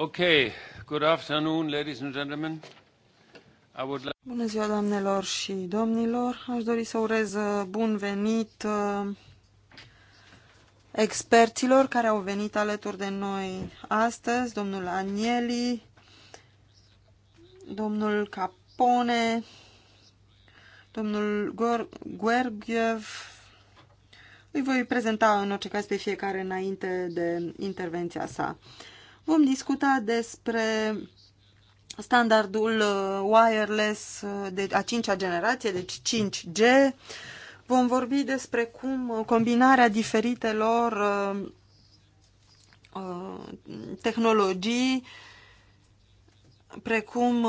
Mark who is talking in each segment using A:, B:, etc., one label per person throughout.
A: Okay, good afternoon, ladies and gentlemen. I would like...
B: Bună ziua, doamnelor și domnilor. Aș dori să urez uh, bun venit uh, experților care au venit alături de noi astăzi, domnul Anieli, domnul Capone, domnul Gorgiev. Îi voi prezenta în orice caz pe fiecare înainte de intervenția sa. Uh, Vom discuta despre standardul uh, wireless uh, de a cincea generație, deci 5G. Vom vorbi despre cum uh, combinarea diferitelor tehnologii precum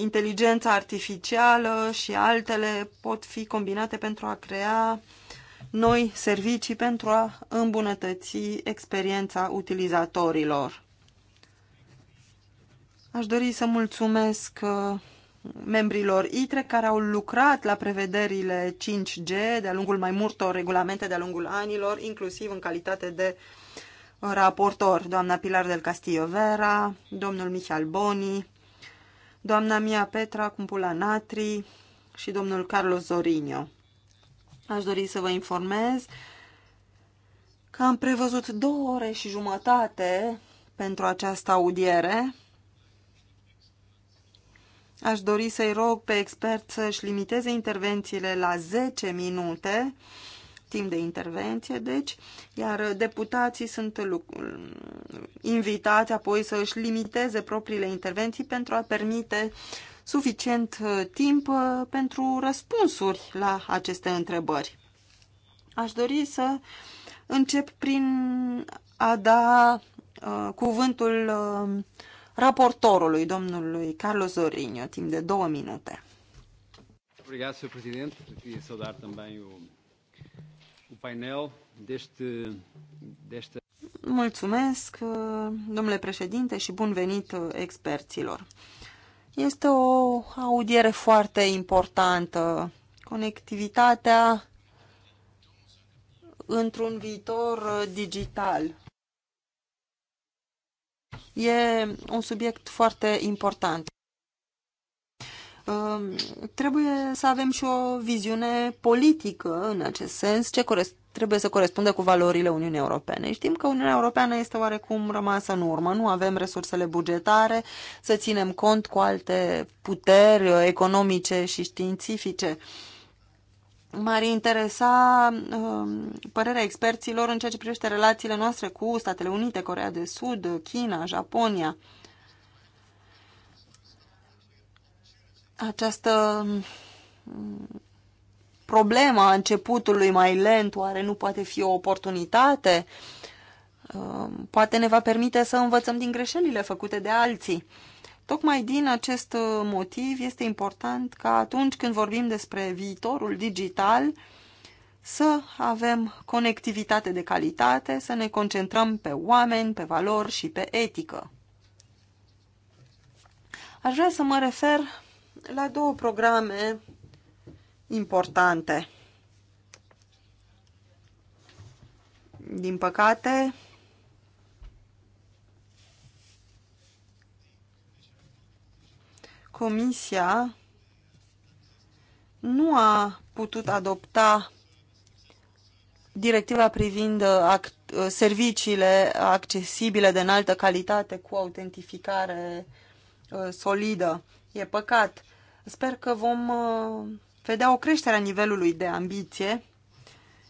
B: inteligența artificială și altele pot fi combinate pentru a crea noi servicii pentru a îmbunătăți experiența utilizatorilor. Aș dori să mulțumesc uh, membrilor ITRE care au lucrat la prevederile 5G de-a lungul mai multor regulamente de-a lungul anilor, inclusiv în calitate de raportor, doamna Pilar del Castillo Vera, domnul Michal Boni, doamna Mia Petra Cumpula Natri și domnul Carlos Zorinio. Aș dori să vă informez că am prevăzut două ore și jumătate pentru această audiere Aș dori să-i rog pe expert să-și limiteze intervențiile la 10 minute, timp de intervenție, deci, iar deputații sunt invitați apoi să și limiteze propriile intervenții pentru a permite suficient uh, timp uh, pentru răspunsuri la aceste întrebări. Aș dori să încep prin a da uh, cuvântul uh, raportorului, domnului Carlos Zorinio, timp de două minute.
A: Obrigado, Sr. Presidente. Queria saudar também o, o painel deste, desta...
B: Mulțumesc, domnule președinte, și bun venit experților. Este o audiere foarte importantă. Conectivitatea într-un viitor digital. E un subiect foarte important. Trebuie să avem și o viziune politică în acest sens, ce trebuie să corespundă cu valorile Uniunii Europene. Știm că Uniunea Europeană este oarecum rămasă în urmă, nu avem resursele bugetare, să ținem cont cu alte puteri economice și științifice. M-ar interesa uh, părerea experților în ceea ce privește relațiile noastre cu Statele Unite, Corea de Sud, China, Japonia. Această um, problema începutului mai lent, oare nu poate fi o oportunitate? Um, poate ne va permite să învățăm din greșelile făcute de alții. Tocmai din acest uh, motiv este important ca atunci când vorbim despre viitorul digital să avem conectivitate de calitate, să ne concentrăm pe oameni, pe valori și pe etică. Aș vrea să mă refer la două programe importante. Din păcate, Comisia nu a putut adopta directiva privind act, serviciile accesibile de înaltă calitate cu autentificare uh, solidă. E păcat. Sper că vom uh, vedea o creștere a nivelului de ambiție,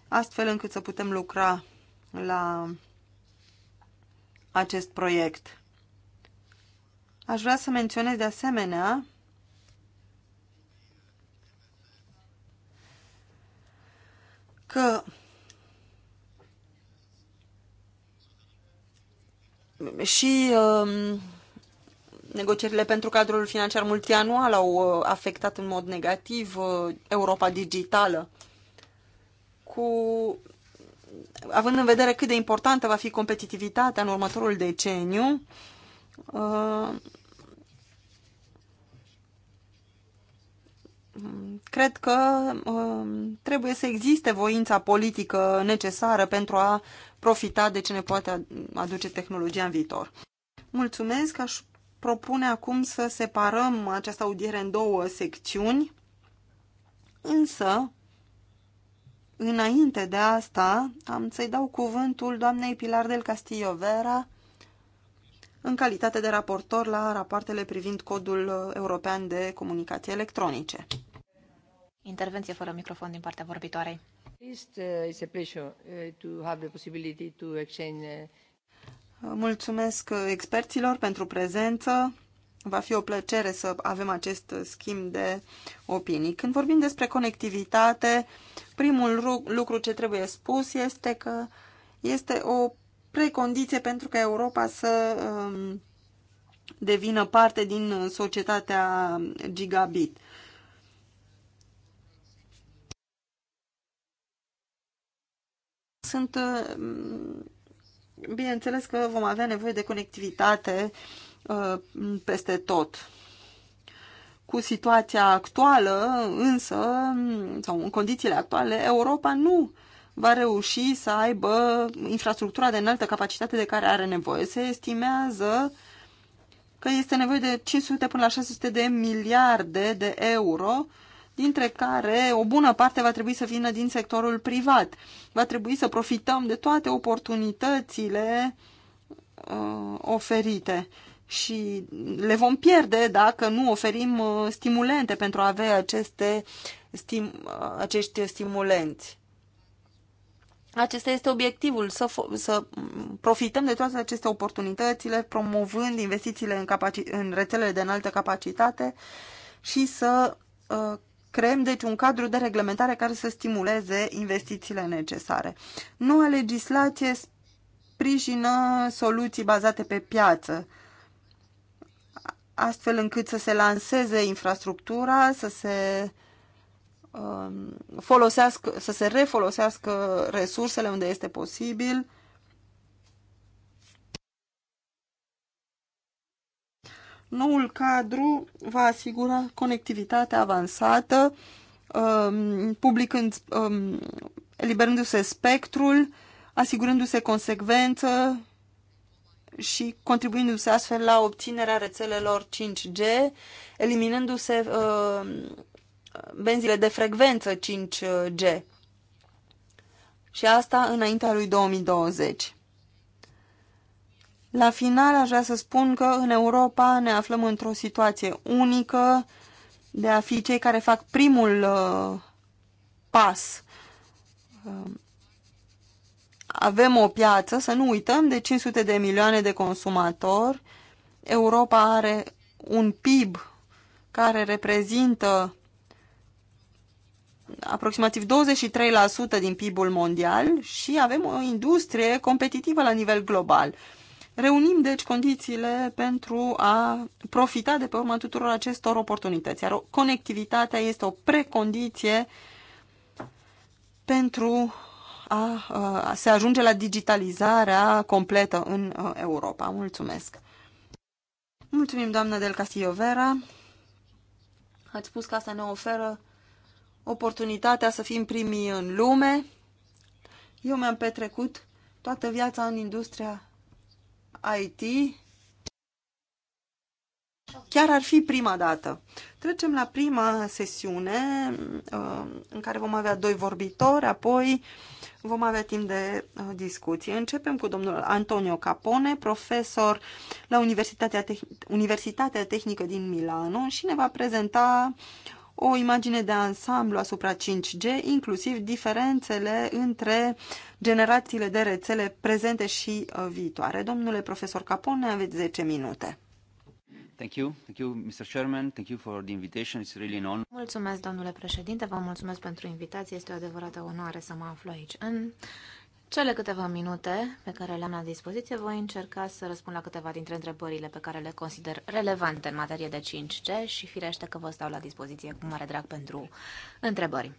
B: astfel încât să putem lucra la acest proiect. Aș vrea să menționez de asemenea că și um, negocierile pentru cadrul financiar multianual au uh, afectat în mod negativ uh, Europa digitală. Cu, având în vedere cât de importantă va fi competitivitatea în următorul deceniu, Uh, cred că uh, trebuie să existe voința politică necesară pentru a profita de ce ne poate aduce tehnologia în viitor. Mulțumesc, aș propune acum să separăm această audiere în două secțiuni, însă, înainte de asta, am să-i dau cuvântul doamnei Pilar del Castillo Vera, în calitate de raportor la rapoartele privind codul european de comunicații electronice.
C: Intervenție fără microfon din partea vorbitoarei. Eh, eh.
B: Mulțumesc experților pentru prezență. Va fi o plăcere să avem acest schimb de opinii. Când vorbim despre conectivitate, primul lucru ce trebuie spus este că este o precondiție pentru ca Europa să um, devină parte din societatea gigabit. Sunt, um, bineînțeles că vom avea nevoie de conectivitate uh, peste tot cu situația actuală, însă, um, sau în condițiile actuale, Europa nu va reuși să aibă infrastructura de înaltă capacitate de care are nevoie. Se estimează că este nevoie de 500 până la 600 de miliarde de euro, dintre care o bună parte va trebui să vină din sectorul privat. Va trebui să profităm de toate oportunitățile uh, oferite și le vom pierde dacă nu oferim uh, stimulente pentru a avea aceste stim, uh, acești stimulenți. Acesta este obiectivul, să, să profităm de toate aceste oportunitățile, promovând investițiile în, în rețelele de înaltă capacitate și să uh, creăm deci un cadru de reglementare care să stimuleze investițiile necesare. Noua legislație sprijină soluții bazate pe piață, astfel încât să se lanseze infrastructura, să se Um, folosească, să se refolosească resursele unde este posibil. Noul cadru va asigura conectivitate avansată, um, publicând, um, eliberându-se spectrul, asigurându-se consecvență și contribuindu-se astfel la obținerea rețelelor 5G, eliminându-se uh, benzile de frecvență 5G. Și asta înaintea lui 2020. La final aș vrea să spun că în Europa ne aflăm într-o situație unică de a fi cei care fac primul uh, pas. Uh, avem o piață, să nu uităm, de 500 de milioane de consumatori. Europa are un PIB care reprezintă aproximativ 23% din PIB-ul mondial și avem o industrie competitivă la nivel global. Reunim, deci, condițiile pentru a profita de pe urma tuturor acestor oportunități, iar conectivitatea este o precondiție pentru a, a se ajunge la digitalizarea completă în Europa. Mulțumesc! Mulțumim, doamna Del Castillo Vera. Ați spus că asta ne oferă oportunitatea să fim primii în lume. Eu mi-am petrecut toată viața în industria IT. Chiar ar fi prima dată. Trecem la prima sesiune uh, în care vom avea doi vorbitori, apoi vom avea timp de uh, discuție. Începem cu domnul Antonio Capone, profesor la Universitatea, Universitatea Tehnică din Milano și ne va prezenta o imagine de ansamblu asupra 5G, inclusiv diferențele între generațiile de rețele prezente și uh, viitoare. Domnule profesor Capone, aveți 10 minute.
A: Thank you. Thank you, Mr. Chairman. Thank you for the invitation. It's really an honor.
C: Mulțumesc, domnule președinte. Vă mulțumesc pentru invitație. Este o adevărată onoare să mă aflu aici. În cele câteva minute pe care le-am la dispoziție, voi încerca să răspund la câteva dintre întrebările pe care le consider relevante în materie de 5G și firește că vă stau la dispoziție cu mare drag pentru întrebări.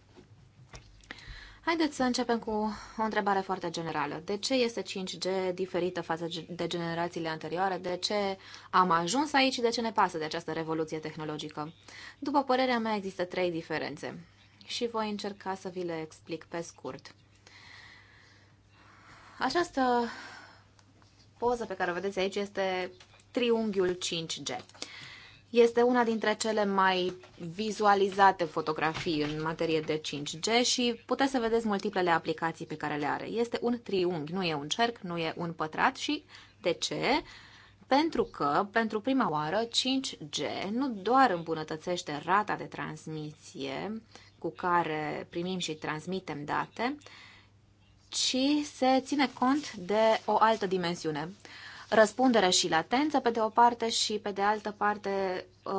C: Haideți să începem cu o întrebare foarte generală. De ce este 5G diferită față de generațiile anterioare? De ce am ajuns aici și de ce ne pasă de această revoluție tehnologică? După părerea mea, există trei diferențe și voi încerca să vi le explic pe scurt. Această poză pe care o vedeți aici este triunghiul 5G. Este una dintre cele mai vizualizate fotografii în materie de 5G și puteți să vedeți multiplele aplicații pe care le are. Este un triunghi, nu e un cerc, nu e un pătrat și de ce? Pentru că, pentru prima oară, 5G nu doar îmbunătățește rata de transmisie cu care primim și transmitem date, ci se ține cont de o altă dimensiune. Răspundere și latență, pe de o parte, și pe de altă parte, uh,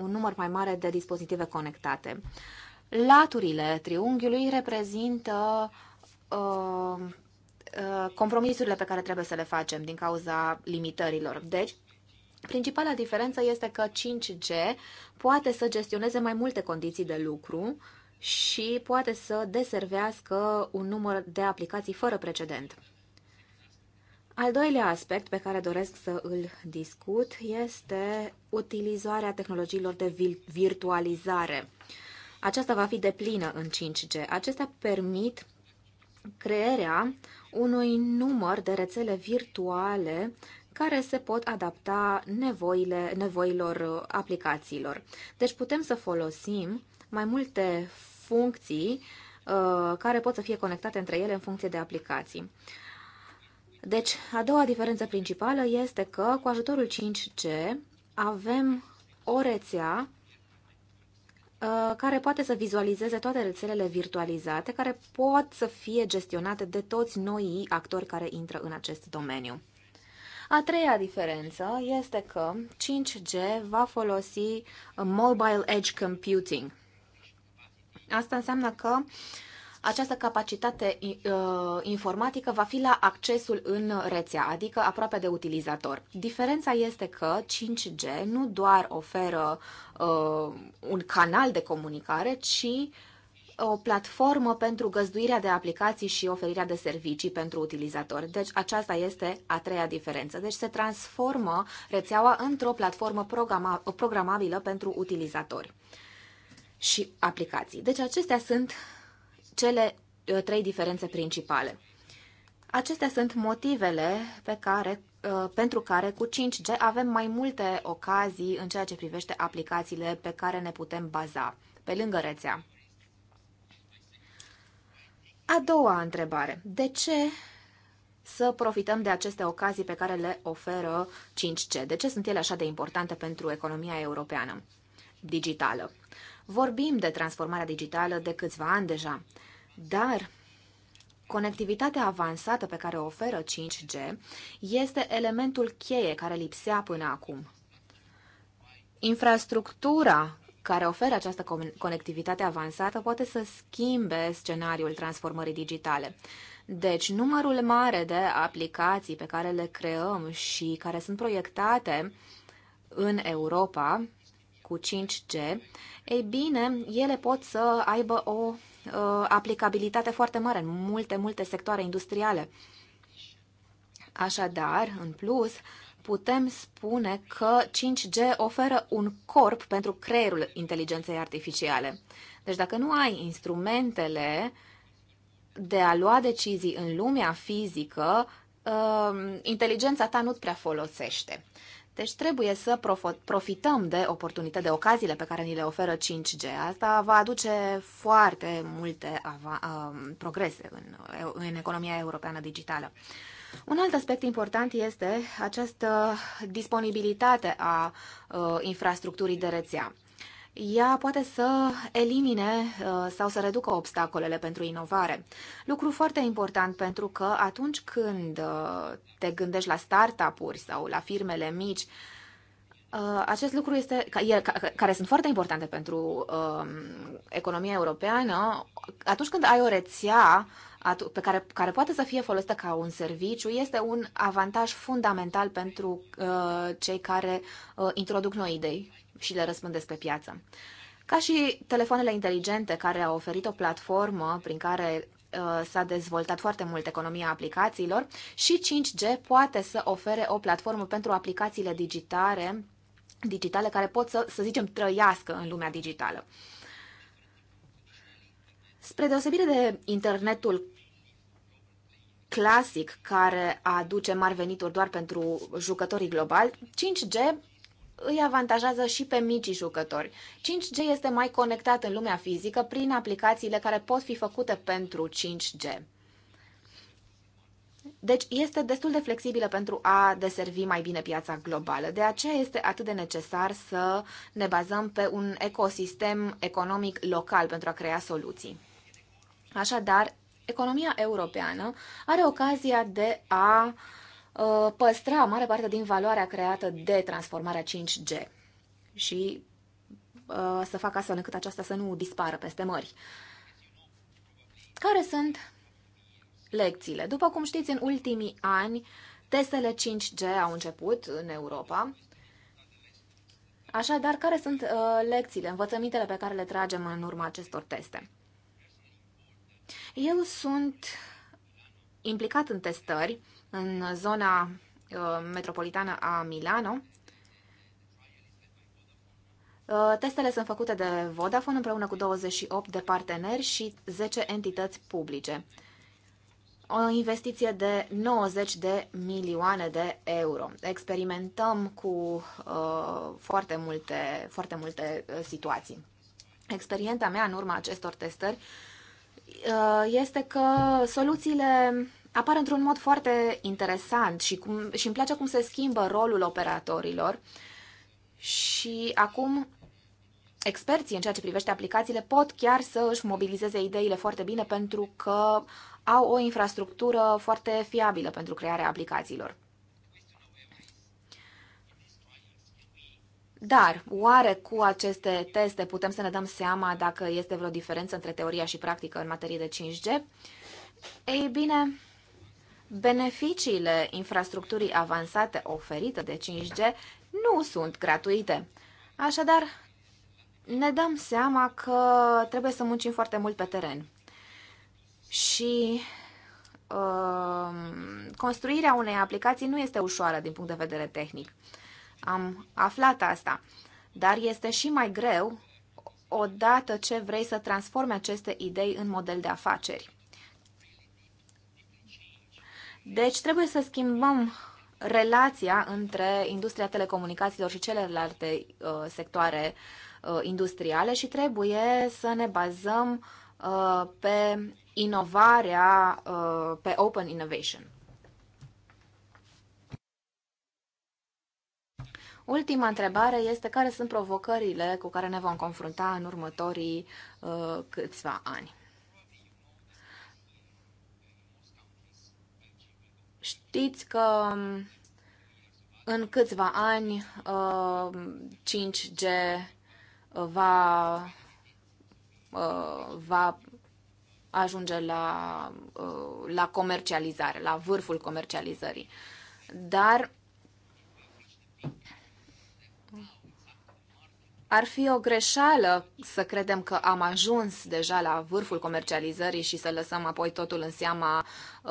C: un număr mai mare de dispozitive conectate. Laturile triunghiului reprezintă uh, uh, compromisurile pe care trebuie să le facem din cauza limitărilor. Deci, principala diferență este că 5G poate să gestioneze mai multe condiții de lucru și poate să deservească un număr de aplicații fără precedent. Al doilea aspect pe care doresc să îl discut este utilizarea tehnologiilor de virtualizare. Aceasta va fi deplină în 5G. Acestea permit crearea unui număr de rețele virtuale care se pot adapta nevoile, nevoilor uh, aplicațiilor. Deci putem să folosim mai multe funcții uh, care pot să fie conectate între ele în funcție de aplicații. Deci, a doua diferență principală este că cu ajutorul 5G avem o rețea uh, care poate să vizualizeze toate rețelele virtualizate, care pot să fie gestionate de toți noi actori care intră în acest domeniu. A treia diferență este că 5G va folosi mobile edge computing – Asta înseamnă că această capacitate uh, informatică va fi la accesul în rețea, adică aproape de utilizator. Diferența este că 5G nu doar oferă uh, un canal de comunicare, ci o platformă pentru găzduirea de aplicații și oferirea de servicii pentru utilizatori. Deci aceasta este a treia diferență. Deci se transformă rețeaua într-o platformă programabilă pentru utilizatori și aplicații. Deci acestea sunt cele uh, trei diferențe principale. Acestea sunt motivele pe care, uh, pentru care cu 5G avem mai multe ocazii în ceea ce privește aplicațiile pe care ne putem baza, pe lângă rețea. A doua întrebare. De ce să profităm de aceste ocazii pe care le oferă 5G? De ce sunt ele așa de importante pentru economia europeană digitală? Vorbim de transformarea digitală de câțiva ani deja, dar conectivitatea avansată pe care o oferă 5G este elementul cheie care lipsea până acum. Infrastructura care oferă această conectivitate avansată poate să schimbe scenariul transformării digitale. Deci, numărul mare de aplicații pe care le creăm și care sunt proiectate în Europa cu 5G, ei bine, ele pot să aibă o uh, aplicabilitate foarte mare în multe, multe sectoare industriale. Așadar, în plus, putem spune că 5G oferă un corp pentru creierul inteligenței artificiale. Deci dacă nu ai instrumentele de a lua decizii în lumea fizică, uh, inteligența ta nu prea folosește. Deci trebuie să profităm de oportunități, de ocaziile pe care ni le oferă 5G. Asta va aduce foarte multe progrese în, în economia europeană digitală. Un alt aspect important este această disponibilitate a uh, infrastructurii de rețea ea poate să elimine uh, sau să reducă obstacolele pentru inovare. Lucru foarte important pentru că atunci când uh, te gândești la startup-uri sau la firmele mici, uh, acest lucru este, care sunt foarte importante pentru um, economia europeană, atunci când ai o rețea pe care, care poate să fie folosită ca un serviciu, este un avantaj fundamental pentru cei care introduc noi idei și le răspândesc pe piață. Ca și telefoanele inteligente care au oferit o platformă prin care uh, s-a dezvoltat foarte mult economia aplicațiilor și 5G poate să ofere o platformă pentru aplicațiile digitale, digitale care pot să, să zicem, trăiască în lumea digitală. Spre deosebire de internetul clasic care aduce mari venituri doar pentru jucătorii globali, 5G îi avantajează și pe micii jucători. 5G este mai conectat în lumea fizică prin aplicațiile care pot fi făcute pentru 5G. Deci este destul de flexibilă pentru a deservi mai bine piața globală. De aceea este atât de necesar să ne bazăm pe un ecosistem economic local pentru a crea soluții. Așadar, economia europeană are ocazia de a uh, Uh, păstra mare parte din valoarea creată de transformarea 5G și uh, să facă astfel încât aceasta să nu dispară peste mări. Care sunt lecțiile? După cum știți, în ultimii ani, testele 5G au început în Europa. Așadar, care sunt uh, lecțiile, învățămintele pe care le tragem în urma acestor teste? Eu sunt implicat în testări în zona uh, metropolitană a Milano. Uh, testele sunt făcute de Vodafone împreună cu 28 de parteneri și 10 entități publice. O investiție de 90 de milioane de euro. Experimentăm cu uh, foarte, multe, foarte multe uh, situații. Experiența mea în urma acestor testări uh, este că soluțiile apar într-un mod foarte interesant și, cum, și îmi place cum se schimbă rolul operatorilor și acum experții în ceea ce privește aplicațiile pot chiar să își mobilizeze ideile foarte bine pentru că au o infrastructură foarte fiabilă pentru crearea aplicațiilor. Dar, oare cu aceste teste putem să ne dăm seama dacă este vreo diferență între teoria și practică în materie de 5G? Ei bine, Beneficiile infrastructurii avansate oferite de 5G nu sunt gratuite. Așadar, ne dăm seama că trebuie să muncim foarte mult pe teren. Și uh, construirea unei aplicații nu este ușoară din punct de vedere tehnic. Am aflat asta. Dar este și mai greu odată ce vrei să transformi aceste idei în model de afaceri. Deci trebuie să schimbăm relația între industria telecomunicațiilor și celelalte uh, sectoare uh, industriale și trebuie să ne bazăm uh, pe inovarea, uh, pe open innovation. Ultima întrebare este care sunt provocările cu care ne vom confrunta în următorii uh, câțiva ani. Știți că um, în câțiva ani 5G uh, uh, va, uh, va ajunge la, la comercializare, la vârful comercializării. Dar ar fi o greșeală să credem că am ajuns deja la vârful comercializării și să lăsăm apoi totul în seama uh,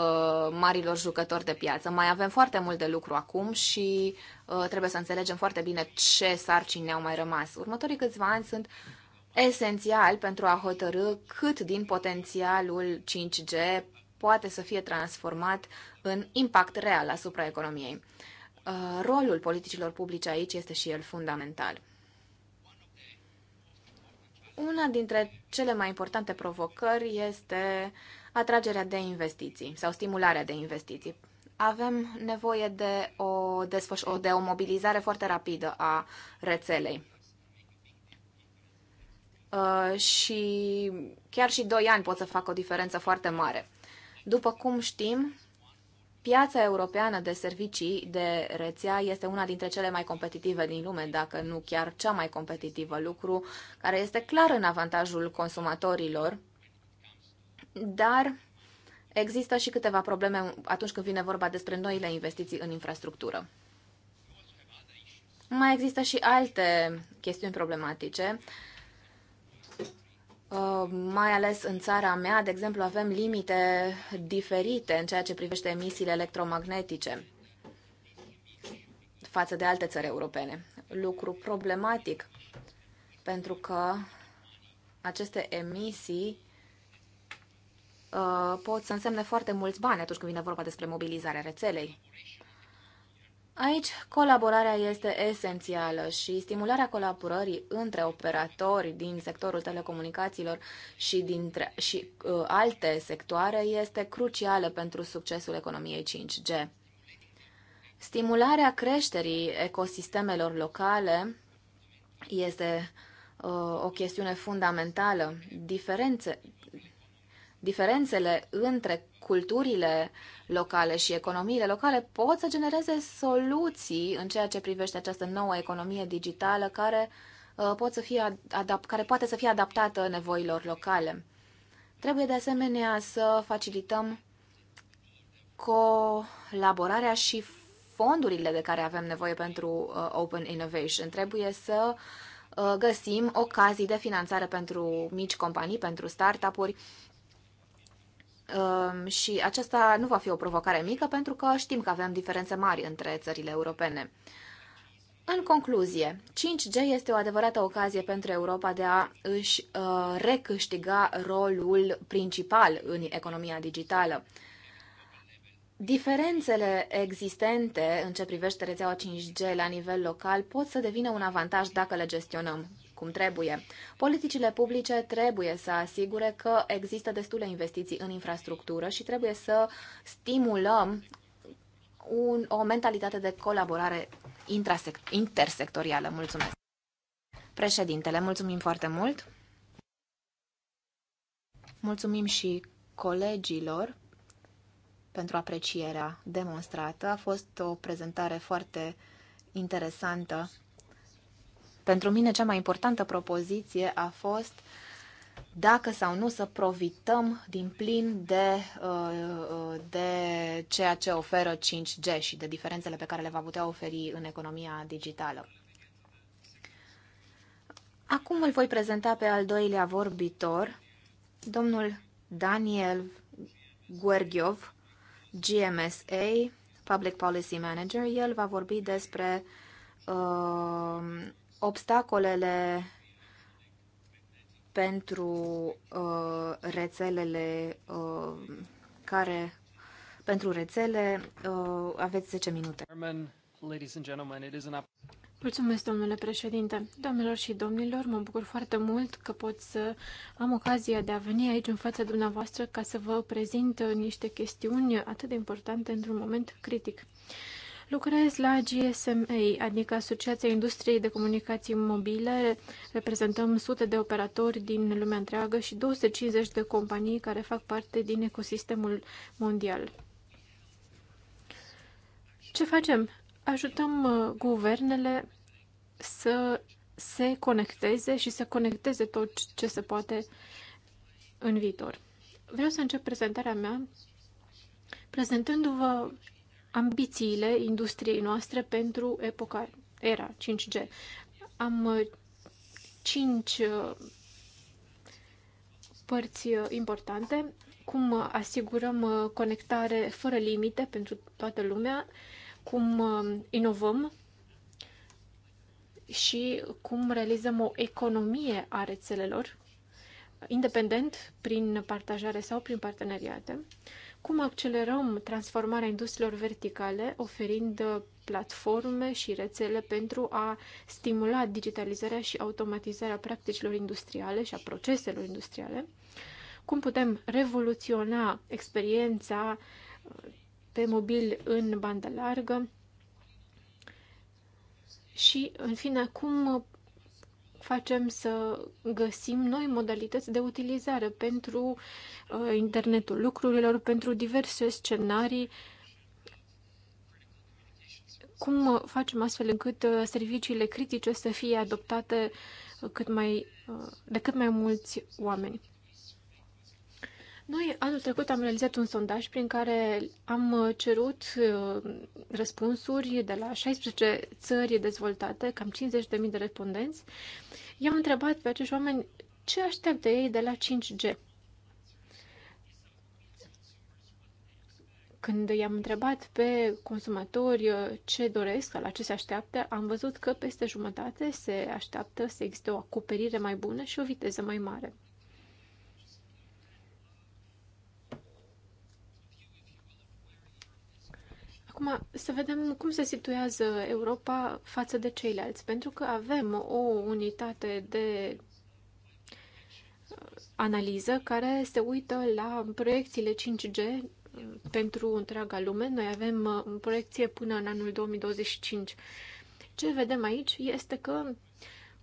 C: marilor jucători de piață. Mai avem foarte mult de lucru acum și uh, trebuie să înțelegem foarte bine ce sarcini ne-au mai rămas. Următorii câțiva ani sunt esențial pentru a hotărâ cât din potențialul 5G poate să fie transformat în impact real asupra economiei. Uh, rolul politicilor publice aici este și el fundamental. Una dintre cele mai importante provocări este atragerea de investiții sau stimularea de investiții. Avem nevoie de o, desfăș- de o mobilizare foarte rapidă a rețelei. Uh, și chiar și doi ani pot să facă o diferență foarte mare. După cum știm, Piața europeană de servicii de rețea este una dintre cele mai competitive din lume, dacă nu chiar cea mai competitivă lucru, care este clar în avantajul consumatorilor, dar există și câteva probleme atunci când vine vorba despre noile investiții în infrastructură. Mai există și alte chestiuni problematice mai ales în țara mea, de exemplu, avem limite diferite în ceea ce privește emisiile electromagnetice față de alte țări europene. Lucru problematic, pentru că aceste emisii uh, pot să însemne foarte mulți bani atunci când vine vorba despre mobilizarea rețelei. Aici colaborarea este esențială și stimularea colaborării între operatori din sectorul telecomunicațiilor și, dintre, și uh, alte sectoare este crucială pentru succesul economiei 5G. Stimularea creșterii ecosistemelor locale este uh, o chestiune fundamentală. Diferențe, diferențele între culturile locale și economiile locale pot să genereze soluții în ceea ce privește această nouă economie digitală care, uh, pot să fie care poate să fie adaptată nevoilor locale. Trebuie de asemenea să facilităm colaborarea și fondurile de care avem nevoie pentru uh, Open Innovation. Trebuie să uh, găsim ocazii de finanțare pentru mici companii, pentru startup-uri, Ehm, și aceasta nu va fi o provocare mică pentru că știm că avem diferențe mari între țările europene. În concluzie, 5G este o adevărată ocazie pentru Europa de a își uh, recâștiga rolul principal în economia digitală. Diferențele existente în ce privește rețeaua 5G la nivel local pot să devină un avantaj dacă le gestionăm cum trebuie. Politicile publice trebuie să asigure că există destule investiții în infrastructură și trebuie să stimulăm un, o mentalitate de colaborare intersectorială. Mulțumesc! Președintele, mulțumim foarte mult! Mulțumim și colegilor pentru aprecierea demonstrată. A fost o prezentare foarte interesantă pentru mine cea mai importantă propoziție a fost dacă sau nu să profităm din plin de, uh, de ceea ce oferă 5G și de diferențele pe care le va putea oferi în economia digitală. Acum îl voi prezenta pe al doilea vorbitor, domnul Daniel Guergiov, GMSA, Public Policy Manager. El va vorbi despre uh, obstacolele pentru uh, rețelele uh, care pentru rețele uh, aveți 10 minute. Mulțumesc, domnule
D: președinte. Doamnelor și domnilor, mă bucur foarte mult că pot să am ocazia de a veni aici în fața dumneavoastră ca să vă prezint niște chestiuni atât de importante într-un moment critic. Lucrez la GSMA, adică Asociația Industriei de Comunicații Mobile. Reprezentăm sute de operatori din lumea întreagă și 250 de companii care fac parte din ecosistemul mondial. Ce facem? Ajutăm uh, guvernele să se conecteze și să conecteze tot ce se poate în viitor. Vreau să încep prezentarea mea prezentându-vă ambițiile industriei noastre pentru epoca era 5G. Am uh, cinci uh, părți uh, importante, cum asigurăm conectare fără limite pentru toată lumea, cum inovăm și cum realizăm o economie a rețelelor, independent, prin partajare sau prin parteneriate cum accelerăm transformarea industriilor verticale, oferind uh, platforme și rețele pentru a stimula digitalizarea și automatizarea practicilor industriale și a proceselor industriale, cum putem revoluționa experiența uh, pe mobil în bandă largă și, în fine, cum facem să găsim noi modalități de utilizare pentru uh, internetul lucrurilor, pentru diverse scenarii. Cum facem astfel încât uh, serviciile critice să fie adoptate uh, cât mai, uh, de cât mai mulți oameni? Noi anul trecut am realizat un sondaj prin care am uh, cerut uh, răspunsuri de la 16 țări dezvoltate, cam 50.000 de respondenți. I-am întrebat pe acești oameni ce așteaptă ei de la 5G. Când i-am întrebat pe consumatori uh, ce doresc, la ce se așteaptă, am văzut că peste jumătate se așteaptă să existe o acoperire mai bună și o viteză mai mare. Acum, să vedem cum se situează Europa față de ceilalți, pentru că avem o unitate de uh, analiză care se uită la proiecțiile 5G uh, pentru întreaga lume. Noi avem uh, o proiecție până în anul 2025. Ce vedem aici este că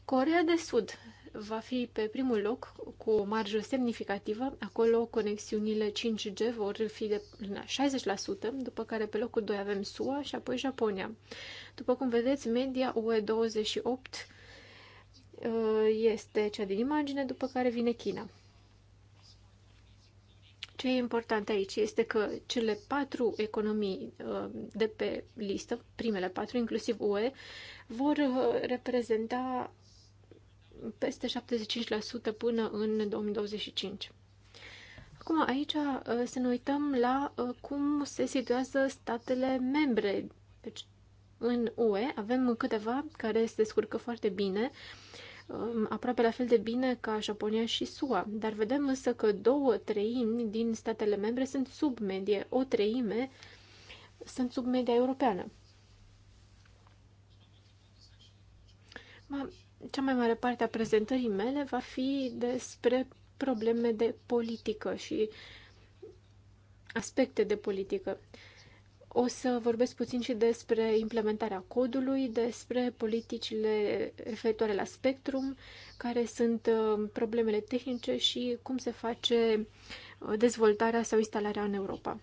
D: Corea de Sud va fi pe primul loc cu o marjă semnificativă. Acolo conexiunile 5G vor fi de 60%, după care pe locul 2 avem SUA și apoi Japonia. După cum vedeți, media UE28 uh, este cea din imagine, după care vine China. Ce e important aici este că cele patru economii uh, de pe listă, primele patru, inclusiv UE, vor uh, reprezenta peste 75% până în 2025. Acum, aici uh, să ne uităm la uh, cum se situează statele membre. Deci, în UE avem câteva care se descurcă foarte bine, um, aproape la fel de bine ca Japonia și SUA, dar vedem însă că două treimi din statele membre sunt sub medie, o treime sunt sub media europeană cea mai mare parte a prezentării mele va fi despre probleme de politică și aspecte de politică. O să vorbesc puțin și despre implementarea codului, despre politicile referitoare la spectrum, care sunt uh, problemele tehnice și cum se face uh, dezvoltarea sau instalarea în Europa.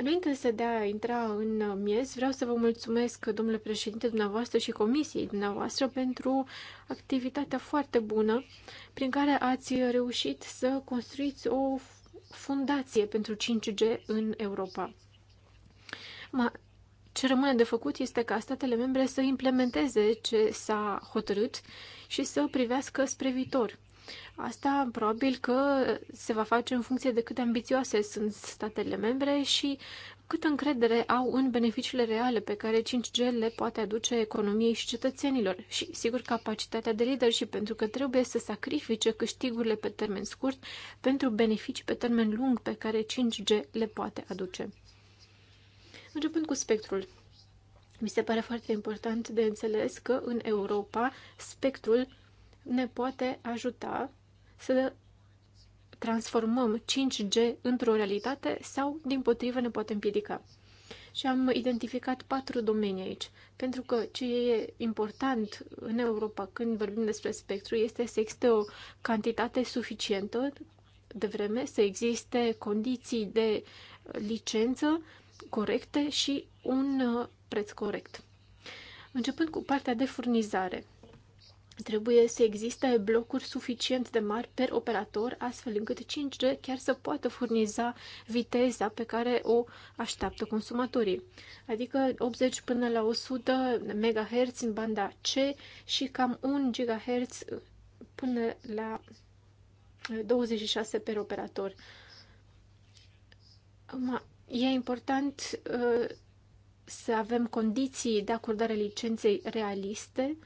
D: Înainte să dea intra în miez, vreau să vă mulțumesc, domnule președinte, dumneavoastră și comisiei dumneavoastră pentru activitatea foarte bună prin care ați reușit să construiți o fundație pentru 5G în Europa. Ma, ce rămâne de făcut este ca statele membre să implementeze ce s-a hotărât și să privească spre viitor. Asta probabil că se va face în funcție de cât de ambițioase sunt statele membre și câtă încredere au în beneficiile reale pe care 5G le poate aduce economiei și cetățenilor și, sigur, capacitatea de leadership, pentru că trebuie să sacrifice câștigurile pe termen scurt pentru beneficii pe termen lung pe care 5G le poate aduce. Începând cu spectrul. Mi se pare foarte important de înțeles că în Europa spectrul ne poate ajuta să transformăm 5G într-o realitate sau, din potrivă, ne poate împiedica. Și am identificat patru domenii aici, pentru că ce e important în Europa când vorbim despre spectru este să existe o cantitate suficientă de vreme, să existe condiții de licență corecte și un uh, preț corect. Începând cu partea de furnizare, Trebuie să existe blocuri suficient de mari per operator, astfel încât 5G chiar să poată furniza viteza pe care o așteaptă consumatorii. Adică 80 până la 100 MHz în banda C și cam 1 GHz până la 26 per operator. E important uh, să avem condiții de acordare licenței realiste,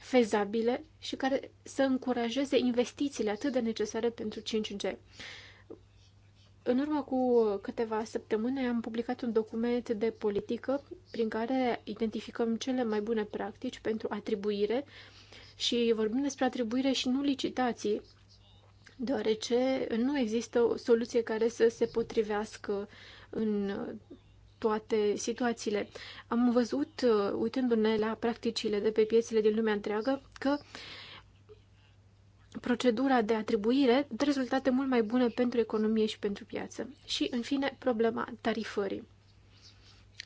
D: fezabile și care să încurajeze investițiile atât de necesare pentru 5G. În urmă cu câteva săptămâni am publicat un document de politică prin care identificăm cele mai bune practici pentru atribuire și vorbim despre atribuire și nu licitații, deoarece nu există o soluție care să se potrivească în toate situațiile. Am văzut, uh, uitându-ne la practicile de pe piețele din lumea întreagă, că procedura de atribuire dă rezultate mult mai bune pentru economie și pentru piață. Și, în fine, problema tarifării.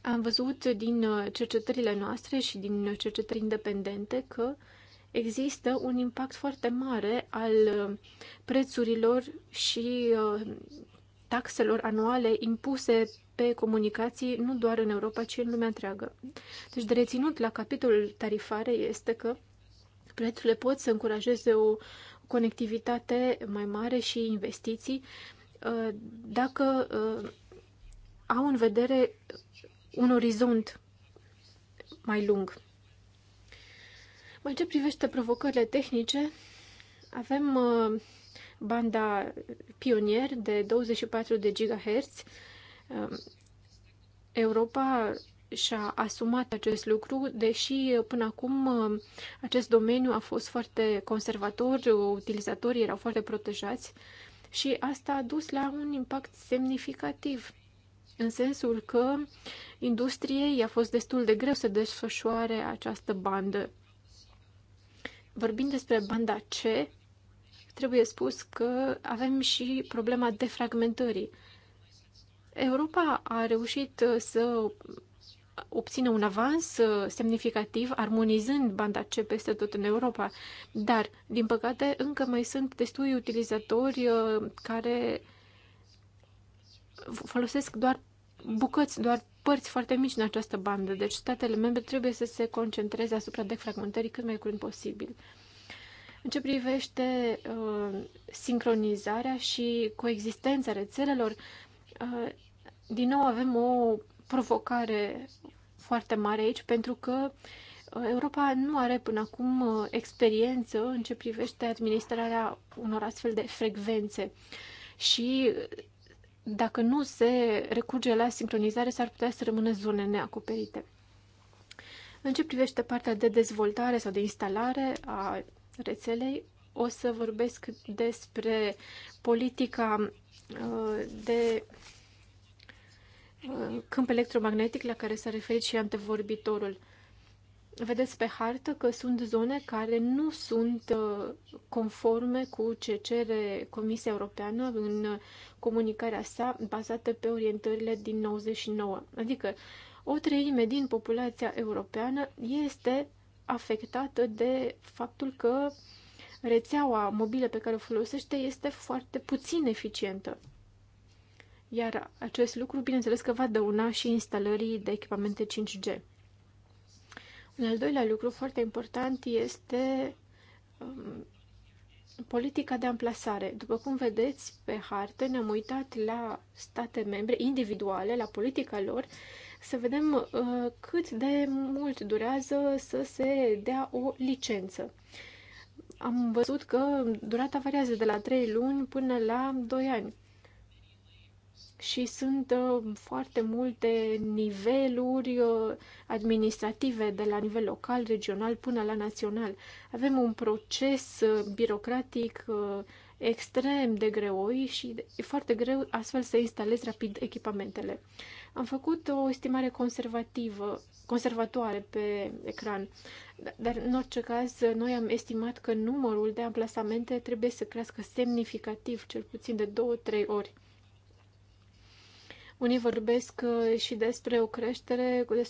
D: Am văzut din uh, cercetările noastre și din uh, cercetări independente că există un impact foarte mare al prețurilor și taxelor anuale impuse pe comunicații nu doar în Europa, ci în lumea întreagă. Deci de reținut la capitolul tarifare este că prețurile pot să încurajeze o conectivitate mai mare și investiții uh, dacă uh, au în vedere un orizont mai lung. În ce privește provocările tehnice, avem uh, banda pionier de 24 de GHz, Ehm, Europa și-a asumat acest lucru, deși eh, până acum eh, acest domeniu a fost foarte conservator, utilizatorii erau foarte protejați și asta a dus la un impact semnificativ în sensul că industriei a fost destul de greu să desfășoare această bandă. Vorbind despre banda C, trebuie spus că avem și problema defragmentării. Europa a reușit uh, să obțină un avans uh, semnificativ armonizând banda C peste tot în Europa, dar, din păcate, încă mai sunt destui utilizatori uh, care folosesc doar bucăți, doar părți foarte mici în această bandă, deci statele membre trebuie să se concentreze asupra defragmentării cât mai curând posibil. În ce privește uh, sincronizarea și coexistența rețelelor, Uh, din nou avem o provocare foarte mare aici, pentru că uh, Europa nu are până acum uh, experiență în ce privește administrarea unor astfel de frecvențe. Și dacă nu se recurge la sincronizare, s-ar putea să rămână zone neacoperite. În ce privește partea de dezvoltare sau de instalare a rețelei, o să vorbesc despre politica uh, de uh, câmp electromagnetic la care s-a referit și antevorbitorul. Vedeți pe hartă că sunt zone care nu sunt uh, conforme cu ce cere Comisia Europeană în comunicarea sa bazată pe orientările din 99. Adică o treime din populația europeană este afectată de faptul că uh, rețeaua mobilă pe care o folosește este foarte puțin eficientă. Iar acest lucru, bineînțeles că va dăuna și instalării de echipamente 5G. Un al doilea lucru foarte important este um, politica de amplasare. După cum vedeți pe hartă, ne-am uitat la state membre individuale, la politica lor, să vedem uh, cât de mult durează să se dea o licență. Uh, am văzut că durata variază de la 3 luni până la 2 ani. Și sunt uh, foarte multe niveluri uh, administrative, de la nivel local, regional până la național. Avem un proces uh, birocratic extrem de greoi și e foarte greu astfel să instalezi rapid echipamentele. Am făcut o estimare conservativă, conservatoare pe ecran, da, dar în orice caz noi am estimat că numărul de amplasamente trebuie să crească semnificativ, cel puțin de 2-3 ori. Unii vorbesc uh, și despre o creștere de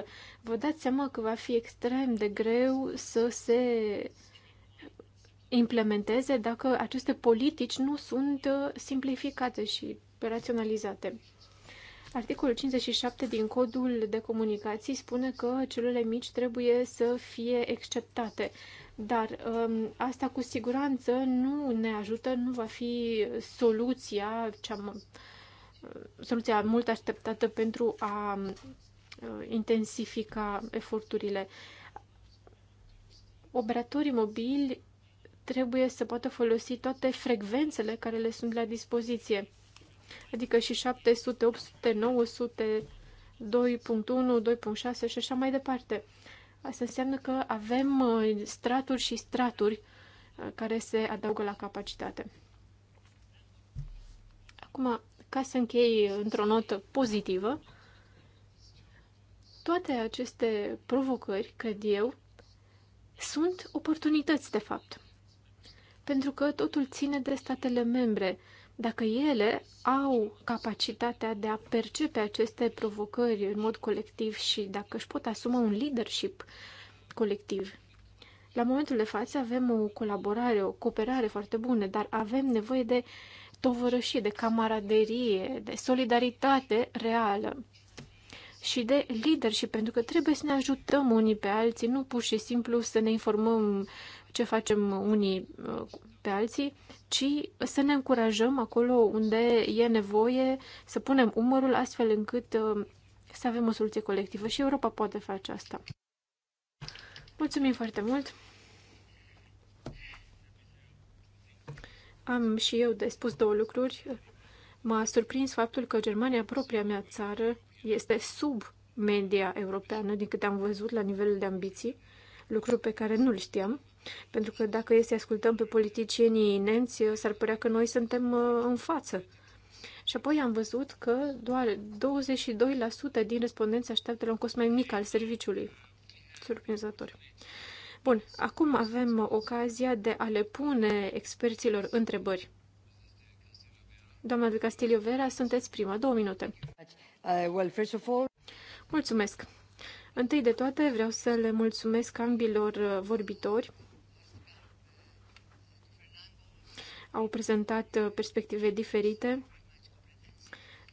D: 100%. Vă dați seama că va fi extrem de greu să se implementeze dacă aceste politici nu sunt uh, simplificate și raționalizate. Articolul 57 din codul de comunicații spune că celulele mici trebuie să fie exceptate, dar um, asta cu siguranță nu ne ajută, nu va fi soluția, cea, uh, soluția mult așteptată pentru a uh, intensifica eforturile. Operatorii mobili trebuie să poată folosi toate frecvențele care le sunt la dispoziție. Adică și 700, 800, 900, 2.1, 2.6 și așa mai departe. Asta înseamnă că avem uh, straturi și straturi uh, care se adaugă la capacitate. Acum, ca să închei într-o notă pozitivă, toate aceste provocări, cred eu, sunt oportunități, de fapt pentru că totul ține de statele membre. Dacă ele au capacitatea de a percepe aceste provocări în mod colectiv și dacă își pot asuma un leadership colectiv. La momentul de față avem o colaborare, o cooperare foarte bună, dar avem nevoie de tovărășie, de camaraderie, de solidaritate reală și de leadership, pentru că trebuie să ne ajutăm unii pe alții, nu pur și simplu să ne informăm ce facem unii uh, pe alții, ci să ne încurajăm acolo unde e nevoie să punem umărul astfel încât uh, să avem o soluție colectivă și Europa poate face asta. Mulțumim foarte mult! Am și eu de spus două lucruri. M-a surprins faptul că Germania, propria mea țară, este sub media europeană, din câte am văzut la nivelul de ambiții, lucru pe care nu-l știam. Pentru că dacă este ascultăm pe politicienii nemți, s-ar părea că noi suntem uh, în față. Și apoi am văzut că doar 22% din respondenți așteaptă la un cost mai mic al serviciului. Surprinzător. Bun, acum avem ocazia de a le pune experților întrebări. Doamna de Castilio Vera, sunteți prima, două minute.
B: Uh,
D: mulțumesc. Întâi de toate vreau să le mulțumesc ambilor uh, vorbitori au prezentat uh, perspective diferite,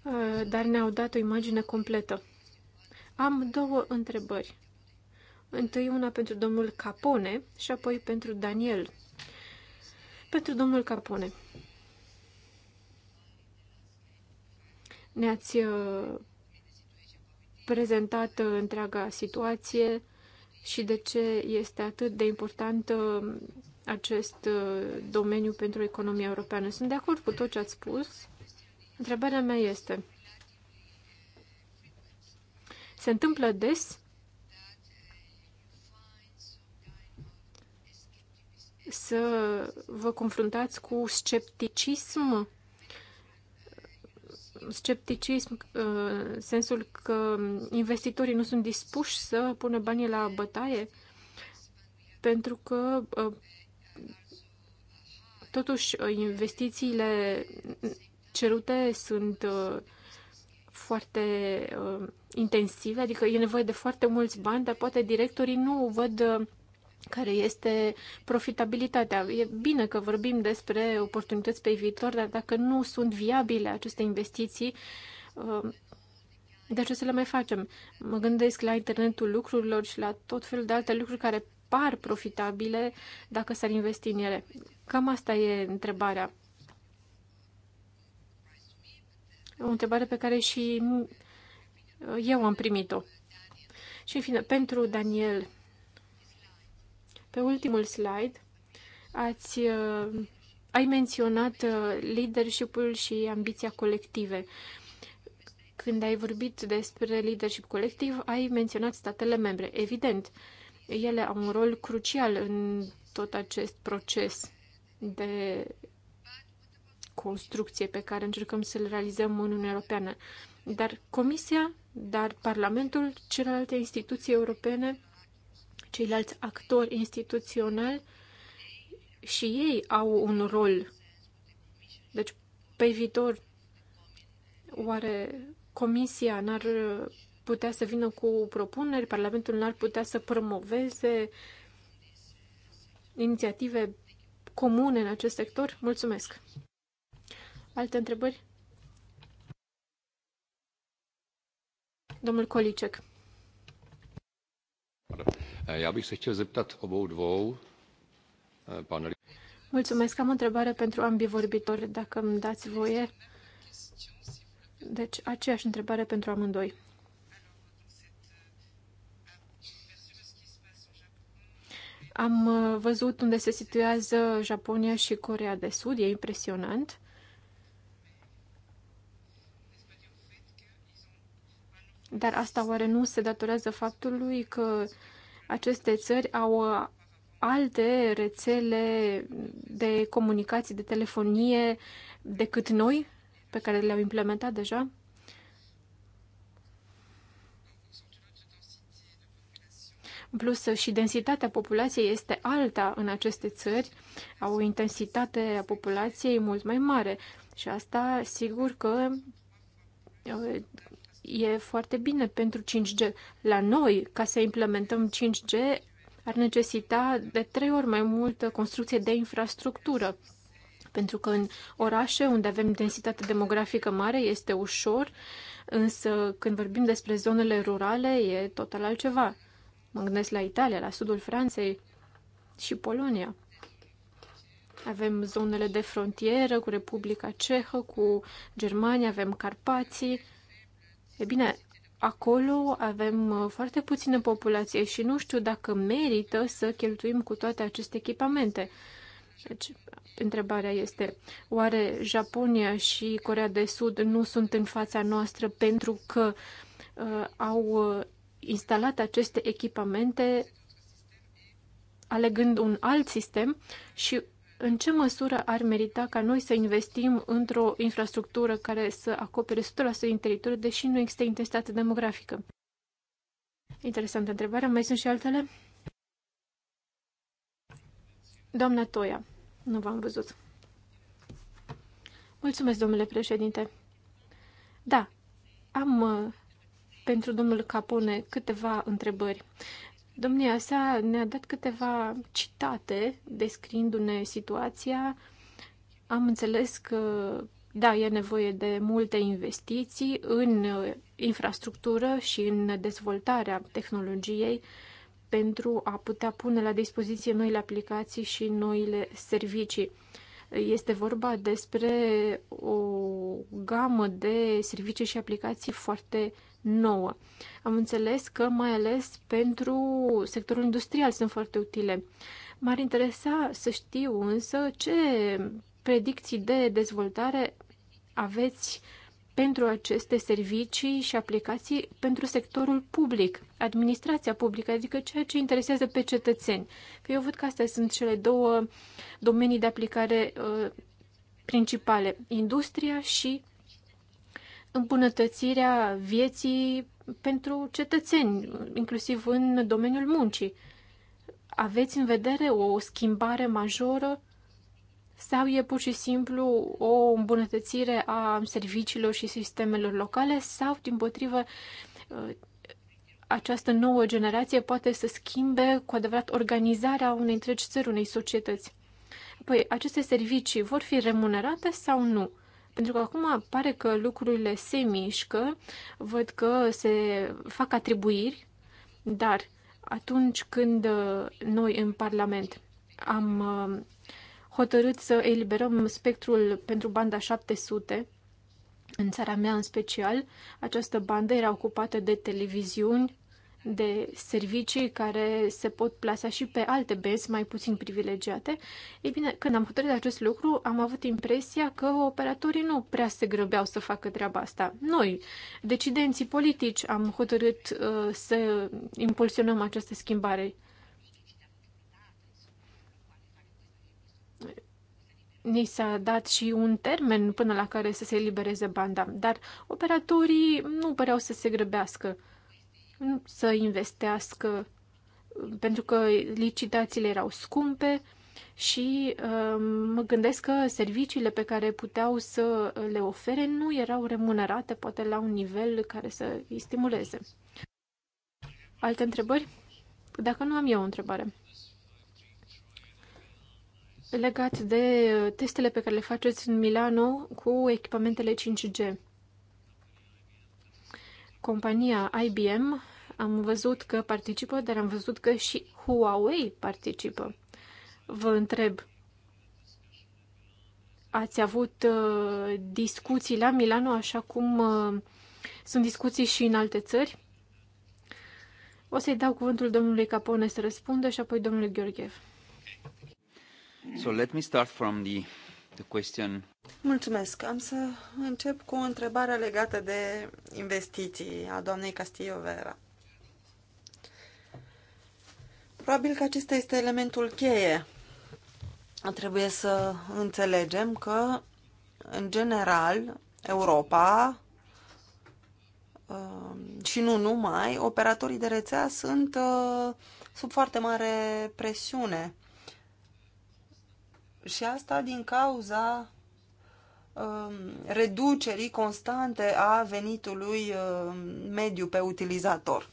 D: uh, dar ne-au dat o imagine completă. Am două întrebări. Întâi una pentru domnul Capone și apoi pentru Daniel. Pentru domnul Capone. Ne-ați uh, prezentat întreaga situație, și de ce este atât de important uh, acest uh, domeniu pentru economia europeană. Sunt de acord cu tot ce ați spus. Întrebarea mea este, se întâmplă des să vă confruntați cu scepticism scepticism, uh, sensul că investitorii nu sunt dispuși să pună banii la bătaie, pentru că uh, totuși uh, investițiile cerute sunt foarte intensive, adică e nevoie de foarte mulți bani, dar poate directorii nu văd care este profitabilitatea. E bine că vorbim despre oportunități pe viitor, dar dacă nu sunt viabile aceste investiții, uh, de ce să le mai facem? Mă gândesc la internetul lucrurilor și la tot felul de alte lucruri care par profitabile dacă s-ar investi în ele. Cam asta e întrebarea. O întrebare pe care și uh, eu am primit-o. Și în fine, pentru Daniel, pe ultimul slide ați, uh, ai menționat uh, leadership-ul și ambiția colective. Când ai vorbit despre leadership colectiv, ai menționat statele membre. Evident, ele au un rol crucial în tot acest proces de construcție pe care încercăm să-l realizăm în Uniunea Europeană. Dar Comisia, dar Parlamentul, celelalte instituții europene ceilalți actori instituționali și ei au un rol. Deci, pe viitor, oare Comisia n-ar putea să vină cu propuneri, Parlamentul n-ar putea să promoveze inițiative comune în acest sector? Mulțumesc! Alte întrebări? Domnul Colicec.
A: Eh, já bych se chtěl zeptat obou dvou
B: eh, panelistů.
D: Mulțumesc, am o întrebare pentru ambii vorbitori, dacă îmi dați voie. Deci, aceeași întrebare pentru amândoi. Am eh, văzut unde se situează Japonia și Corea de Sud, e impresionant. Dar asta oare nu se datorează faptului că aceste țări au uh, alte rețele de comunicații, de telefonie decât noi, pe care le-au implementat deja? plus și densitatea populației este alta în aceste țări, au o intensitate a populației mult mai mare și asta sigur că uh, e foarte bine pentru 5G. La noi, ca să implementăm 5G, ar necesita de trei ori mai multă construcție de infrastructură. Pentru că în orașe unde avem densitate demografică mare este ușor, însă când vorbim despre zonele rurale e total altceva. Mă gândesc la Italia, la sudul Franței și Polonia. Avem zonele de frontieră cu Republica Cehă, cu Germania, avem Carpații, E bine, acolo avem uh, foarte puțină populație și nu știu dacă merită să cheltuim cu toate aceste echipamente. Deci, întrebarea este, oare Japonia și Corea de Sud nu sunt în fața noastră pentru că uh, au uh, instalat aceste echipamente alegând un alt sistem și în ce măsură ar merita ca noi să investim într-o infrastructură care să acopere 100% din teritoriu, deși nu există intensitate demografică? Interesantă întrebare. Mai sunt și altele? Doamna Toia, nu v-am văzut. Mulțumesc, domnule președinte. Da, am uh, pentru domnul Capone câteva întrebări. Domnia sa ne-a dat câteva citate descriindu ne situația. Am înțeles că, da, e nevoie de multe investiții în uh, infrastructură și în dezvoltarea tehnologiei pentru a putea pune la dispoziție noile aplicații și noile servicii. Este vorba despre o gamă de servicii și aplicații foarte uh, nouă. Am înțeles că mai ales pentru sectorul industrial sunt foarte utile. M-ar interesa să știu însă ce predicții de dezvoltare aveți pentru aceste servicii și aplicații pentru sectorul public, administrația publică, adică ceea ce interesează pe cetățeni. Că eu văd că astea sunt cele două domenii de aplicare uh, principale, industria și îmbunătățirea vieții pentru cetățeni, inclusiv în domeniul muncii. Aveți în vedere o schimbare majoră sau e pur și simplu o îmbunătățire a serviciilor și sistemelor locale sau, din potrivă, uh, această nouă generație poate să schimbe cu adevărat organizarea unei întregi țări, unei societăți. Păi, aceste servicii vor fi remunerate sau nu? Pentru că acum pare că lucrurile se mișcă, văd că se fac atribuiri, dar atunci când uh, noi în Parlament am uh, hotărât să eliberăm spectrul pentru banda 700, în țara mea în special, această bandă era ocupată de televiziuni, de servicii care se pot plasa și pe alte benzi mai puțin privilegiate. Ei bine, când am hotărât acest lucru, am avut impresia că operatorii nu prea se grăbeau să facă treaba asta. Noi, decidenții politici, am hotărât uh, să impulsionăm această schimbare. ni s-a dat și un termen până la care să se elibereze banda, dar operatorii nu păreau să se grăbească să investească pentru că licitațiile erau scumpe și uh, mă gândesc că serviciile pe care puteau să le ofere nu erau remunerate, poate la un nivel care să îi stimuleze. Alte întrebări? Dacă nu am eu o întrebare. Legat de uh, testele pe care le faceți în Milano cu echipamentele 5G compania IBM am văzut că participă, dar am văzut că și Huawei participă. Vă întreb, ați avut uh, discuții la Milano, așa cum uh, sunt discuții și în alte țări? O să-i dau cuvântul domnului Capone să răspundă și apoi domnului Gheorghev.
B: So let
A: me start from the, the question.
B: Mulțumesc. Am să încep cu o întrebare legată de investiții a doamnei Castillo Vera. Probabil că acesta este elementul cheie. Trebuie să înțelegem că, în general, Europa um, și nu numai, operatorii de rețea sunt uh, sub foarte mare presiune. Și asta din cauza Um, reducerii constante a venitului um, mediu pe utilizator.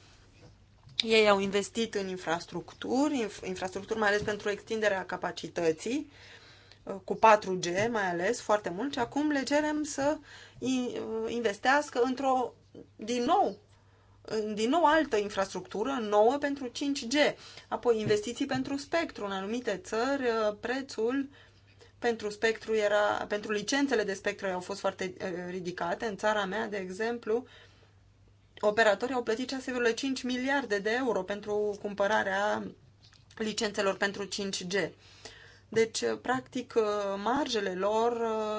B: Ei au investit în infrastructuri, infrastructuri mai ales pentru extinderea capacității, uh, cu 4G mai ales, foarte mult, și acum le cerem să uh, investească într-o, din nou, din nou altă infrastructură nouă pentru 5G, apoi investiții pentru spectru. În anumite țări, uh, prețul uh, pentru spectru era, pentru licențele de spectru au fost foarte eh, ridicate. În țara mea, de exemplu, operatorii au plătit 6,5 miliarde de euro pentru cumpărarea licențelor pentru 5G. Deci, eh, practic, eh, marjele lor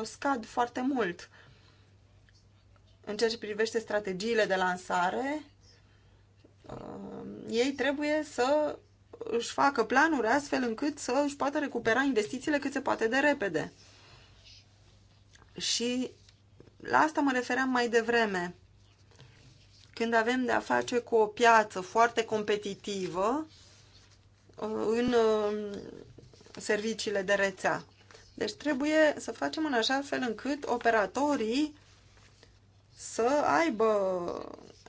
B: scad foarte mult. În ceea ce privește strategiile de lansare, ei trebuie să își facă planuri astfel încât să își poată recupera investițiile cât se poate de repede. Și la asta mă refeream mai devreme. Când avem de-a face cu o piață foarte competitivă uh, în uh, serviciile de rețea. Deci trebuie să facem în așa fel încât operatorii să aibă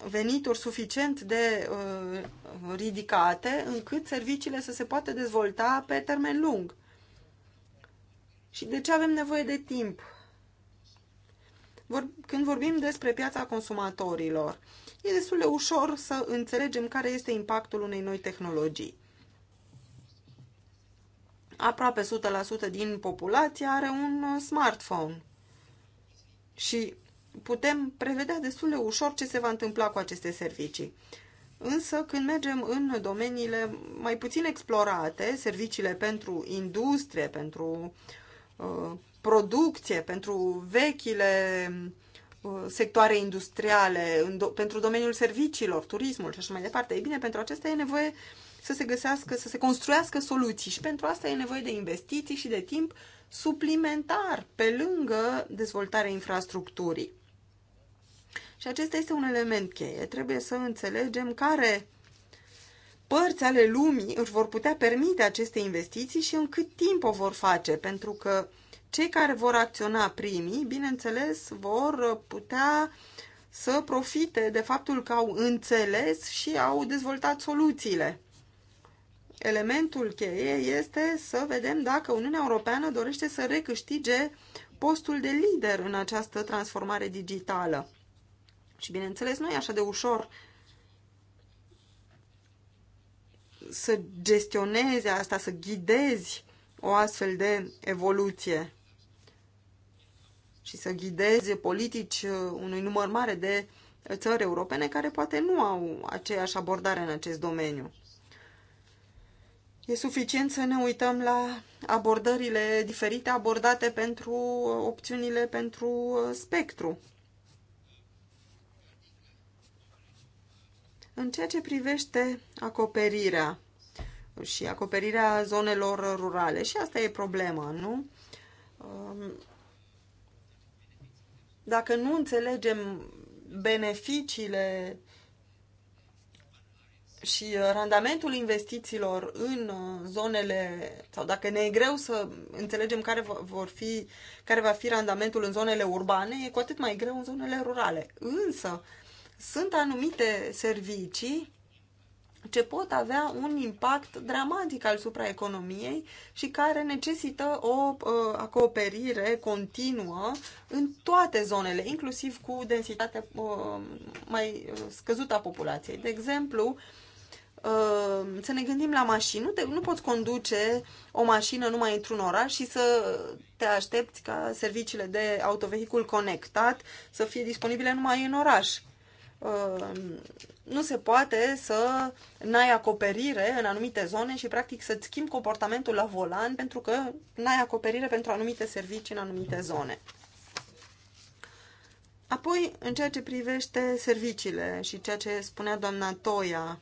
B: venituri suficient de uh, ridicate încât serviciile să se poată dezvolta pe termen lung. Și de ce avem nevoie de timp? Vor, când vorbim despre piața consumatorilor, e destul de ușor să înțelegem care este impactul unei noi tehnologii. Aproape 100% din populație are un smartphone. Și putem prevedea destul de ușor ce se va întâmpla cu aceste servicii. Însă, când mergem în domeniile mai puțin explorate, serviciile pentru industrie, pentru uh, producție, pentru vechile uh, sectoare industriale, în do- pentru domeniul serviciilor, turismul și așa mai departe, e bine, pentru acestea e nevoie să se găsească, să se construiască soluții și pentru asta e nevoie de investiții și de timp suplimentar pe lângă dezvoltarea infrastructurii. Și acesta este un element cheie. Trebuie să înțelegem care părți ale lumii își vor putea permite aceste investiții și în cât timp o vor face, pentru că cei care vor acționa primii, bineînțeles, vor putea să profite de faptul că au înțeles și au dezvoltat soluțiile. Elementul cheie este să vedem dacă Uniunea Europeană dorește să recâștige postul de lider în această transformare digitală. Și bineînțeles, nu e așa de ușor să gestionezi asta, să ghidezi o astfel de evoluție și să ghidezi politici uh, unui număr mare de țări europene care poate nu au aceeași abordare în acest domeniu. E suficient să ne uităm la abordările diferite abordate pentru opțiunile pentru uh, spectru. În ceea ce privește acoperirea și acoperirea zonelor rurale, și asta e problema, nu? Um, dacă nu înțelegem beneficiile și randamentul investițiilor în uh, zonele, sau dacă ne e greu să înțelegem care, vor fi, care va fi randamentul în zonele urbane, e cu atât mai greu în zonele rurale. Însă, sunt anumite servicii ce pot avea un impact dramatic al supraeconomiei și care necesită o uh, acoperire continuă în toate zonele, inclusiv cu uh, mai uh, scăzută a populației. De exemplu, uh, să ne gândim la mașini. Nu, te, nu poți conduce o mașină numai într-un oraș și să te aștepți ca serviciile de autovehicul conectat să fie disponibile numai în oraș Um, nu se poate să n-ai acoperire în anumite zone și practic să-ți schimbi comportamentul la volan pentru că n-ai acoperire pentru anumite servicii în anumite zone. Apoi, în ceea ce privește serviciile și ceea ce spunea doamna Toia,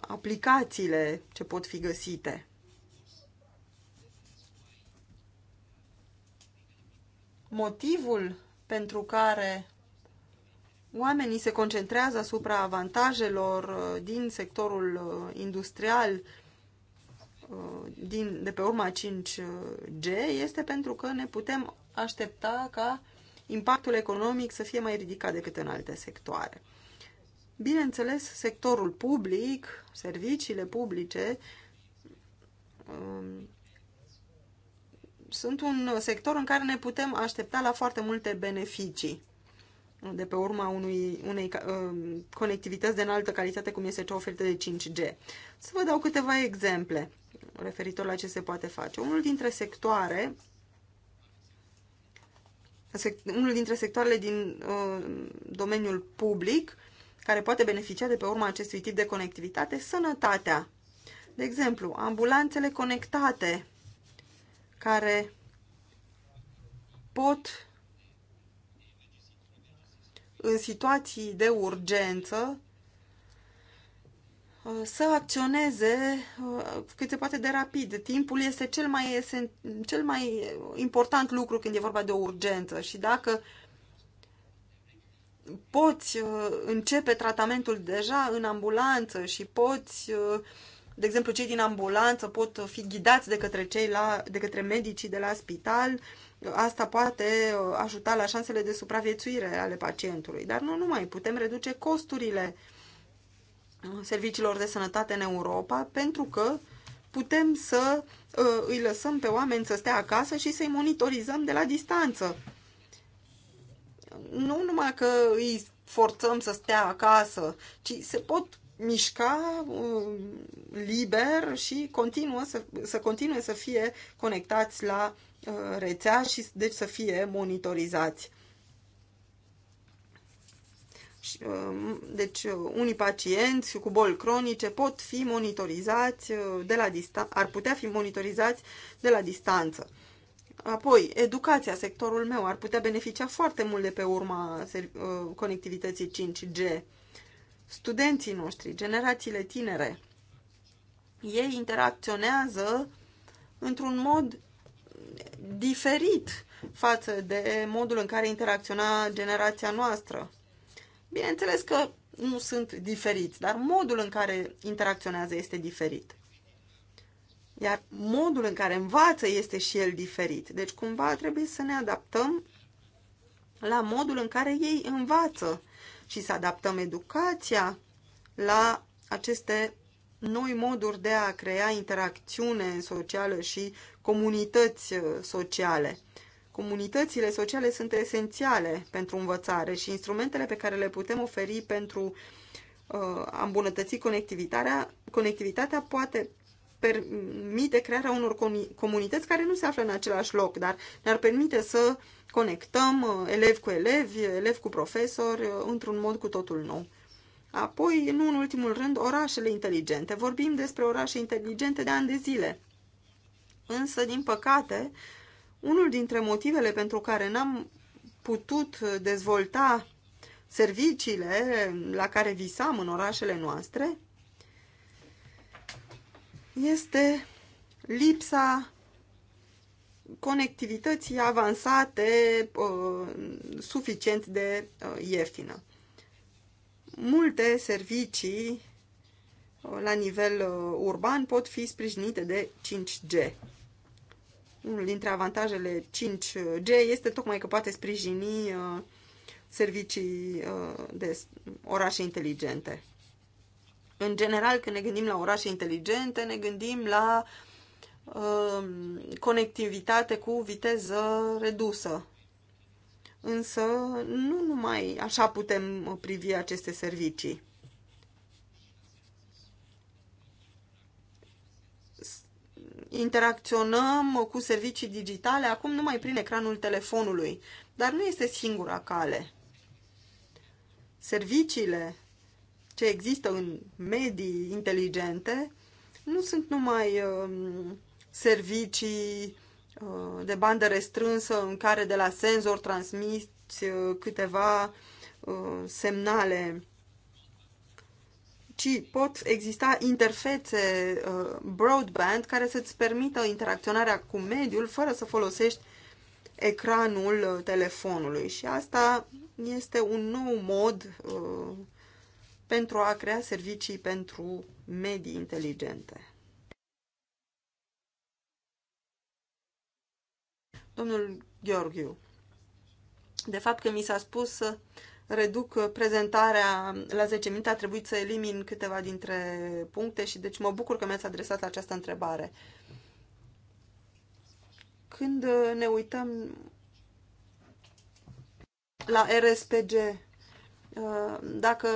B: aplicațiile ce pot fi găsite. Motivul pentru care oamenii se concentrează asupra avantajelor uh, din sectorul uh, industrial uh, din, de pe urma 5G este pentru că ne putem aștepta ca impactul economic să fie mai ridicat decât în alte sectoare. Bineînțeles, sectorul public, serviciile publice um, sunt un sector în care ne putem aștepta la foarte multe beneficii de pe urma unui, unei uh, conectivități de înaltă calitate, cum este cea oferită de 5G. Să vă dau câteva exemple referitor la ce se poate face. Unul dintre sectoare, unul dintre sectoarele din uh, domeniul public care poate beneficia de pe urma acestui tip de conectivitate, sănătatea. De exemplu, ambulanțele conectate care pot în situații de urgență uh, să acționeze uh, cât se poate de rapid. Timpul este cel mai, esen, cel mai important lucru când e vorba de o urgență și dacă poți uh, începe tratamentul deja în ambulanță și poți de exemplu, cei din ambulanță pot fi ghidați de către, cei la, de către medicii de la spital. Asta poate uh, ajuta la șansele de supraviețuire ale pacientului. Dar nu numai, putem reduce costurile uh, serviciilor de sănătate în Europa pentru că putem să uh, îi lăsăm pe oameni să stea acasă și să-i monitorizăm de la distanță. Nu numai că îi forțăm să stea acasă, ci se pot mișca uh, liber și continuă să, să continue să fie conectați la uh, rețea și deci să fie monitorizați. Um, deci, uh, unii pacienți cu boli cronice pot fi monitorizați de la distanță, ar putea fi monitorizați de la distanță. Apoi, educația, sectorul meu, ar putea beneficia foarte mult de pe urma conectivității 5G studenții noștri, generațiile tinere. Ei interacționează într-un mod diferit față de modul în care interacționa generația noastră. Bineînțeles că nu sunt diferiți, dar modul în care interacționează este diferit. Iar modul în care învață este și el diferit. Deci cumva trebuie să ne adaptăm la modul în care ei învață și să adaptăm educația la aceste noi moduri de a crea interacțiune socială și comunități uh, sociale. Comunitățile sociale sunt esențiale pentru învățare și instrumentele pe care le putem oferi pentru uh, a îmbunătăți conectivitatea, conectivitatea poate permite crearea unor comunități care nu se află în același loc, dar ne-ar permite să conectăm uh, elevi cu elevi, elevi cu profesori, uh, într-un mod cu totul nou. Apoi, nu în ultimul rând, orașele inteligente. Vorbim despre orașe inteligente de ani de zile. Însă, din păcate, unul dintre motivele pentru care n-am putut uh, dezvolta serviciile la care visam în orașele noastre este lipsa conectivității avansate uh, suficient de uh, ieftină. Multe servicii uh, la nivel urban pot fi sprijinite de 5G. Unul dintre avantajele 5G este tocmai că poate sprijini servicii de orașe inteligente. În general, când ne gândim la orașe inteligente, ne gândim la uh, conectivitate cu viteză redusă. Însă, nu numai așa putem privi aceste servicii. interacționăm cu servicii digitale acum numai prin ecranul telefonului, dar nu este singura cale. Serviciile ce există în medii inteligente nu sunt numai um, servicii uh, de bandă restrânsă în care de la senzor transmiți uh, câteva uh, semnale, ci pot exista interfețe broadband care să-ți permită interacționarea cu mediul fără să folosești ecranul telefonului și asta este un nou mod pentru a crea servicii pentru medii inteligente. Domnul Gheorghiu, de fapt că mi s-a spus să reduc prezentarea la 10 minute, a trebuit să elimin câteva dintre puncte și deci mă bucur că mi-ați adresat această întrebare. Când ne uităm la RSPG, uh, dacă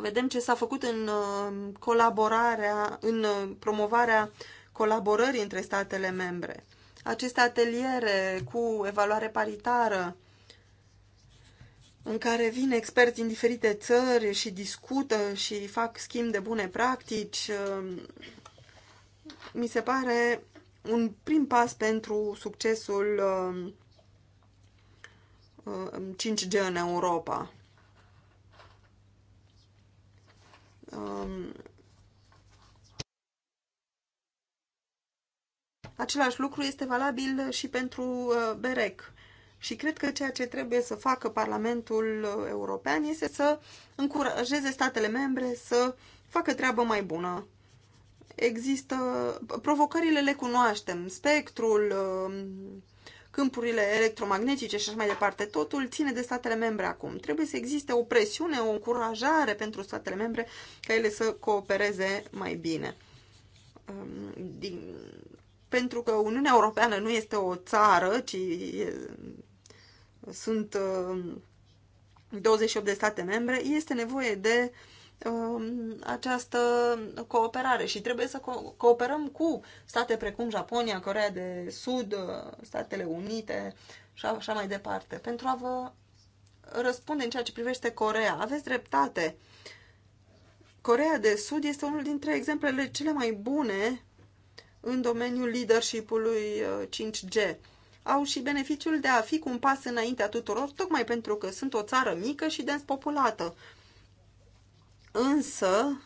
B: vedem ce s-a făcut în uh, colaborarea, în uh, promovarea colaborării între statele membre. Aceste ateliere cu evaluare paritară în care vin experți din diferite țări și discută și fac schimb de bune practici, uh, mi se pare un prim pas pentru succesul 5G în Europa. Um, același lucru este valabil și pentru uh, BEREC. Și cred că ceea ce trebuie să facă Parlamentul European este să încurajeze statele membre să facă treabă mai bună. Există... Provocările le cunoaștem. Spectrul, um, câmpurile electromagnetice și așa mai departe. Totul ține de statele membre acum. Trebuie să existe o presiune, o încurajare pentru statele membre ca ele să coopereze mai bine. Din... Pentru că Uniunea Europeană nu este o țară, ci sunt 28 uh, de state membre, este nevoie de uh, Um, această cooperare și trebuie să cooperăm cu state precum Japonia, Corea de Sud, uh, Statele Unite și așa mai departe. Pentru a vă răspunde în ceea ce privește Corea, aveți dreptate. Corea de Sud este unul dintre exemplele cele mai bune în domeniul leadership-ului 5G. Uh, Au și beneficiul de a fi cu un pas înaintea tuturor, tocmai pentru că sunt o țară mică și dens populată Însă,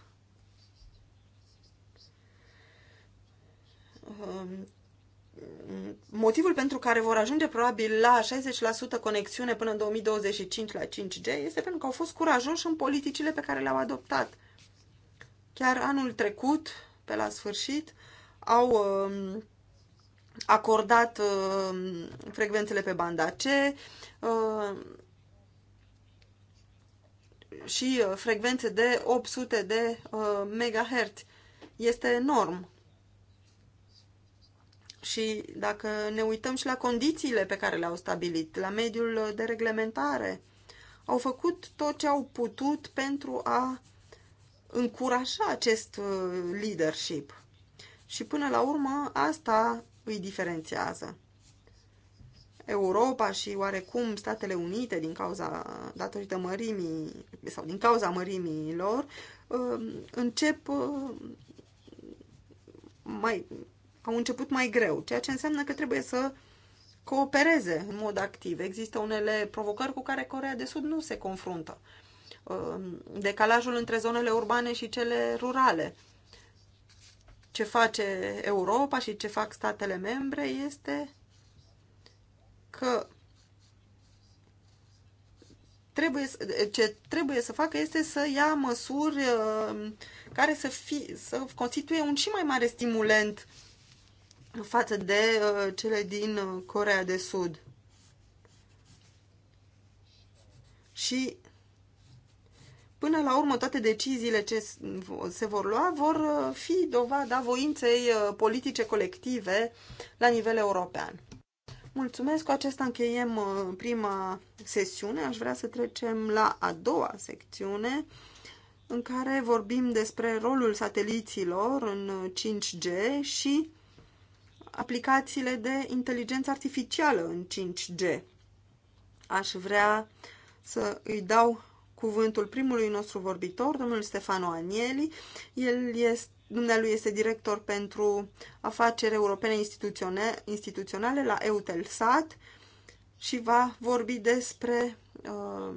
B: um, motivul pentru care vor ajunge probabil la 60% conexiune până în 2025 la 5G este pentru că au fost curajoși în politicile pe care le-au adoptat. Chiar anul trecut, pe la sfârșit, au um, acordat um, frecvențele pe banda C, uh, și uh, frecvențe de 800 de uh, megahertz. Este enorm. Și dacă ne uităm și la condițiile pe care le-au stabilit, la mediul de reglementare, au făcut tot ce au putut pentru a încuraja acest uh, leadership. Și până la urmă, asta îi diferențiază. Europa și oarecum Statele Unite din cauza datorită mărimii sau din cauza mărimii lor um, încep um, mai, au început mai greu, ceea ce înseamnă că trebuie să coopereze în mod activ. Există unele provocări cu care Corea de Sud nu se confruntă. Um, decalajul între zonele urbane și cele rurale. Ce face Europa și ce fac statele membre este că trebuie, ce trebuie să facă este să ia măsuri uh, care să, fi, să constituie un și mai mare stimulent față de uh, cele din uh, Corea de Sud. Și până la urmă toate deciziile ce se vor lua vor fi dovada voinței politice colective la nivel european. Mulțumesc, cu acesta încheiem uh, prima sesiune. Aș vrea să trecem la a doua secțiune, în care vorbim despre rolul sateliților în 5G uh, și aplicațiile de inteligență artificială în 5G. Aș vrea să îi dau cuvântul primului nostru vorbitor, domnul Stefano Anieli. El este Dumnealui este director pentru afaceri europene instituționale la EUTELSAT și va vorbi despre uh,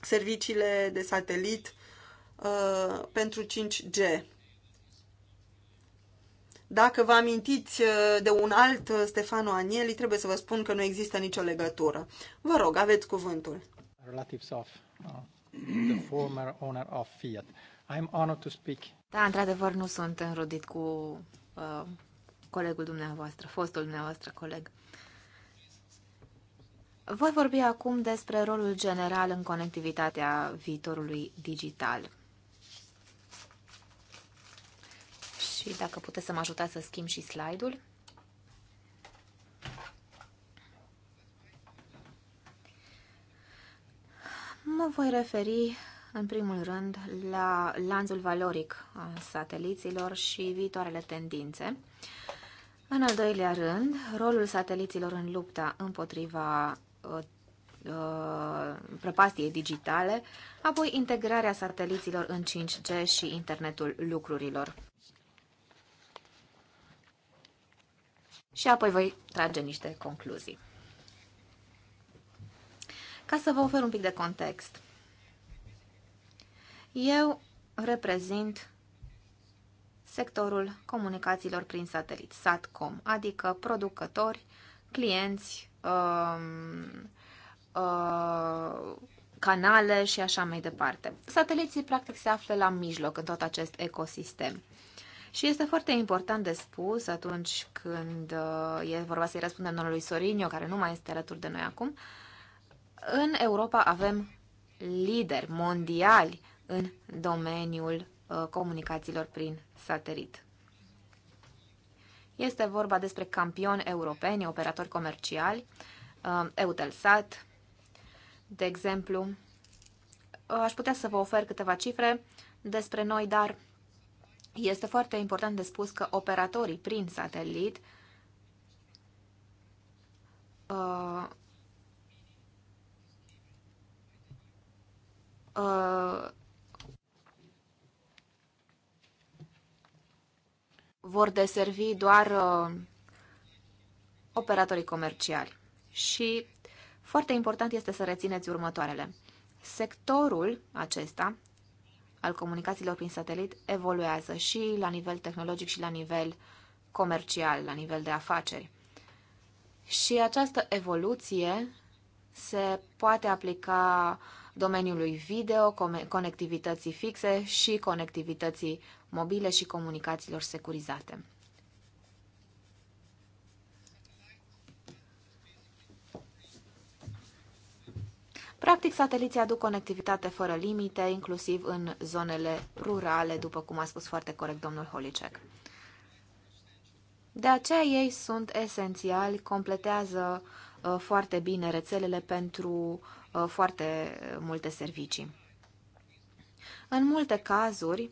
B: serviciile de satelit uh, pentru 5G. Dacă vă amintiți uh, de un alt uh, Stefano Anieli, trebuie să vă spun că nu există nicio legătură. Vă rog, aveți cuvântul.
A: Relatives of uh, the former owner of Fiat. I'm honored to speak.
B: Da, într-adevăr, nu sunt înrudit
C: cu uh, colegul dumneavoastră, fostul dumneavoastră coleg. Voi vorbi acum despre rolul general în conectivitatea viitorului digital. Și dacă puteți să mă ajutați să schimb și slide-ul. Mă voi referi în primul rând, la lanțul valoric al sateliților și viitoarele tendințe. În al doilea rând, rolul sateliților în lupta împotriva uh, uh, prăpastiei digitale, apoi integrarea sateliților în 5G și internetul lucrurilor. Și apoi voi trage niște concluzii. Ca să vă ofer un pic de context, eu reprezint sectorul comunicațiilor prin satelit, SATCOM, adică producători, clienți, um, uh, canale și așa mai departe. Sateliții practic se află la mijloc în tot acest ecosistem. Și este foarte important de spus atunci când uh, e vorba să-i răspundem domnului Sorinio, care nu mai este alături de noi acum, în Europa avem lideri mondiali în domeniul uh, comunicațiilor prin satelit. Este vorba despre campioni europeni, operatori comerciali, uh, Eutelsat, de exemplu. Uh, aș putea să vă ofer câteva cifre despre noi, dar este foarte important de spus că operatorii prin satelit uh, uh, vor deservi doar uh, operatorii comerciali. Și foarte important este să rețineți următoarele. Sectorul acesta al comunicațiilor prin satelit evoluează și la nivel tehnologic și la nivel comercial, la nivel de afaceri. Și această evoluție se poate aplica uh, domeniului video, conectivității fixe și conectivității mobile și comunicațiilor securizate. Practic, sateliții aduc conectivitate fără limite, inclusiv în zonele rurale, după cum a spus foarte corect domnul Holicek. De aceea ei sunt esențiali, completează uh, Uh, foarte bine rețelele pentru uh, foarte multe servicii. În multe cazuri,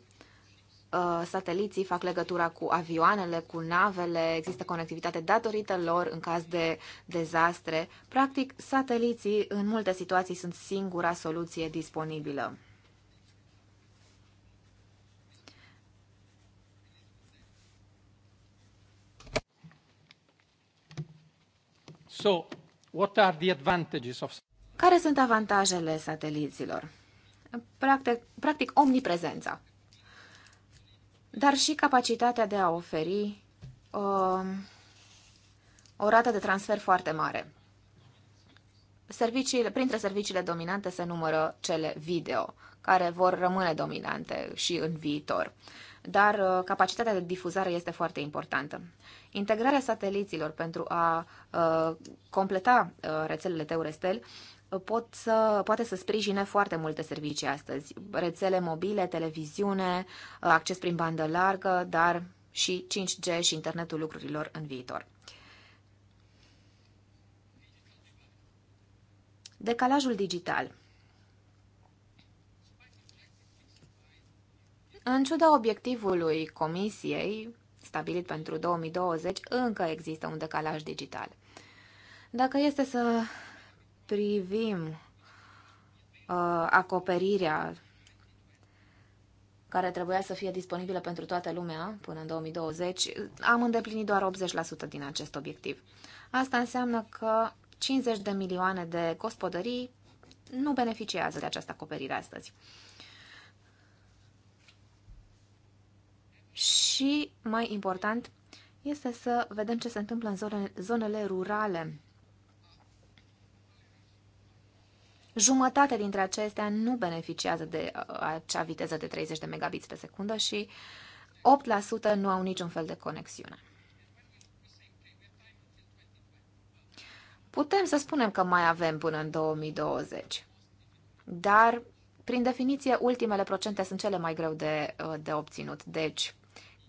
C: uh, sateliții fac legătura cu avioanele, cu navele, există conectivitate datorită lor în caz de dezastre. Practic, sateliții în multe situații sunt singura soluție disponibilă.
B: So,
A: What are the advantages of...
C: Care sunt avantajele sateliților? Practic, practic omniprezența, dar și capacitatea de a oferi uh, o rată de transfer foarte mare. Serviciile, printre serviciile dominante se numără cele video, care vor rămâne dominante și în viitor. Uh, dar uh, capacitatea de difuzare este foarte importantă. Integrarea sateliților pentru a uh, completa uh, rețelele Teurestel pot să, poate să sprijine foarte multe servicii astăzi. Rețele mobile, televiziune, acces prin bandă largă, dar și 5G și internetul lucrurilor în viitor. Decalajul digital – În ciuda obiectivului Comisiei, stabilit pentru 2020, încă există un decalaj digital. Dacă este să privim uh, acoperirea care trebuia să fie disponibilă pentru toată lumea până în 2020, am îndeplinit doar 80% din acest obiectiv. Asta înseamnă că 50 de milioane de gospodării nu beneficiază de această acoperire astăzi. și, mai important, este să vedem ce se întâmplă în zone, zonele rurale. Jumătate dintre acestea nu beneficiază de uh, acea viteză de 30 de megabits pe secundă și 8% nu au niciun fel de conexiune. Putem să spunem că mai avem până în 2020, dar, prin definiție, ultimele procente sunt cele mai greu de, uh, de obținut. Deci,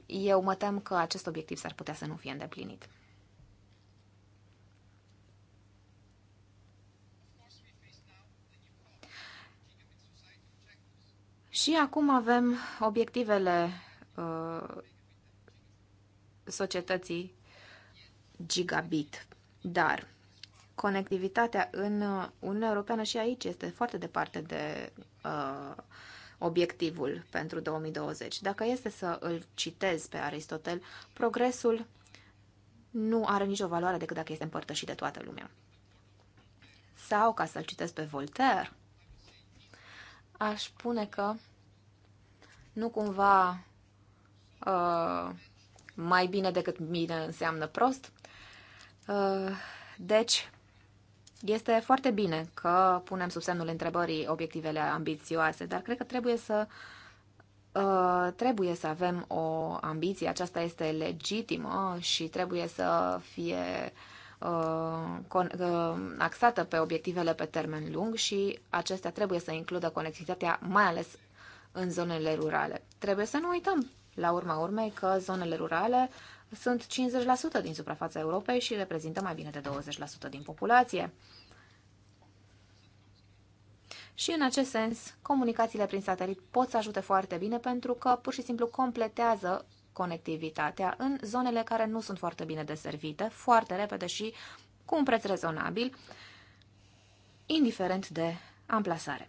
C: eu mă tem că acest obiectiv s-ar putea să nu fie îndeplinit. Și acum avem obiectivele uh, societății gigabit, dar conectivitatea în Uniunea Europeană și aici este foarte departe de uh, obiectivul pentru 2020. Dacă este să îl citez pe Aristotel, progresul nu are nicio valoare decât dacă este împărtășit de toată lumea. Sau, ca să-l citesc pe Voltaire, aș spune că nu cumva uh, mai bine decât mine înseamnă prost. Uh, deci, este foarte bine că punem sub semnul întrebării obiectivele ambițioase, dar cred că trebuie să uh, trebuie să avem o ambiție, aceasta este legitimă și trebuie să fie uh, uh, axată pe obiectivele pe termen lung și acestea trebuie să includă conectivitatea, mai ales în zonele rurale. Trebuie să nu uităm, la urma urmei, că zonele rurale sunt 50% din suprafața Europei și reprezintă mai bine de 20% din populație. Și în acest sens, comunicațiile prin satelit pot să ajute foarte bine pentru că pur și simplu completează conectivitatea în zonele care nu sunt foarte bine deservite, foarte repede și cu un preț rezonabil, indiferent de amplasare.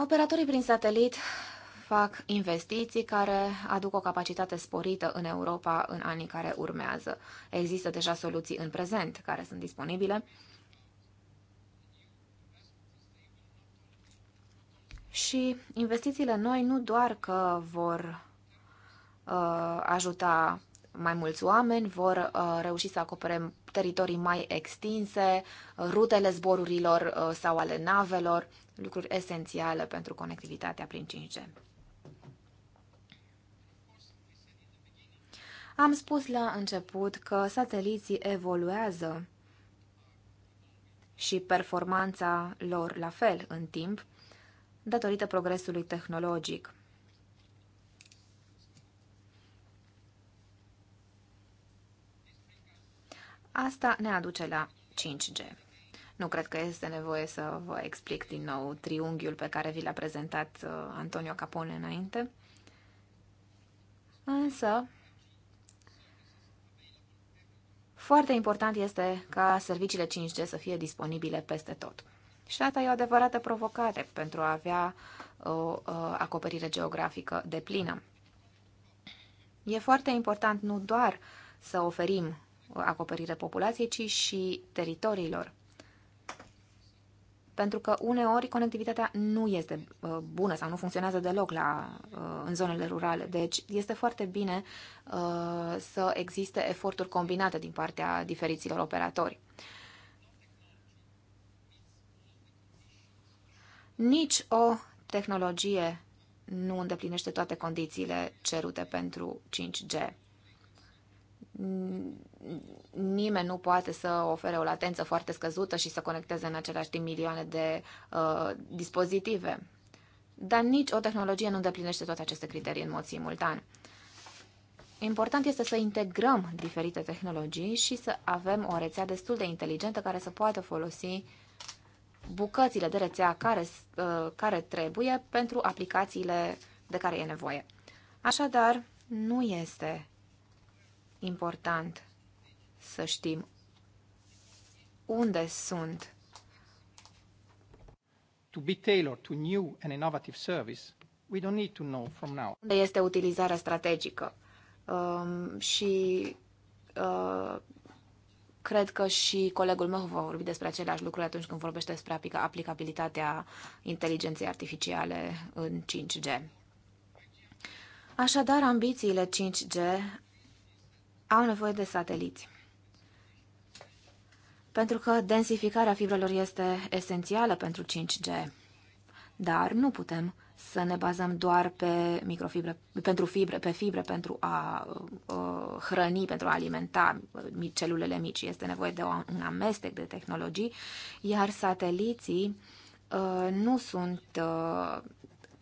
C: Operatorii prin satelit fac investiții care aduc o capacitate sporită în Europa în anii care urmează. Există deja soluții în prezent care sunt disponibile. Și investițiile noi nu doar că vor uh, ajuta mai mulți oameni, vor uh, reuși să acopere teritorii mai extinse, rutele zborurilor uh, sau ale navelor, lucruri esențiale pentru conectivitatea prin 5G. Am spus la început că sateliții evoluează și performanța lor la fel în timp, datorită progresului tehnologic. Asta ne aduce la 5G. Nu cred că este nevoie să vă explic din nou triunghiul pe care vi l-a prezentat uh, Antonio Capone înainte. Însă, foarte important este ca serviciile 5G să fie disponibile peste tot. Și asta e o adevărată provocare pentru a avea o uh, acoperire geografică de plină. E foarte important nu doar să oferim acoperire populației, ci și teritoriilor pentru că uneori conectivitatea nu este uh, bună sau nu funcționează deloc la, uh, în zonele rurale. Deci este foarte bine uh, să existe eforturi combinate din partea diferiților operatori. Nici o tehnologie nu îndeplinește toate condițiile cerute pentru 5G nimeni nu poate să ofere o latență foarte scăzută și să conecteze în același timp milioane de uh, dispozitive. Dar nici o tehnologie nu îndeplinește toate aceste criterii în mod simultan. Important este să integrăm diferite tehnologii și să avem o rețea destul de inteligentă care să poată folosi bucățile de rețea care, uh, care trebuie pentru aplicațiile de care e nevoie. Așadar, nu este important să știm unde sunt.
A: To be tailored to new and innovative service, we don't need to know from now.
C: Unde este utilizarea strategică? Um, și uh, cred că și colegul meu va vorbi despre aceleași lucruri atunci când vorbește despre aplicabilitatea inteligenței artificiale în 5G. Așadar, ambițiile 5G au nevoie de sateliți. Pentru că densificarea fibrelor este esențială pentru 5G. Dar nu putem să ne bazăm doar pe microfibre, pentru fibre, pe fibre pentru a uh, hrăni, pentru a alimenta celulele mici. Este nevoie de un amestec de tehnologii, iar sateliții uh, nu sunt uh,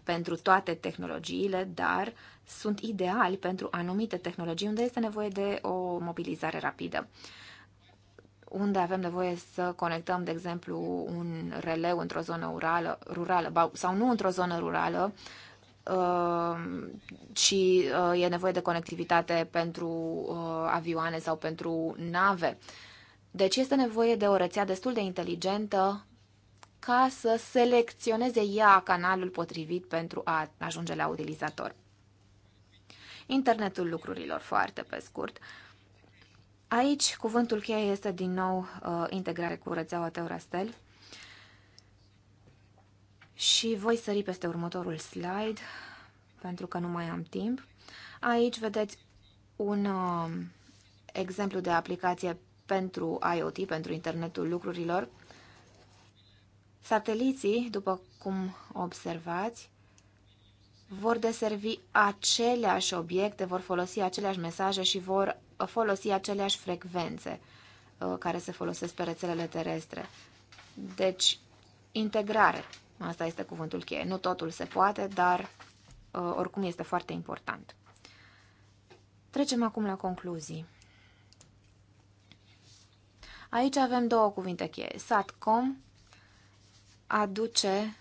C: pentru toate tehnologiile, dar sunt ideali pentru anumite tehnologii unde este nevoie de o mobilizare rapidă. Unde avem nevoie să conectăm, de exemplu, un releu într-o zonă rurală, rurală sau nu într-o zonă rurală, uh, ci uh, e nevoie de conectivitate pentru uh, avioane sau pentru nave. Deci este nevoie de o rețea destul de inteligentă ca să selecționeze ea canalul potrivit pentru a ajunge la utilizator internetul lucrurilor, foarte pe scurt. Aici, cuvântul cheie este din nou uh, integrare cu rețeaua Teurastel. Și voi sări peste următorul slide, pentru că nu mai am timp. Aici vedeți un uh, exemplu de aplicație pentru IoT, pentru internetul lucrurilor. Sateliții, după cum observați, vor deservi aceleași obiecte, vor folosi aceleași mesaje și vor uh, folosi aceleași frecvențe uh, care se folosesc pe rețelele terestre. Deci, integrare. Asta este cuvântul cheie. Nu totul se poate, dar uh, oricum este foarte important. Trecem acum la concluzii. Aici avem două cuvinte cheie. Satcom aduce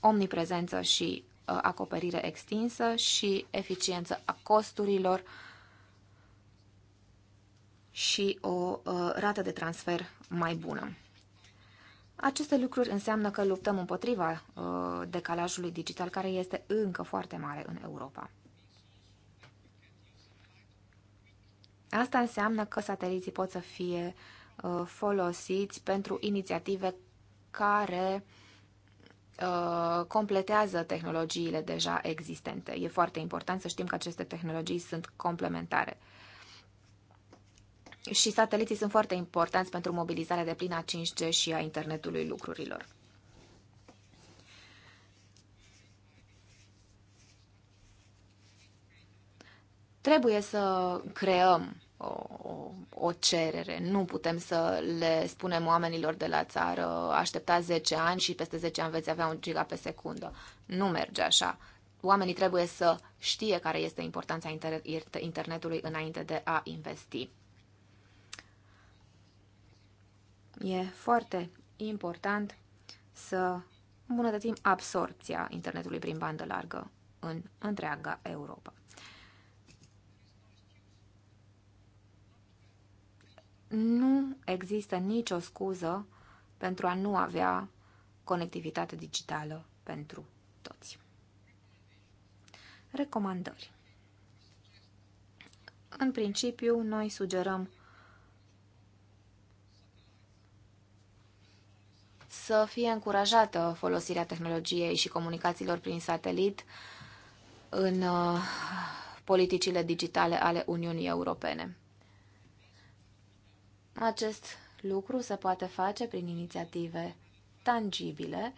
C: omniprezență și acoperire extinsă și eficiență a costurilor și o uh, rată de transfer mai bună. Aceste lucruri înseamnă că luptăm împotriva uh, decalajului digital care este încă foarte mare în Europa. Asta înseamnă că sateliții pot să fie uh, folosiți pentru inițiative care uh, Uh, completează tehnologiile deja existente. E foarte important să știm că aceste tehnologii sunt complementare. Și sateliții sunt foarte importanți pentru mobilizarea de plină a 5G și a internetului lucrurilor. Trebuie să creăm o, o cerere. Nu putem să le spunem oamenilor de la țară așteptați 10 ani și peste 10 ani veți avea un giga pe secundă. Nu merge așa. Oamenii trebuie să știe care este importanța inter internetului înainte de a investi. E foarte important să îmbunătățim absorpția internetului prin bandă largă în întreaga Europa. nu există nicio scuză pentru a nu avea conectivitate digitală pentru toți. Recomandări În principiu, noi sugerăm să fie încurajată folosirea tehnologiei și comunicațiilor prin satelit în uh, politicile digitale ale Uniunii Europene. Acest lucru se poate face prin inițiative tangibile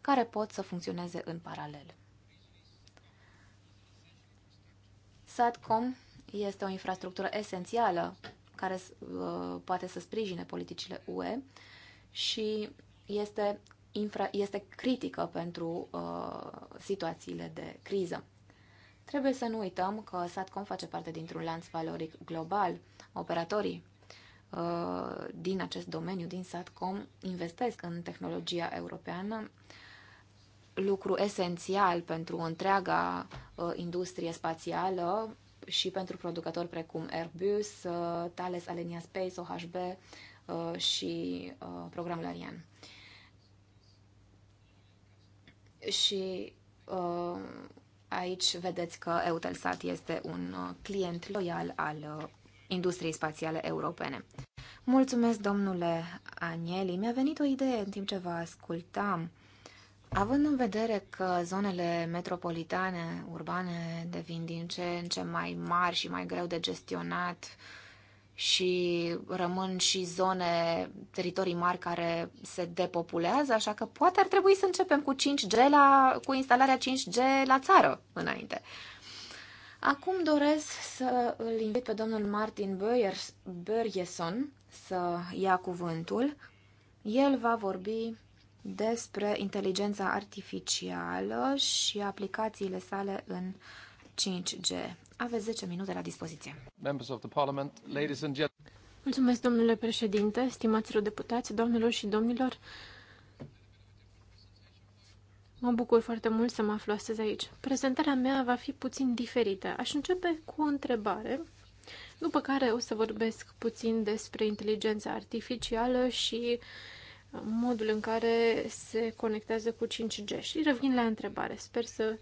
C: care pot să funcționeze în paralel. SATCOM este o infrastructură esențială care uh, poate să sprijine politicile UE și este, infra, este critică pentru uh, situațiile de criză. Trebuie să nu uităm că SATCOM face parte dintr-un lanț valoric global. Operatorii Uh, din acest domeniu, din SATCOM, investesc în tehnologia europeană, lucru esențial pentru întreaga uh, industrie spațială și pentru producători precum Airbus, uh, Thales Alenia Space, OHB și programul Ariane. Și aici vedeți că Eutelsat este un client loial al industriei spațiale europene. Mulțumesc, domnule Anieli. Mi-a venit o idee în timp ce vă ascultam. Având în vedere că zonele metropolitane, urbane, devin din ce în ce mai mari și mai greu de gestionat și rămân și zone, teritorii mari care se depopulează, așa că poate ar trebui să începem cu 5G la, cu instalarea 5G la țară înainte. Uh, Acum doresc să îl invit pe domnul Martin Börjesson să ia cuvântul. El va vorbi despre inteligența artificială și aplicațiile sale în 5G. Aveți 10 minute la dispoziție. Members of the Parliament, ladies and gentlemen. Mulțumesc, domnule președinte, stimaților deputați,
D: domnilor și domnilor. Mă bucur foarte mult să mă aflu astăzi aici. Prezentarea mea va fi puțin diferită. Aș începe cu o întrebare, după care o să vorbesc puțin despre inteligența artificială și uh, modul în care se conectează cu 5G. Și revin la întrebare. Sper să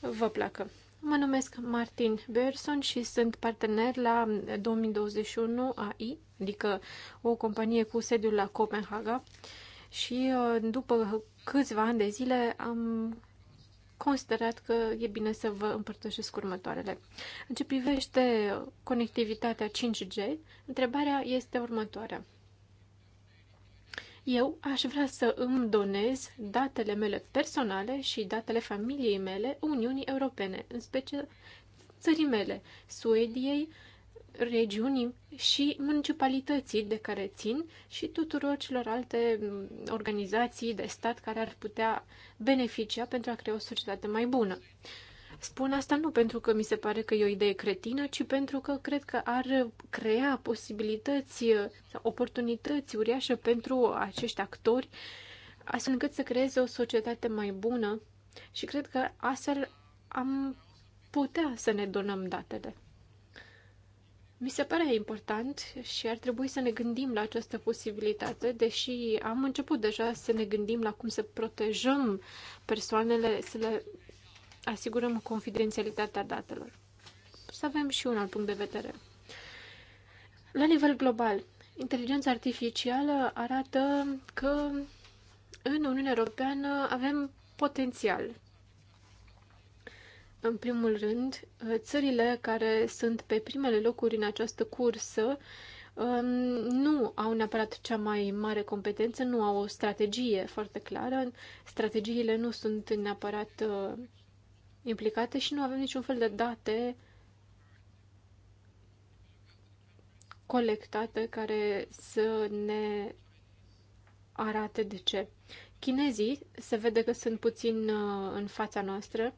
D: vă placă. Mă numesc Martin Berson și sunt partener la 2021 uh, AI, adică o companie cu sediul la Copenhaga. Și uh, după câțiva ani de zile am considerat că e bine să vă împărtășesc următoarele. În ce privește conectivitatea 5G, întrebarea este următoarea. Eu aș vrea să îmi donez datele mele personale și datele familiei mele Uniunii Europene, în special țării mele, Suediei, regiunii și municipalității de care țin și tuturor celorlalte organizații de stat care ar putea beneficia pentru a crea o societate mai bună. Spun asta nu pentru că mi se pare că e o idee cretină, ci pentru că cred că ar crea posibilități, oportunități uriașe pentru acești actori, astfel încât să creeze o societate mai bună și cred că astfel am putea să ne donăm datele. Mi se pare important și ar trebui să ne gândim la această posibilitate, deși am început deja să ne gândim la cum să protejăm persoanele, să le asigurăm confidențialitatea datelor. Să avem și un alt punct de vedere. La nivel global, inteligența artificială arată că în Uniunea Europeană avem potențial în primul rând, uh, țările care sunt pe primele locuri în această cursă um, nu au neapărat cea mai mare competență, nu au o strategie foarte clară, strategiile nu sunt neapărat uh, implicate și nu avem niciun fel de date colectate care să ne arate de ce. Chinezii se vede că sunt puțin uh, în fața noastră,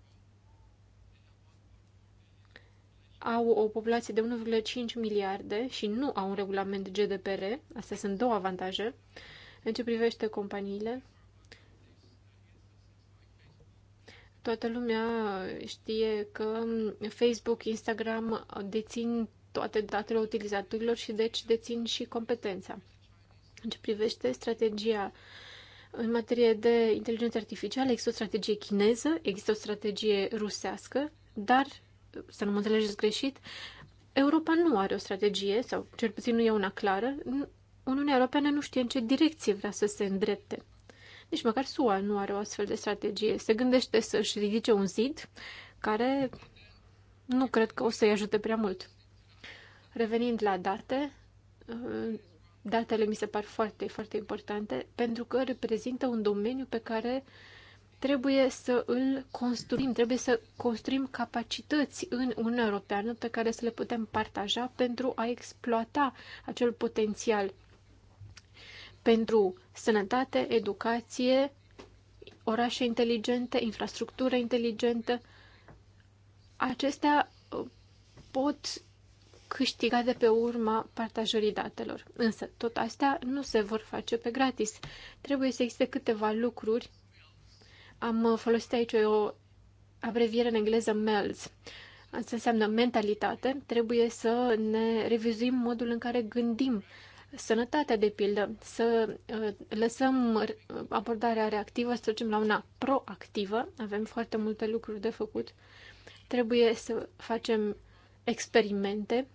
D: au o populație de 1,5 miliarde și nu au un regulament GDPR. Astea sunt două avantaje. În ce privește companiile, toată lumea știe că Facebook, Instagram dețin toate datele utilizatorilor și deci dețin și competența. În ce privește strategia în materie de inteligență artificială, există o strategie chineză, există o strategie rusească, dar să nu mă înțelegeți greșit, Europa nu are o strategie, sau cel puțin nu e una clară. Uniunea Europeană nu știe în ce direcție vrea să se îndrepte. Nici măcar SUA nu are o astfel de strategie. Se gândește să-și ridice un zid care nu cred că o să-i ajute prea mult. Revenind la date, uh, datele mi se par foarte, foarte importante pentru că reprezintă un domeniu pe care uh, trebuie să îl construim, trebuie să construim capacități în Uniunea Europeană pe care să le putem partaja pentru a exploata acel potențial pentru sănătate, educație, orașe inteligente, infrastructură inteligentă. Acestea uh, pot câștiga de pe urma partajării datelor. Însă, tot astea nu se vor face pe gratis. Trebuie să existe câteva lucruri am folosit aici o abreviere în engleză MELS. Asta înseamnă mentalitate. Trebuie să ne revizuim modul în care gândim sănătatea, de pildă, să uh, lăsăm uh, abordarea reactivă, să trecem la una proactivă. Avem foarte multe lucruri de făcut. Trebuie să facem experimente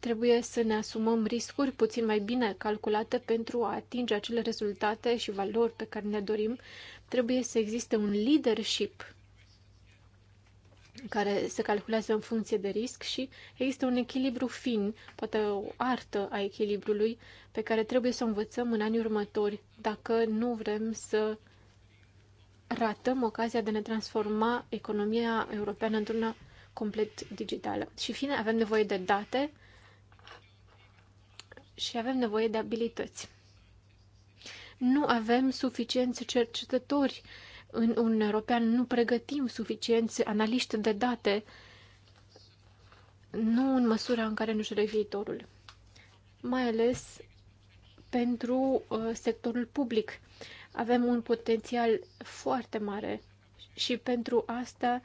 D: Trebuie să ne asumăm riscuri puțin mai bine calculate pentru a atinge acele rezultate și valori pe care ne dorim. Trebuie să existe un leadership care se calculează în funcție de risc și există un echilibru fin, poate o artă a echilibrului pe care trebuie să o învățăm în anii următori dacă nu vrem să ratăm ocazia de a ne transforma economia europeană într-una complet digitală. Și fine, avem nevoie de date, și avem nevoie de abilități. Nu avem suficienți cercetători în Uniunea Europeană, nu pregătim suficienți analiști de date, nu în măsura în care nu-și viitorul. Mai ales pentru uh, sectorul public. Avem un potențial foarte mare și pentru asta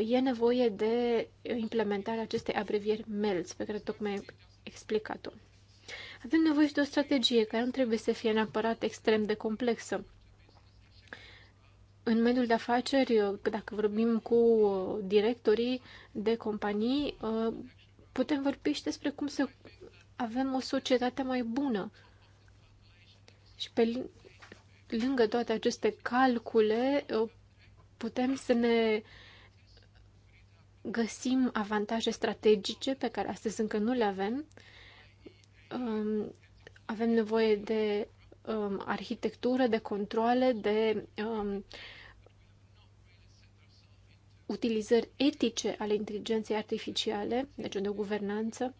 D: uh, e nevoie de implementarea acestei abrevieri MELS pe care tocmai am explicat-o. Avem nevoie și de o strategie care nu trebuie să fie neapărat extrem de complexă. În mediul de afaceri, dacă vorbim cu directorii de companii, putem vorbi și despre cum să avem o societate mai bună. Și pe lângă toate aceste calcule, putem să ne găsim avantaje strategice pe care astăzi încă nu le avem um, avem nevoie de um, arhitectură, de controle, de um, utilizări etice ale inteligenței artificiale, deci de o guvernanță,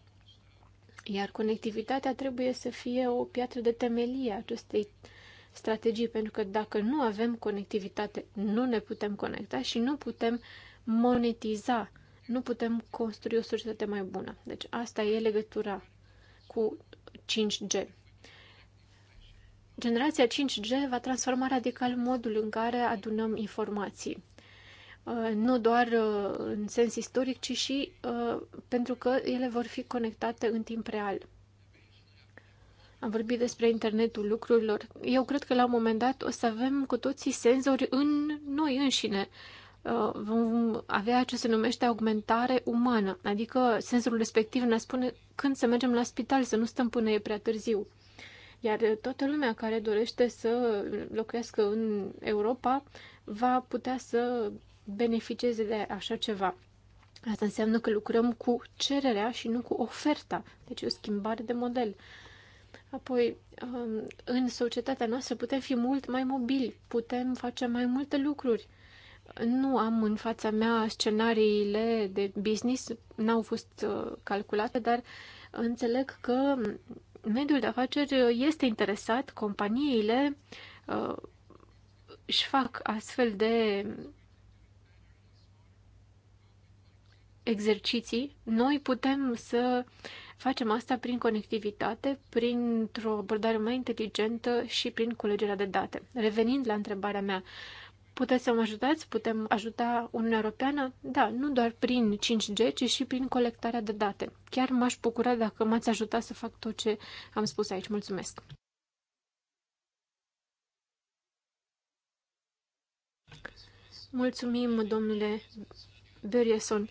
D: iar conectivitatea trebuie să fie o piatră de temelie a acestei strategii, pentru că dacă nu avem conectivitate, nu ne putem conecta și nu putem monetiza, nu putem construi o societate mai bună. Deci asta e legătura cu 5G. Generația 5G va transforma radical modul în care adunăm informații. Uh, nu doar uh, în sens istoric, ci și uh, pentru că ele vor fi conectate în timp real. Am vorbit despre internetul lucrurilor. Eu cred că la un moment dat o să avem cu toții senzori în noi înșine. Uh, vom avea ce se numește augmentare umană, adică sensul respectiv ne spune când să mergem la spital, să nu stăm până e prea târziu. Iar toată lumea care dorește să locuiască în Europa va putea să beneficieze de așa ceva. Asta înseamnă că lucrăm cu cererea și nu cu oferta, deci o schimbare de model. Apoi, um, în societatea noastră putem fi mult mai mobili, putem face mai multe lucruri nu am în fața mea scenariile de business, n-au fost uh, calculate, dar înțeleg că mediul de afaceri este interesat, companiile uh, își fac astfel de exerciții. Noi putem să facem asta prin conectivitate, printr-o abordare mai inteligentă și prin culegerea de date. Revenind la întrebarea mea, uh, Puteți să mă ajutați? Putem ajuta Uniunea Europeană? Da, nu doar prin 5G, ci și prin colectarea de date. Chiar m-aș bucura dacă m-ați ajutat să fac tot ce am spus aici. Mulțumesc! Mulțumim, domnule Berieson.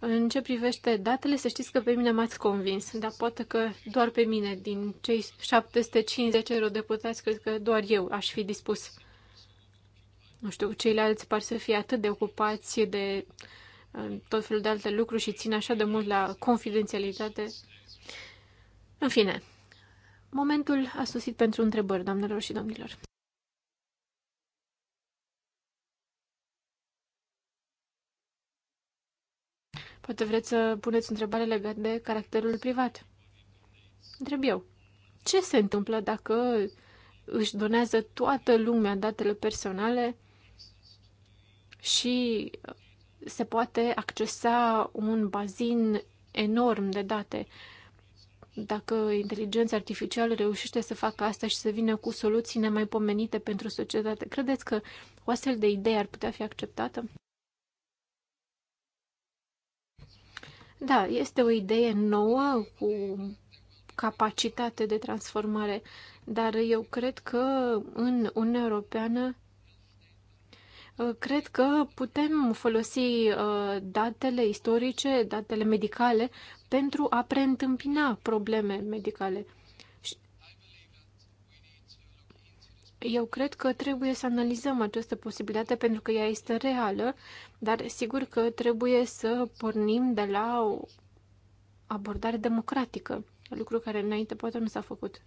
D: În ce privește datele, să știți că pe mine m-ați convins, dar poate că doar pe mine, din cei 750 eurodeputați, cred că doar eu aș fi dispus nu știu, ceilalți par să fie atât de ocupați de uh, tot felul de alte lucruri și țin așa de mult la confidențialitate. În fine, momentul a susit pentru întrebări, doamnelor și domnilor. Poate vreți să puneți întrebare legat de caracterul privat. Întreb eu. Ce se întâmplă dacă își donează toată lumea datele personale și se poate accesa un bazin enorm de date. Dacă inteligența artificială reușește să facă asta și să vină cu soluții nemaipomenite pentru societate, credeți că o astfel de idee ar putea fi acceptată? Da, este o idee nouă cu capacitate de transformare, dar eu cred că în Uniunea Europeană Uh, cred că putem folosi uh, datele istorice, datele medicale, pentru a preîntâmpina probleme medicale. Eu cred că trebuie să analizăm această posibilitate pentru că ea este reală, dar sigur că trebuie să pornim de la o abordare democratică, lucru care înainte poate nu s-a făcut.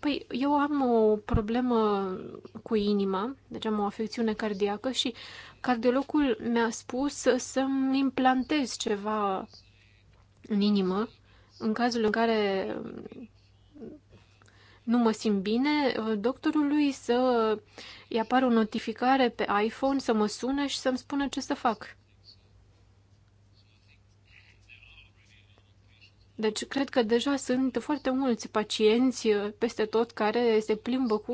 D: Păi eu am o problemă cu inima, deci am o afecțiune cardiacă și cardiologul mi-a spus să-mi implantez ceva în inimă în cazul în care nu mă simt bine, doctorului să i apară o notificare pe iPhone, să mă sune și să-mi spună ce să fac. Deci cred că deja sunt foarte mulți pacienți uh, peste tot care se plimbă cu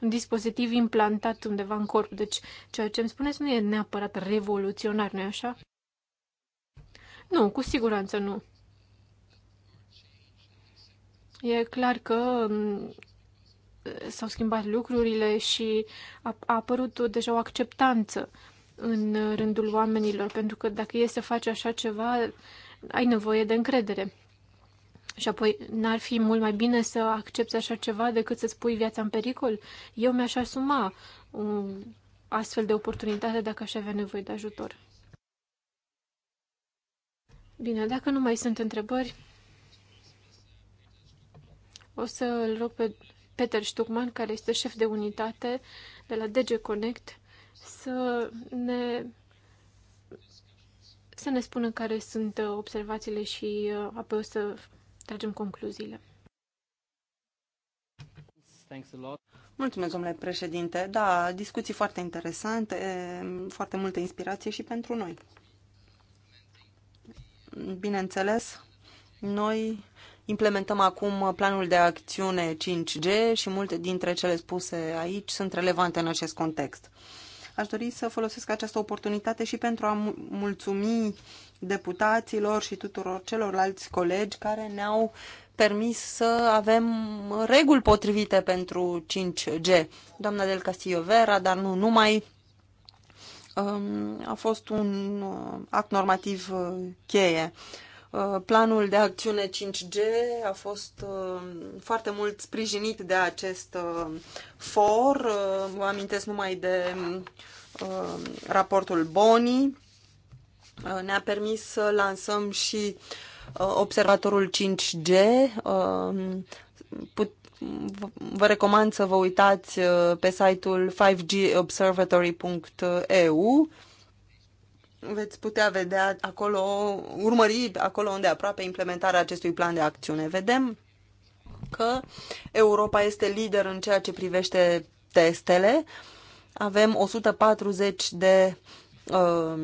D: un dispozitiv implantat undeva în corp. Deci ceea ce îmi spuneți nu e neapărat revoluționar, nu-i așa? Nu, cu siguranță nu. E clar că mm, s-au schimbat lucrurile și a, apărut deja o acceptanță în rândul oamenilor, pentru că dacă e să faci așa ceva, ai nevoie de încredere. Și apoi, n-ar fi mult mai bine să accepti așa ceva decât să-ți pui viața în pericol? Eu mi-aș asuma un astfel de oportunitate dacă aș avea nevoie de ajutor. Bine, dacă nu mai sunt întrebări, o să îl rog pe Peter Stuckman, care este șef de unitate de la DG Connect, să ne, să ne spună care sunt observațiile și uh, apoi o să tragem concluziile.
B: Mulțumesc, domnule președinte. Da, discuții foarte interesante, foarte multă inspirație și pentru noi. Bineînțeles, noi implementăm acum planul de acțiune 5G și multe dintre cele spuse aici sunt relevante în acest context. Aș dori să folosesc această oportunitate și pentru a mulțumi deputaților și tuturor celorlalți colegi care ne-au permis să avem reguli potrivite pentru 5G. Doamna del Castillo Vera, dar nu numai, um, a fost un uh, act normativ uh, cheie. Uh, planul de acțiune 5G a fost foarte mult sprijinit de acest for. Vă amintesc numai de raportul Boni, Uh, ne-a permis să lansăm și uh, observatorul 5G. Uh, vă recomand să vă uitați pe site-ul 5gobservatory.eu veți putea vedea acolo, urmări acolo unde aproape implementarea acestui plan de acțiune. Vedem că Europa este lider în ceea ce privește testele. Avem 140 de uh,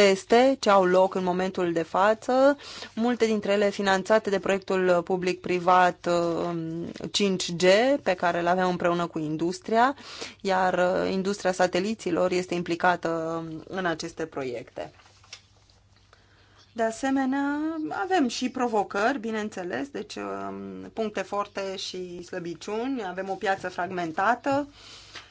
B: teste ce au loc în momentul de față, multe dintre ele finanțate de proiectul public-privat 5G um, pe care îl avem împreună cu industria, iar uh, industria sateliților este implicată um, în aceste proiecte. De asemenea, avem și provocări, bineînțeles, deci um, puncte forte și slăbiciuni, avem o piață fragmentată,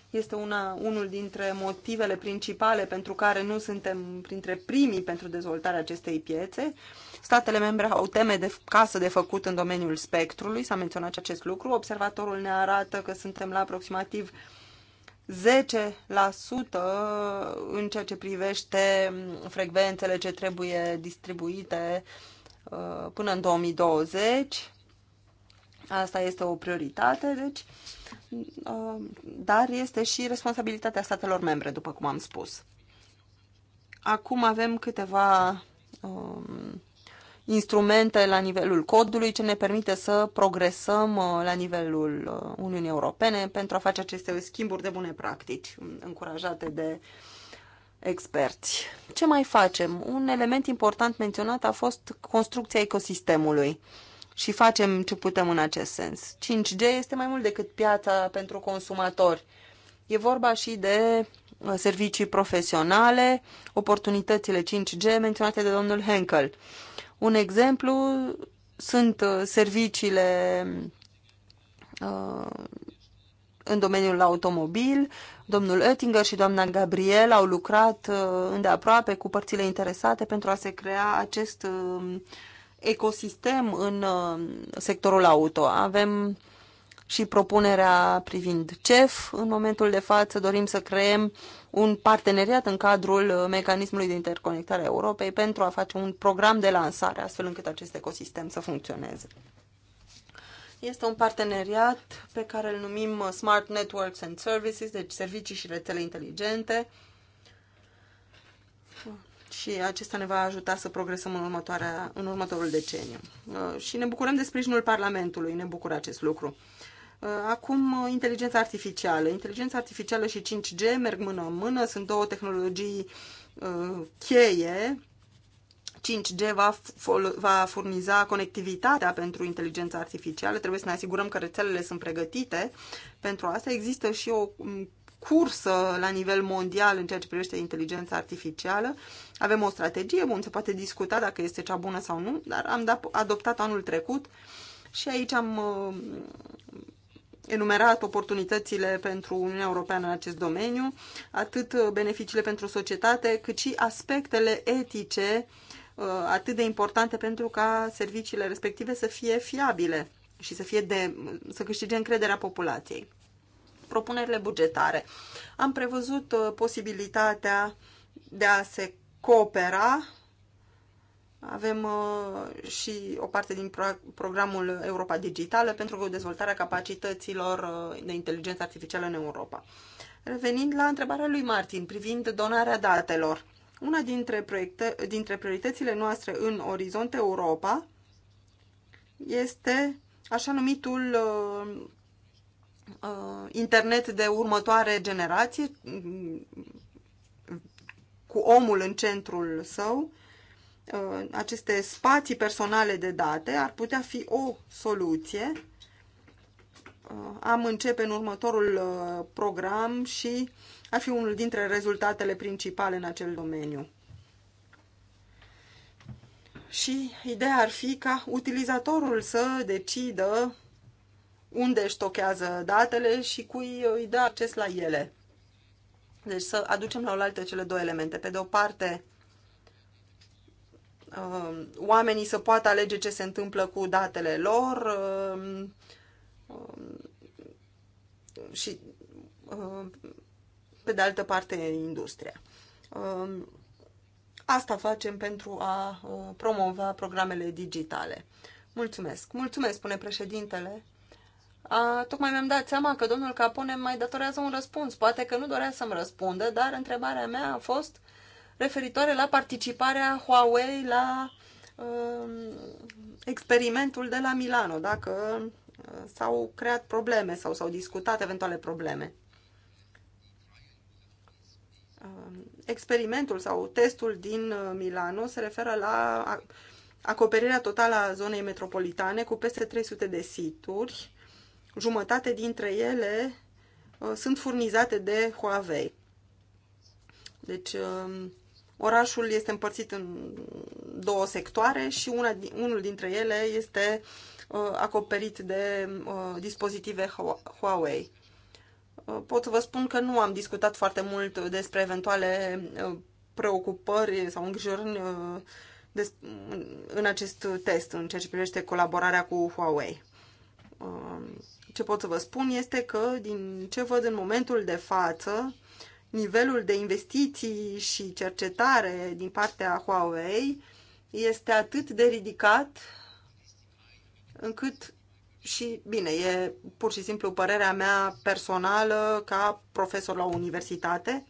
B: este una, unul dintre motivele principale pentru care nu suntem printre primii pentru dezvoltarea acestei piețe. Statele membre au teme de casă de făcut în domeniul spectrului, s-a menționat și acest lucru. Observatorul ne arată că suntem la aproximativ 10% în ceea ce privește frecvențele ce trebuie distribuite uh, până în 2020. Asta este o prioritate, deci Uh, dar este și responsabilitatea statelor membre, după cum am spus. Acum avem câteva um, instrumente la nivelul codului ce ne permite să progresăm uh, la nivelul uh, Uniunii Europene pentru a face aceste schimburi de bune practici, um, încurajate de experți. Ce mai facem? Un element important menționat a fost construcția ecosistemului. Uh, și facem ce putem în acest sens. 5G este mai mult decât piața pentru consumatori. E vorba și de uh, servicii profesionale, oportunitățile 5G menționate de domnul Henkel. Un exemplu sunt uh, serviciile uh, în domeniul automobil. Domnul Oettinger și doamna Gabriel au lucrat îndeaproape cu părțile interesate pentru a se crea acest ecosistem în uh, sectorul auto. Avem și propunerea privind CEF. În momentul de față dorim să creăm un parteneriat în cadrul mecanismului de interconectare a Europei pentru a face un program de lansare, astfel încât acest ecosistem să funcționeze. Este un parteneriat pe care îl numim Smart Networks and Services, deci servicii și rețele inteligente, și acesta ne va ajuta să progresăm în, următoarea, în următorul deceniu. Uh, și ne bucurăm de sprijinul Parlamentului, ne bucură acest lucru. Uh, acum, uh, inteligența artificială. Inteligența artificială și 5G merg mână în mână, sunt două tehnologii cheie. 5G va, va furniza conectivitatea pentru inteligența artificială. Trebuie să ne asigurăm că rețelele sunt pregătite pentru asta. Există și o um, cursă la nivel mondial în ceea ce privește inteligența artificială. Avem o strategie, bun, se poate discuta dacă este cea bună sau nu, dar am adoptat anul trecut și aici am uh, enumerat oportunitățile pentru Uniunea Europeană în acest domeniu, atât beneficiile pentru societate, cât și aspectele etice uh, atât de importante pentru ca serviciile respective să fie fiabile și să, fie de, să câștige încrederea populației propunerile bugetare. Am prevăzut uh, posibilitatea de a se coopera. Avem uh, și o parte din programul Europa Digitală pentru dezvoltarea capacităților uh, de inteligență artificială în Europa. Revenind la întrebarea lui Martin privind donarea datelor, una dintre, proiecte, dintre prioritățile noastre în Orizont Europa este așa numitul Uh, internet de următoare generație, mm, cu omul în centrul său, uh, aceste spații personale de date ar putea fi o soluție. Uh, am începe în următorul program și ar fi unul dintre rezultatele principale în acel domeniu. Și ideea ar fi ca utilizatorul să decidă unde își stochează datele și cui îi dă acces la ele. Deci să aducem la oaltă cele două elemente. Pe de o parte, um, oamenii să poată alege ce se întâmplă cu datele lor um, um, și, pe de altă parte, industria. Asta facem pentru a uh, promova programele digitale. Mulțumesc. Mulțumesc, spune președintele. A, tocmai mi-am dat seama că domnul Capone mai datorează un răspuns. Poate că nu dorea să-mi răspundă, dar întrebarea mea a fost referitoare la participarea Huawei la uh, experimentul de la Milano, dacă uh, s-au creat probleme sau s-au discutat eventuale probleme. Um, experimentul sau testul din uh, Milano se referă la acoperirea totală a zonei metropolitane cu peste 300 de situri Jumătate dintre ele uh, sunt furnizate de Huawei. Deci, um, orașul este împărțit în două sectoare și una, unul dintre ele este uh, acoperit de uh, dispozitive Huawei. Pot să vă spun că nu am discutat foarte mult despre eventuale preocupări sau îngrijorări în acest test în ceea ce privește colaborarea cu Huawei. Um, ce pot să vă spun este că, din ce văd în momentul de față, nivelul de investiții și cercetare din partea Huawei este atât de ridicat încât și, bine, e pur și simplu părerea mea personală ca profesor la universitate,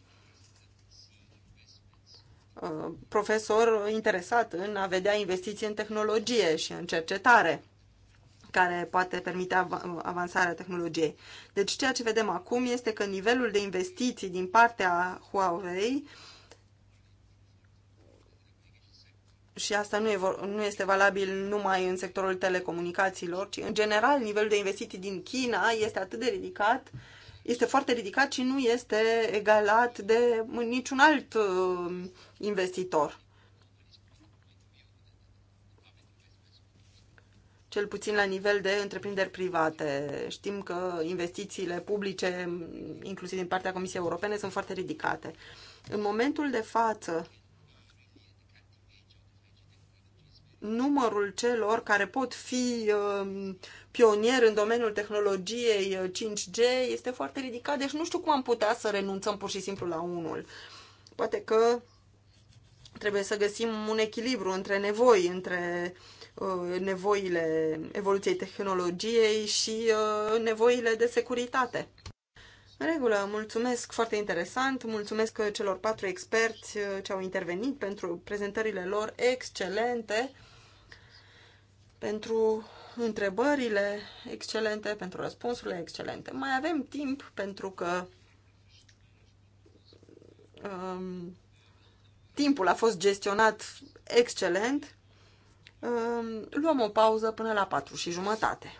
B: uh, profesor interesat în a vedea investiții în tehnologie și în cercetare care poate permite avansarea tehnologiei. Deci ceea ce vedem acum este că nivelul de investiții din partea Huawei și asta nu, e, nu este valabil numai în sectorul telecomunicațiilor, ci în general nivelul de investiții din China este atât de ridicat, este foarte ridicat și nu este egalat de niciun alt uh, investitor. cel puțin la nivel de întreprinderi private. Știm că investițiile publice, inclusiv din partea Comisiei Europene, sunt foarte ridicate. În momentul de față, numărul celor care pot fi um, pionieri în domeniul tehnologiei 5G uh, este foarte ridicat, deci nu știu cum am putea să renunțăm pur și simplu la unul. Poate că trebuie să găsim un echilibru între nevoi, între uh, Uh, nevoile evoluției tehnologiei și uh, nevoile de securitate. În regulă, mulțumesc, foarte interesant, mulțumesc uh, celor patru experți ce au intervenit pentru prezentările lor excelente, pentru întrebările excelente, pentru răspunsurile excelente. Mai avem timp pentru că um, timpul a fost gestionat excelent Ehm, luăm o pauză până la patru și jumătate.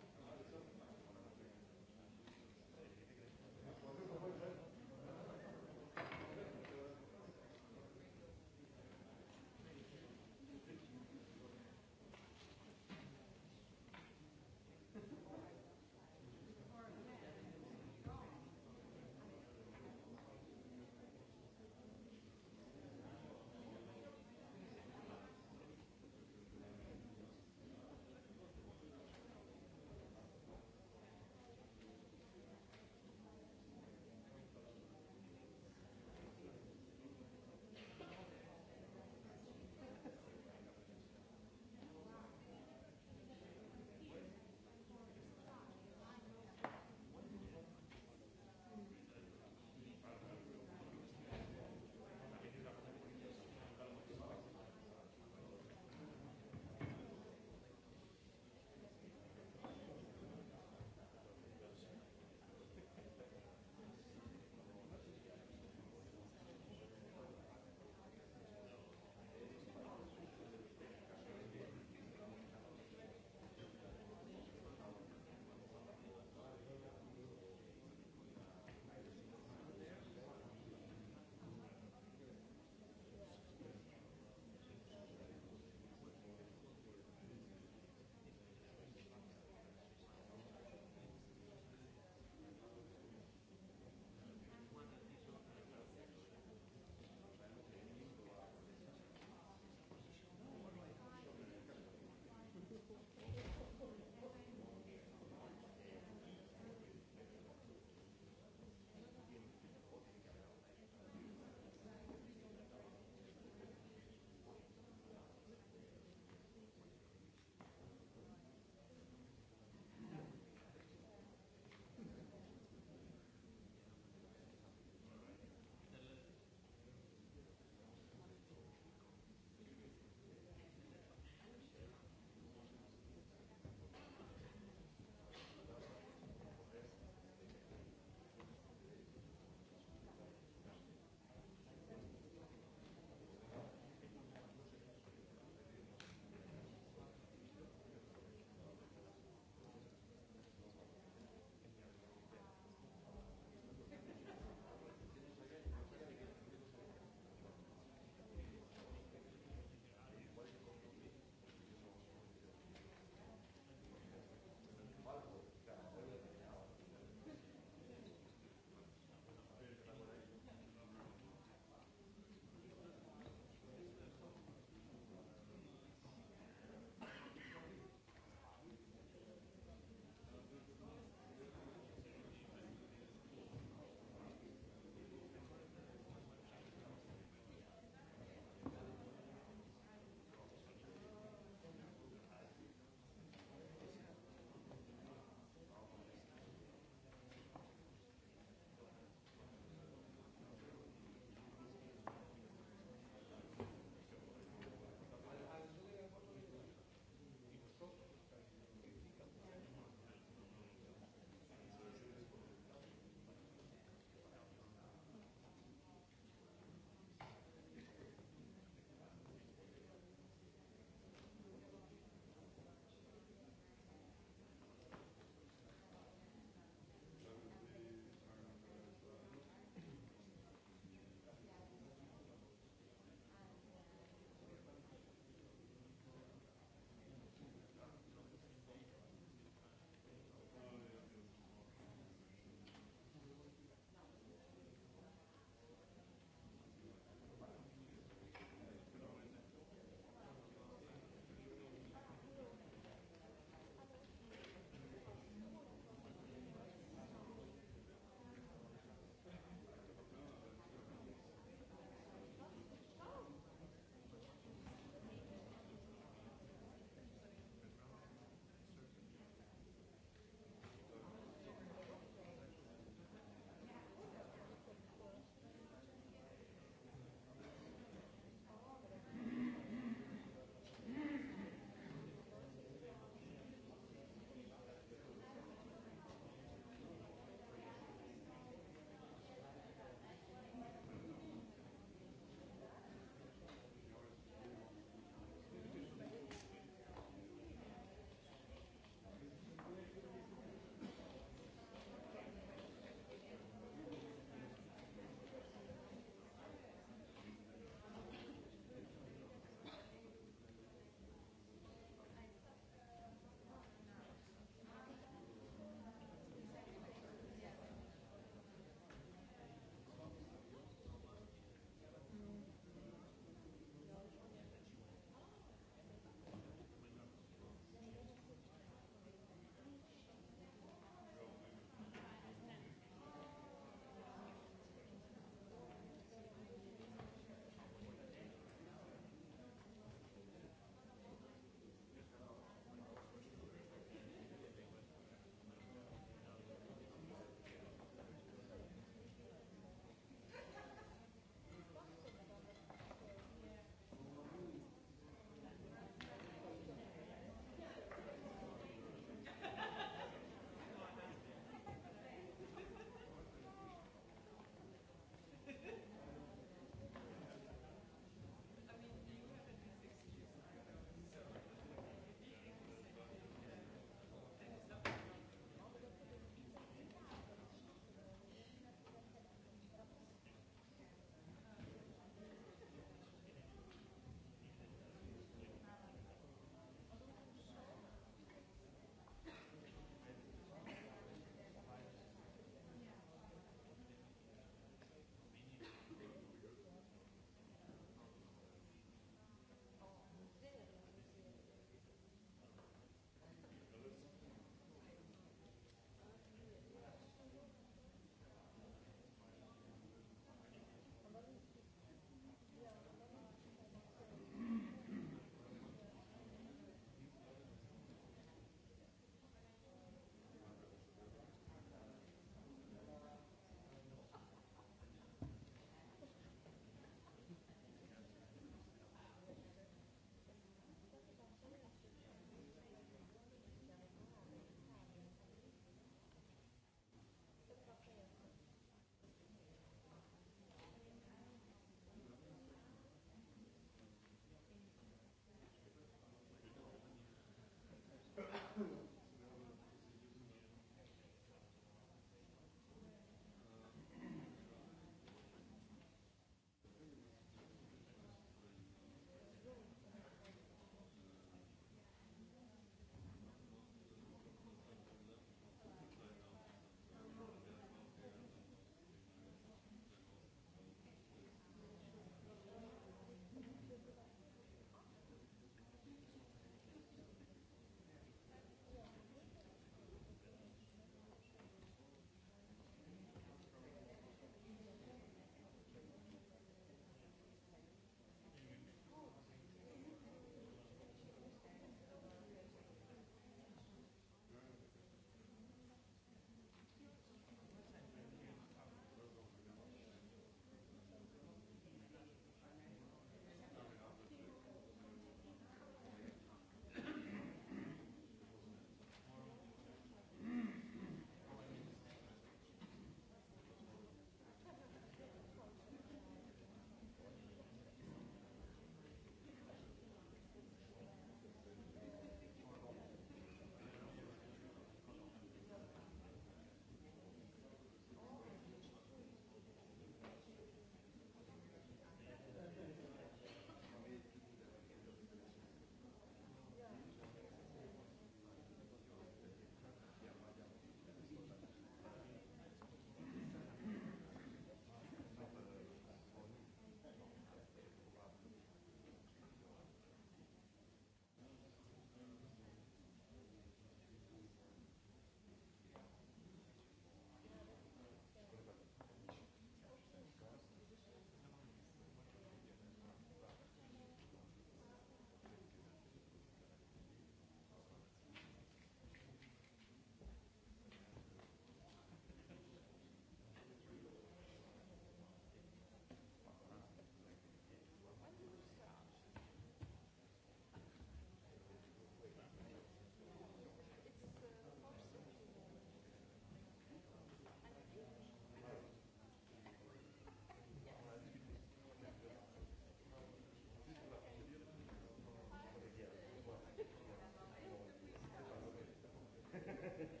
A: decât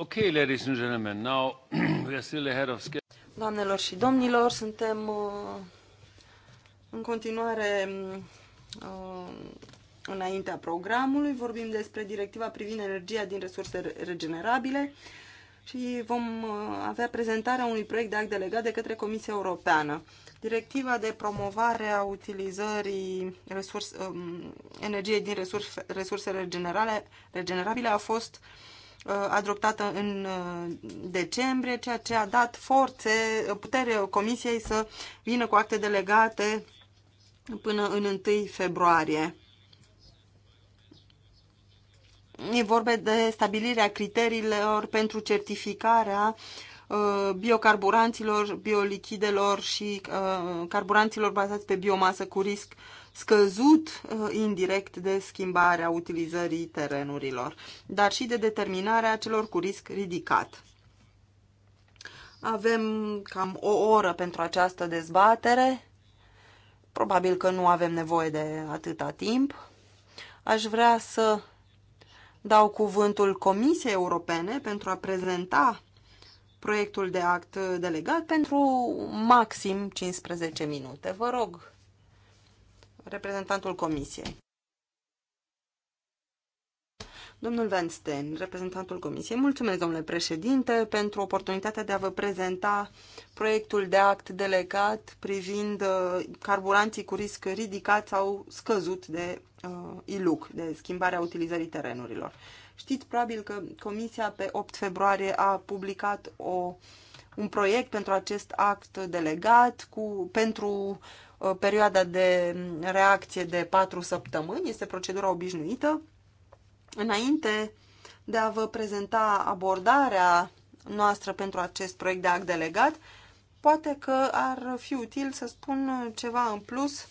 A: Okay, ladies and gentlemen, now we are still ahead of schedule.
B: Doamnelor și domnilor, suntem uh, în continuare uh, înaintea programului. Vorbim despre directiva privind energia din resurse regenerabile și vom uh, avea prezentarea unui proiect de act delegat de către Comisia Europeană. Directiva de promovare a utilizării resurs, uh, energiei din resurs, resurse regenerabile a fost uh, Uh, adoptată în uh, decembrie, ceea ce a dat forțe, uh, putere Comisiei să vină cu acte delegate până în 1 februarie. E vorba de stabilirea criteriilor pentru certificarea biocarburanților, biolichidelor și carburanților bazați pe biomasă cu risc scăzut uh, indirect de schimbarea utilizării terenurilor, dar și de determinarea celor cu risc ridicat. Avem cam o oră pentru această dezbatere. Probabil că nu avem nevoie de atâta timp. Aș vrea să dau cuvântul Comisiei Europene pentru a prezenta proiectul de act delegat pentru maxim 15 minute. Vă rog, reprezentantul Comisiei. Domnul Van Steen, reprezentantul Comisiei, mulțumesc, domnule președinte, pentru oportunitatea de a vă prezenta proiectul de act delegat privind uh, carburanții cu risc ridicat sau scăzut de uh, ILUC, de schimbarea utilizării terenurilor. Știți probabil că Comisia pe 8 februarie a publicat o, un proiect pentru acest act delegat cu, pentru uh, perioada de reacție de 4 săptămâni, este procedura obișnuită. Înainte de a vă prezenta abordarea noastră pentru acest proiect de act delegat, poate că ar fi util să spun ceva în plus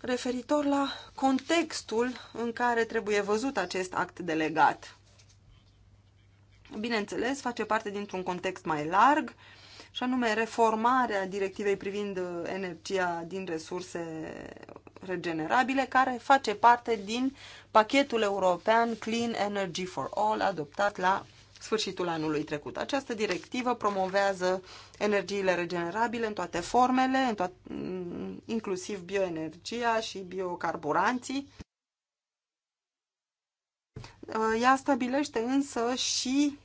B: referitor la contextul în care trebuie văzut acest act delegat. Bineînțeles, face parte dintr-un context mai larg, uh, și anume reformarea directivei privind uh, energia din resurse regenerabile, care face parte din pachetul european Clean Energy for All, adoptat la sfârșitul anului trecut. Această directivă promovează energiile regenerabile în toate formele, în toat, mm, inclusiv bioenergia și biocarburanții. Uh, ea stabilește însă și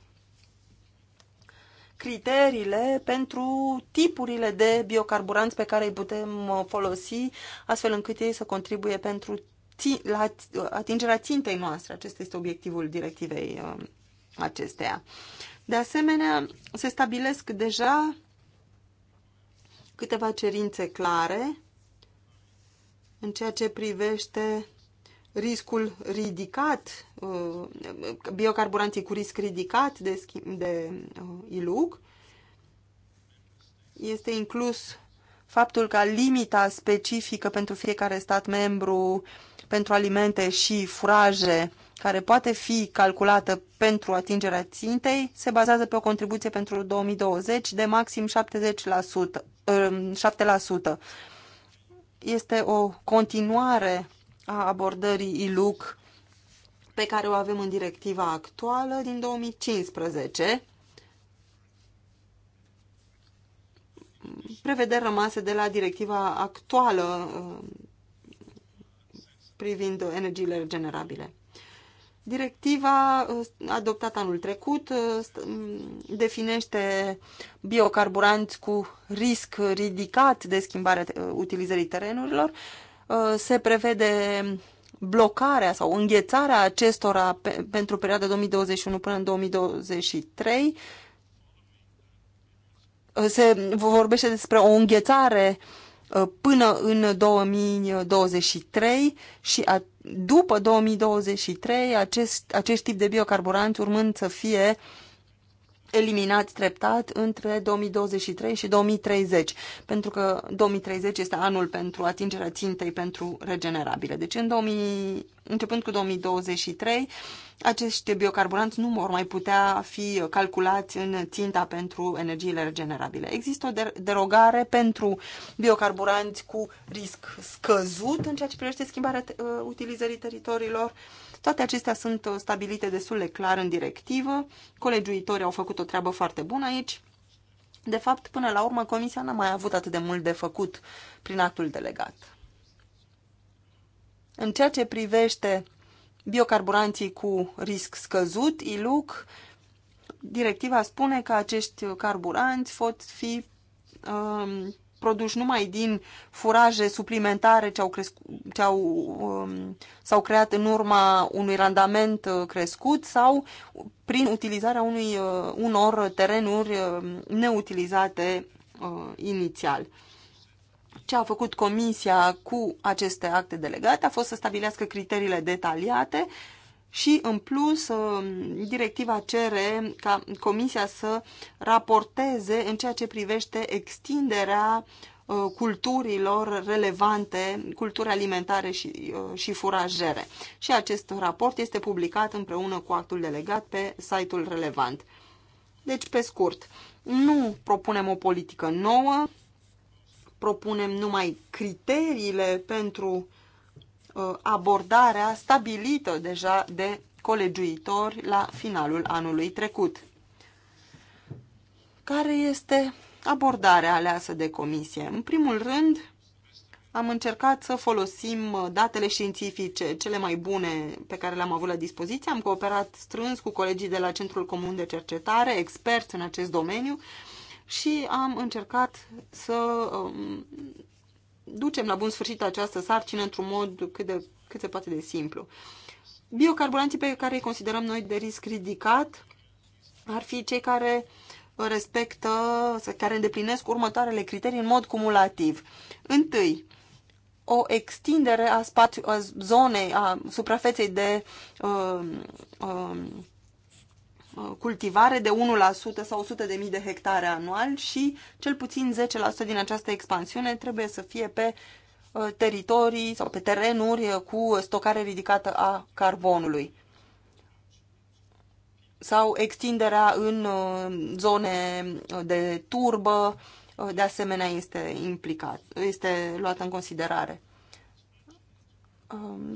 B: criteriile pentru tipurile de biocarburanți pe care îi putem uh, folosi, astfel încât ei să contribuie pentru la uh, atingerea țintei noastre. Acesta este obiectivul directivei uh, acesteia. De asemenea, se stabilesc deja câteva cerințe clare în ceea ce privește riscul ridicat Uh, biocarburanții cu risc ridicat de, schimb, de uh, iluc. Este inclus faptul că limita specifică pentru fiecare stat membru pentru alimente și furaje care poate fi calculată pentru atingerea țintei se bazează pe o contribuție pentru 2020 de maxim 70%, 7%. Uh, este o continuare a abordării ILUC pe care o avem în directiva actuală din 2015, prevederi rămase de la directiva actuală uh, privind energiile regenerabile. Directiva uh, adoptată anul trecut uh, um, definește biocarburanți cu risc ridicat de schimbare utilizării terenurilor. Se prevede blocarea sau înghețarea acestora pe, pentru perioada 2021 până în 2023 uh, se vorbește despre o înghețare uh, până în 2023 și a, după 2023 acest, acest tip de biocarburanți urmând să fie uh, eliminat treptat între 2023 și 2030, pentru că 2030 este anul pentru atingerea țintei pentru regenerabile. Deci în 2000, începând cu 2023, acești biocarburanți nu vor mai putea fi calculați în ținta pentru energiile regenerabile. Există o derogare pentru biocarburanți cu risc scăzut în ceea ce privește schimbarea uh, utilizării teritoriilor, toate acestea sunt uh, stabilite destul de clar în directivă. Colegiuitorii au făcut o treabă foarte bună aici. De fapt, până la urmă, Comisia n-a mai avut atât de mult de făcut prin actul delegat. În ceea ce privește biocarburanții cu risc scăzut, ILUC, directiva spune că acești carburanți pot fi um, produși numai din furaje suplimentare ce au crescut, ce au, um, s-au creat în urma unui randament uh, crescut sau prin utilizarea unui, uh, unor terenuri uh, neutilizate uh, inițial. Ce a făcut Comisia cu aceste acte delegate a fost să stabilească criteriile detaliate uh, și, în plus, ă, directiva cere ca Comisia să raporteze în ceea ce privește extinderea ă, culturilor relevante, culturi alimentare și, ă, și furajere. Și acest raport este publicat împreună cu actul delegat pe site-ul relevant. Deci, pe scurt, nu propunem o politică nouă, propunem numai criteriile pentru Uh, abordarea stabilită deja de colegiuitori la finalul anului trecut. Care este abordarea aleasă de comisie? În primul rând, am încercat să folosim uh, datele științifice cele mai bune pe care le-am avut la dispoziție. Am cooperat strâns cu colegii de la Centrul Comun de Cercetare, experți în acest domeniu, și am încercat să um, ducem la bun sfârșit această sarcină într-un mod cât, de, cât se poate de simplu. Biocarburanții pe care îi considerăm noi de risc ridicat ar fi cei care respectă, care îndeplinesc următoarele criterii în mod cumulativ. Întâi, o extindere a, spațiu, a zonei, a suprafeței de uh, uh, Uh, cultivare de 1% sau 100.000 de hectare anual și cel puțin 10% din această expansiune trebuie să fie pe uh, teritorii sau pe terenuri uh, cu stocare ridicată a carbonului sau extinderea în zone de turbă, de asemenea este implicat, este luată în considerare.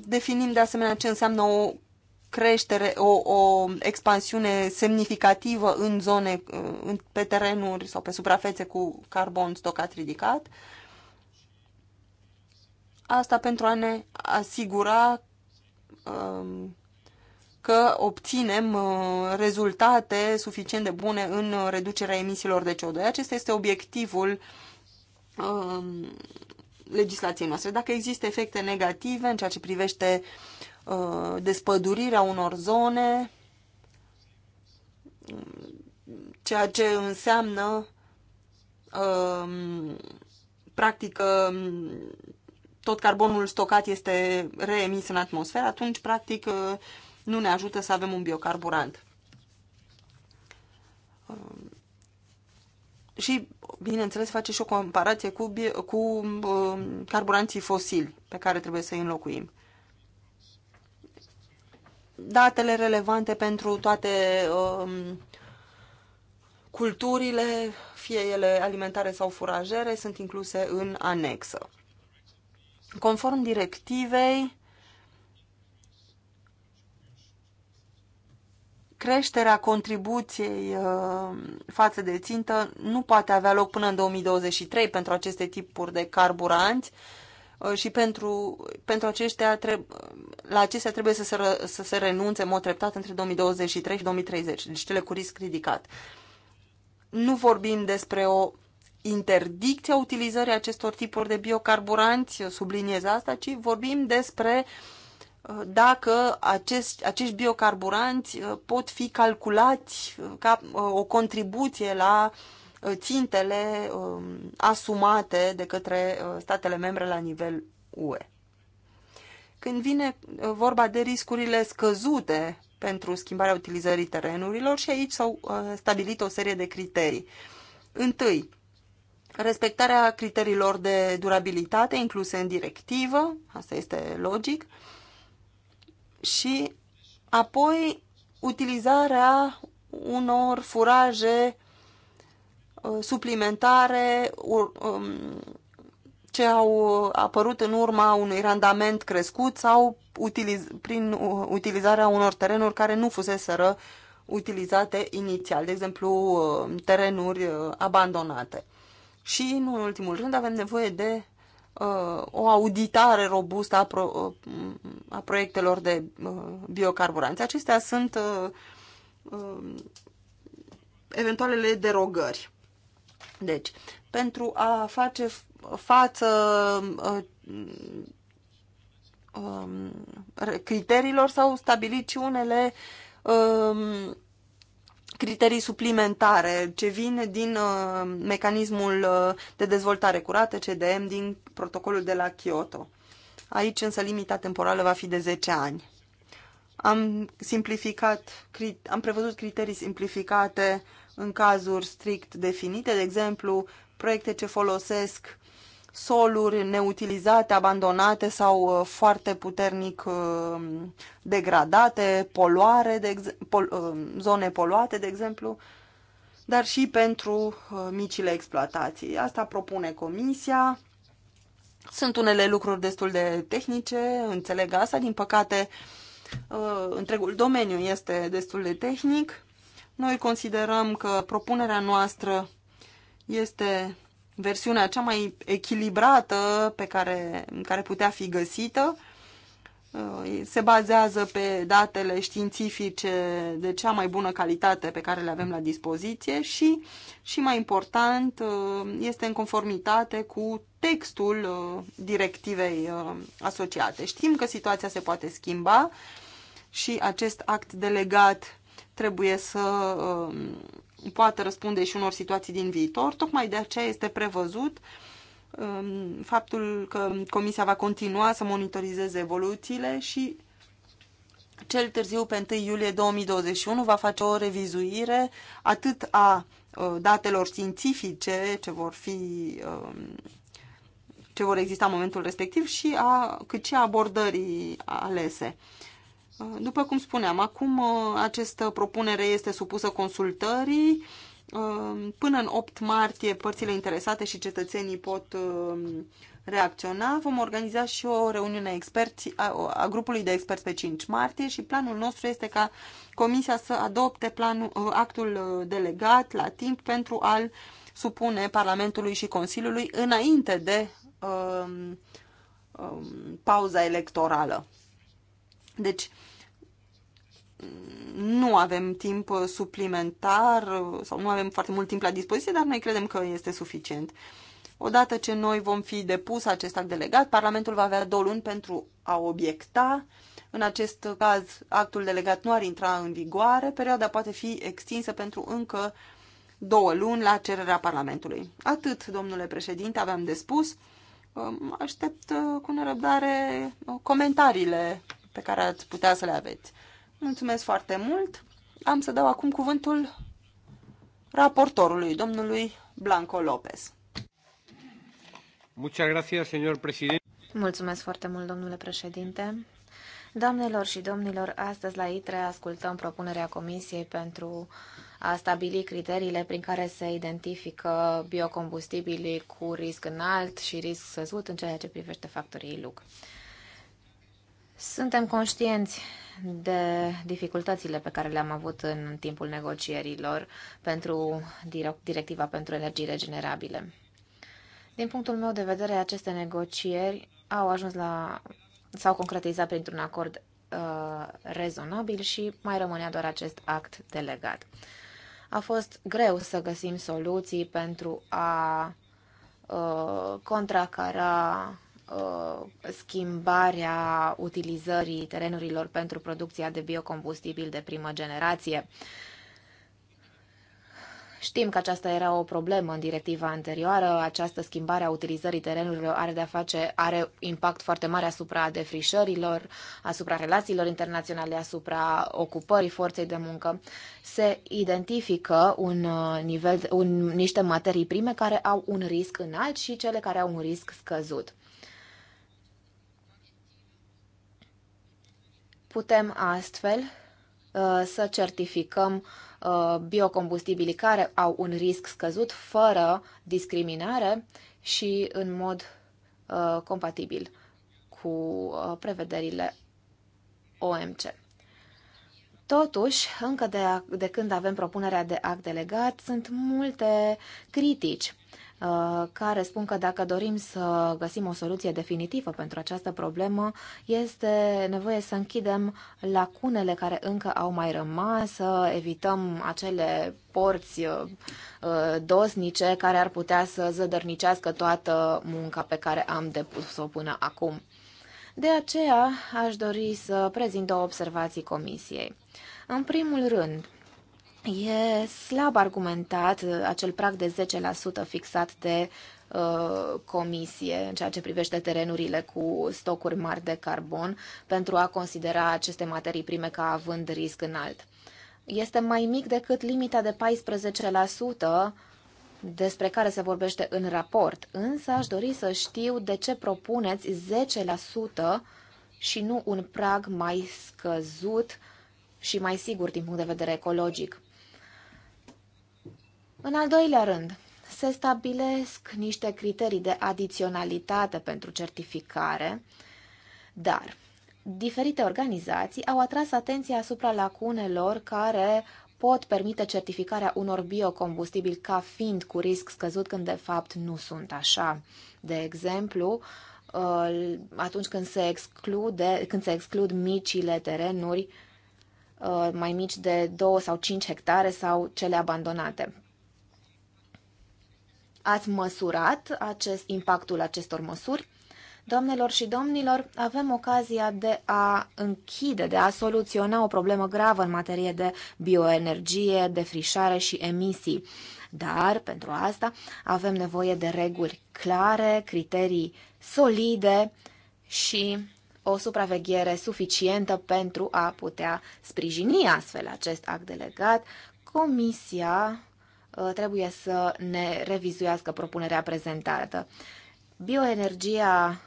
B: Definim de asemenea ce înseamnă o creștere, o, o expansiune semnificativă în zone, uh, pe terenuri sau pe suprafețe cu carbon stocat ridicat. Asta pentru a ne asigura um, că obținem uh, rezultate suficient de bune în reducerea emisiilor de CO2. Acesta este obiectivul um, legislației noastre. Dacă există efecte negative în ceea ce privește uh, Uh, despădurirea unor zone, ceea ce înseamnă um, practic um, tot carbonul stocat este reemis în atmosferă, atunci practic uh, nu ne ajută să avem un biocarburant. Um, și, bineînțeles, face și o comparație cu, cu carburanții fosili pe care trebuie să îi înlocuim datele relevante pentru toate um, culturile, fie ele alimentare sau furajere, sunt incluse în anexă. Conform directivei, creșterea contribuției um, față de țintă nu poate avea loc până în 2023 pentru aceste tipuri de carburanți, Uh, și pentru, pentru aceștia treb- la acestea trebuie să se, ră, să se renunțe în mod treptat între 2023 și 2030, deci cele cu risc ridicat. Nu vorbim despre o interdicție a utilizării acestor tipuri de biocarburanți, subliniez asta, ci vorbim despre uh, dacă acest, acești biocarburanți uh, pot fi calculați ca o contribuție la uh, țintele um, asumate de către uh, statele membre la nivel UE. Când vine uh, vorba de riscurile scăzute pentru schimbarea utilizării terenurilor și aici s-au uh, stabilit o serie de criterii. Întâi, respectarea criteriilor de durabilitate incluse în directivă, asta este logic, și apoi utilizarea unor furaje Uh, suplimentare um, ce au apărut în urma unui randament crescut sau utiliz prin uh, utilizarea unor terenuri care nu fuseseră utilizate inițial, de exemplu uh, terenuri abandonate. Și, în ultimul rând, avem nevoie de uh, o auditare robustă a, pro, a proiectelor de uh, biocarburanți. Acestea sunt uh, uh, eventualele derogări. Deci, pentru a face față uh, um, criteriilor s-au stabilit și unele um, criterii suplimentare ce vin din uh, mecanismul uh, de dezvoltare curată, CDM, din protocolul de la Kyoto. Aici însă limita temporală va fi de 10 ani. Am simplificat, am prevăzut criterii simplificate uh, în cazuri strict definite, de exemplu, proiecte ce folosesc soluri neutilizate, abandonate sau uh, foarte puternic uh, degradate, poluare, de pol uh, zone poluate, de exemplu, dar și pentru micile exploatații. Asta propune Comisia. Sunt unele lucruri destul de tehnice, înțeleg asta, din păcate întregul domeniu este destul de tehnic noi considerăm că propunerea noastră este versiunea cea mai echilibrată pe care, care putea fi găsită. Uh, se bazează pe datele științifice de cea mai bună calitate pe care le avem la dispoziție și, și mai important, uh, este în conformitate cu textul uh, directivei asociate. Știm că situația se poate schimba și acest act delegat trebuie să um, poată răspunde și unor situații din viitor. Tocmai de aceea este prevăzut um, faptul că Comisia va continua să monitorizeze evoluțiile și cel târziu pe 1 iulie 2021 va face o revizuire atât a uh, datelor științifice ce vor fi um, ce vor exista în momentul respectiv și a, cât și a abordării alese. Uh, după cum spuneam, acum uh, această propunere este supusă consultării. Uh, până în 8 martie, părțile interesate și cetățenii pot reacționa. Vom organiza și o reuniune experți, a, a grupului de experți pe 5 martie și planul nostru este ca Comisia să adopte planul, actul delegat la timp pentru a-l supune Parlamentului și Consiliului înainte de um, um, pauza electorală. Deci, nu avem timp suplimentar sau nu avem foarte mult timp la dispoziție, dar noi credem că este suficient. Odată ce noi vom fi depus acest act delegat, Parlamentul va avea două luni pentru a obiecta. În acest caz, actul delegat nu ar intra în vigoare. Perioada poate fi extinsă pentru încă două luni la cererea Parlamentului. Atât, domnule președinte, aveam de spus. Aștept cu nerăbdare comentariile pe care ați putea să le aveți. Mulțumesc foarte mult. Am să dau acum cuvântul raportorului, domnului Blanco Lopez.
A: Muchas gracias, señor presidente.
C: Mulțumesc foarte mult, domnule președinte. Doamnelor și domnilor, astăzi la ITRE ascultăm propunerea Comisiei pentru a stabili criteriile prin care se identifică biocombustibilii cu risc înalt și risc scăzut în ceea ce privește factorii lucru. Suntem conștienți de dificultățile pe care le-am avut în timpul negocierilor pentru directiva pentru energii regenerabile. Din punctul meu de vedere, aceste negocieri au ajuns la s-au concretizat printr-un acord uh, rezonabil și mai rămânea doar acest act delegat. A fost greu să găsim soluții pentru a uh, contracara Uh, schimbarea utilizării terenurilor pentru producția de biocombustibil de primă generație. Știm că aceasta era o problemă în directiva anterioară. Această schimbare a utilizării terenurilor are de-a face, are impact foarte mare asupra defrișărilor, asupra relațiilor internaționale, asupra ocupării forței de muncă. Se identifică un uh, nivel, un, niște materii prime care au un risc înalt și cele care au un risc scăzut. Putem astfel uh, să certificăm uh, biocombustibilii care au un risc scăzut fără discriminare și în mod uh, compatibil cu prevederile OMC. Totuși, încă de, de când avem propunerea de act delegat, sunt multe critici Uh, care spun că dacă dorim să găsim o soluție definitivă pentru această problemă, este nevoie să închidem lacunele care încă au mai rămas, să evităm acele porți uh, uh, dosnice care ar putea să zădărnicească toată munca pe care am depus-o până acum. De aceea aș dori să prezint două observații comisiei. În primul rând, E slab argumentat uh, acel prag de 10% fixat de uh, comisie în ceea ce privește terenurile cu stocuri mari de carbon pentru a considera aceste materii prime ca având risc înalt. Este mai mic decât limita de 14% despre care se vorbește în raport, însă aș dori să știu de ce propuneți 10% și nu un prag mai scăzut și mai sigur din punct de vedere ecologic. În al doilea rând, se stabilesc niște criterii de adiționalitate pentru certificare, dar diferite organizații au atras atenția asupra lacunelor care pot permite certificarea unor biocombustibili ca fiind cu risc scăzut când de fapt nu sunt așa. De exemplu, uh, atunci când se, exclude, când se exclud micile terenuri uh, mai mici de 2 sau 5 hectare sau cele abandonate. Ați măsurat acest, impactul acestor măsuri? Doamnelor și domnilor, avem ocazia de a închide, de a soluționa o problemă gravă în materie de bioenergie, de frișare și emisii. Dar, pentru asta, avem nevoie de reguli clare, criterii solide și o supraveghere suficientă pentru a putea sprijini astfel acest act delegat. Comisia Uh, trebuie să ne revizuiască propunerea prezentată. Bioenergia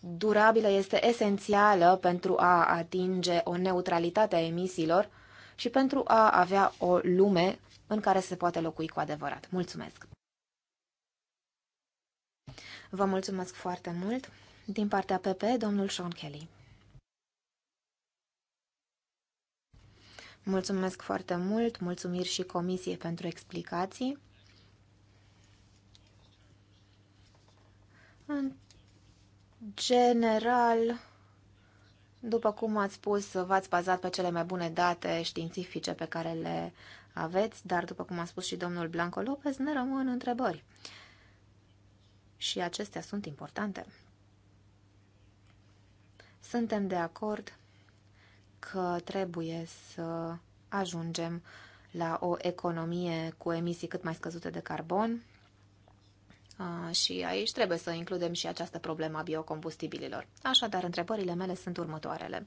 C: durabilă este esențială pentru a atinge o neutralitate a emisiilor și pentru a avea o lume în care se poate locui cu adevărat. Mulțumesc! Vă mulțumesc foarte mult! Din partea PP, domnul Sean Kelly. Mulțumesc foarte mult, mulțumiri și comisiei pentru explicații. În general, după cum ați spus, v-ați bazat pe cele mai bune date științifice pe care le aveți, dar după cum a spus și domnul Blanco Lopez, ne rămân întrebări. Și acestea sunt importante. Suntem de acord că trebuie să ajungem la o economie cu emisii cât mai scăzute de carbon și aici trebuie să includem și această problemă a biocombustibililor. Așadar, întrebările mele sunt următoarele.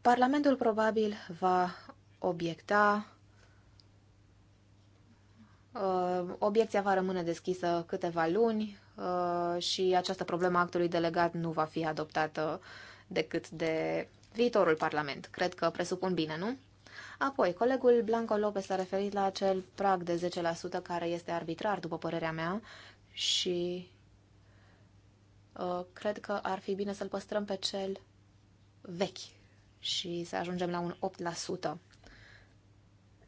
C: Parlamentul probabil va obiecta Obiecția va rămâne deschisă câteva luni și această problemă actului delegat nu va fi adoptată decât de viitorul Parlament. Cred că presupun bine, nu? Apoi, colegul Blanco Lopez s-a referit la acel prag de 10% care este arbitrar, după părerea mea, și uh, cred că ar fi bine să-l păstrăm pe cel vechi și să ajungem la un 8%.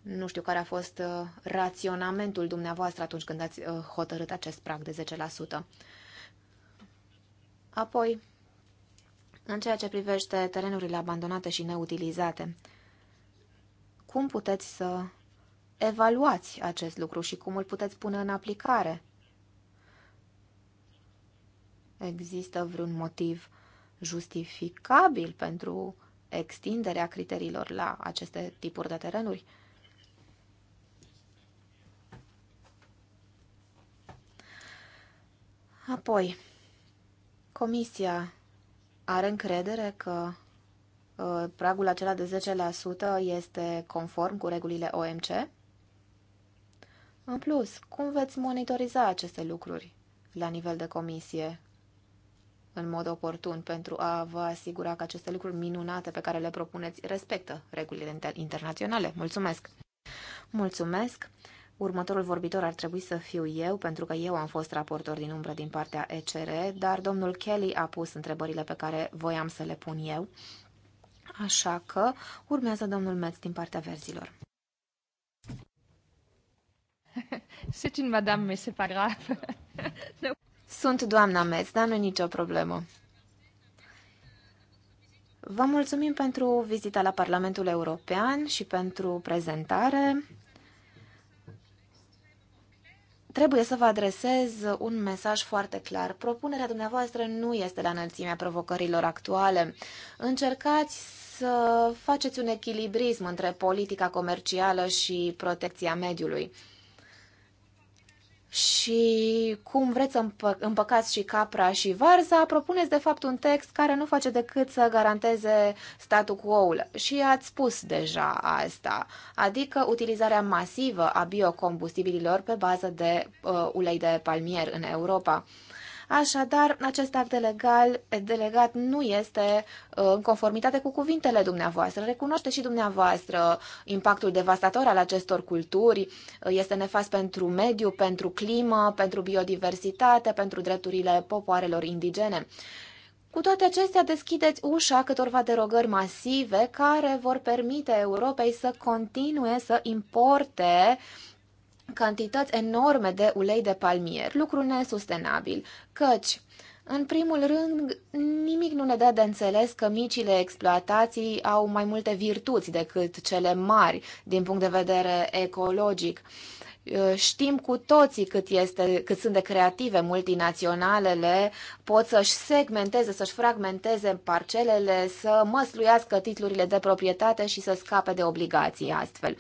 C: Nu știu care a fost uh, raționamentul dumneavoastră atunci când ați uh, hotărât acest prag de 10%. Apoi, în ceea ce privește terenurile abandonate și neutilizate. Cum puteți să evaluați acest lucru și cum îl puteți pune în aplicare? Există vreun motiv justificabil pentru extinderea criteriilor la aceste tipuri de terenuri? Apoi, Comisia are încredere că uh, pragul acela de 10% este conform cu regulile OMC? În plus, cum veți monitoriza aceste lucruri la nivel de comisie în mod oportun pentru a vă asigura că aceste lucruri minunate pe care le propuneți respectă regulile internaționale? Mulțumesc! Mulțumesc! Următorul vorbitor ar trebui să fiu eu, pentru că eu am fost raportor din umbră din partea ECR, dar domnul Kelly a pus întrebările pe care voiam să le pun eu. Așa că urmează domnul Metz din partea verzilor.
B: C'est une madame, mais c'est pas grave.
C: Sunt doamna Metz, dar nu e nicio problemă. Vă mulțumim pentru vizita la Parlamentul European și pentru prezentare trebuie să vă adresez un mesaj foarte clar. Propunerea dumneavoastră nu este la înălțimea provocărilor actuale. Încercați să faceți un echilibrism între politica comercială și protecția mediului și cum vreți să împă- împăcați și capra și varza, propuneți de fapt un text care nu face decât să garanteze statul cu oul. Și ați spus deja asta, adică utilizarea masivă a biocombustibililor pe bază de uh, ulei de palmier în Europa. Așadar, acest act legal, delegat nu este uh, în conformitate cu cuvintele dumneavoastră. Recunoaște și dumneavoastră impactul devastator al acestor culturi. Uh, este nefast pentru mediu, pentru climă, pentru biodiversitate, pentru drepturile popoarelor indigene. Cu toate acestea, deschideți ușa câtorva derogări masive care vor permite Europei să continue să importe cantități enorme de ulei de palmier, lucru nesustenabil, căci în primul rând, nimic nu ne dă de înțeles că micile exploatații au mai multe virtuți decât cele mari din punct de vedere ecologic. Uh, știm cu toții cât, este, cât sunt de creative multinaționalele, pot să-și segmenteze, să-și fragmenteze parcelele, să măsluiască titlurile de proprietate și să scape de obligații astfel.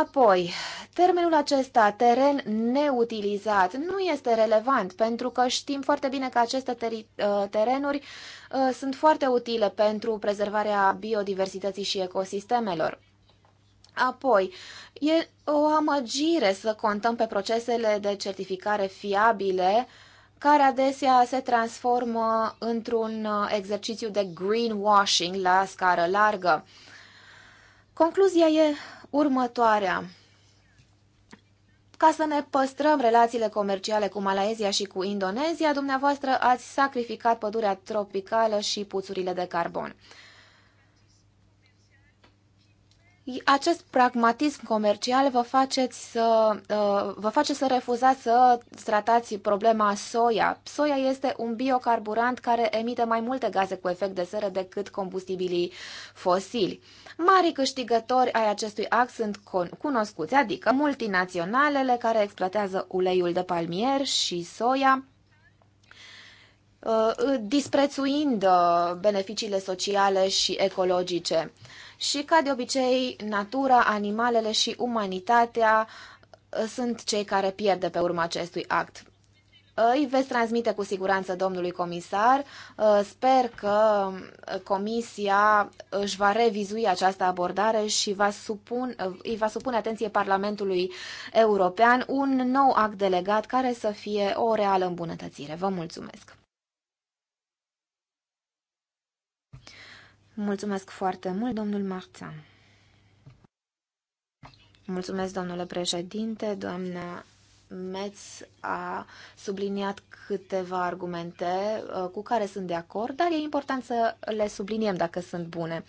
C: Apoi, termenul acesta, teren neutilizat, nu este relevant pentru că știm foarte bine că aceste uh, terenuri uh, sunt foarte utile pentru prezervarea biodiversității și ecosistemelor. Apoi, e o amăgire să contăm pe procesele de certificare fiabile care adesea se transformă într-un uh, exercițiu de greenwashing la scară largă. Concluzia e următoarea. Ca să ne păstrăm relațiile comerciale cu Malaezia și cu Indonezia, dumneavoastră ați sacrificat pădurea tropicală și puțurile de carbon. Acest pragmatism comercial vă, face să, uh, vă face să refuzați să tratați problema soia. Soia este un biocarburant care emite mai multe gaze cu efect de seră decât combustibilii fosili. Mari câștigători ai acestui act sunt cunoscuți, adică multinaționalele care exploatează uleiul de palmier și soia, uh, disprețuind uh, beneficiile sociale și ecologice. Și, ca de obicei, natura, animalele și umanitatea uh, sunt cei care pierde pe urma acestui act îi veți transmite cu siguranță domnului comisar. Uh, sper că uh, comisia își va revizui această abordare și va supun, uh, îi va supune atenție Parlamentului European un nou act delegat care să fie o reală îmbunătățire. Vă mulțumesc! Mulțumesc foarte mult, domnul Marțan. Mulțumesc, domnule președinte, doamna Metz a subliniat câteva argumente uh, cu care sunt de acord, dar e important să le subliniem dacă sunt bune.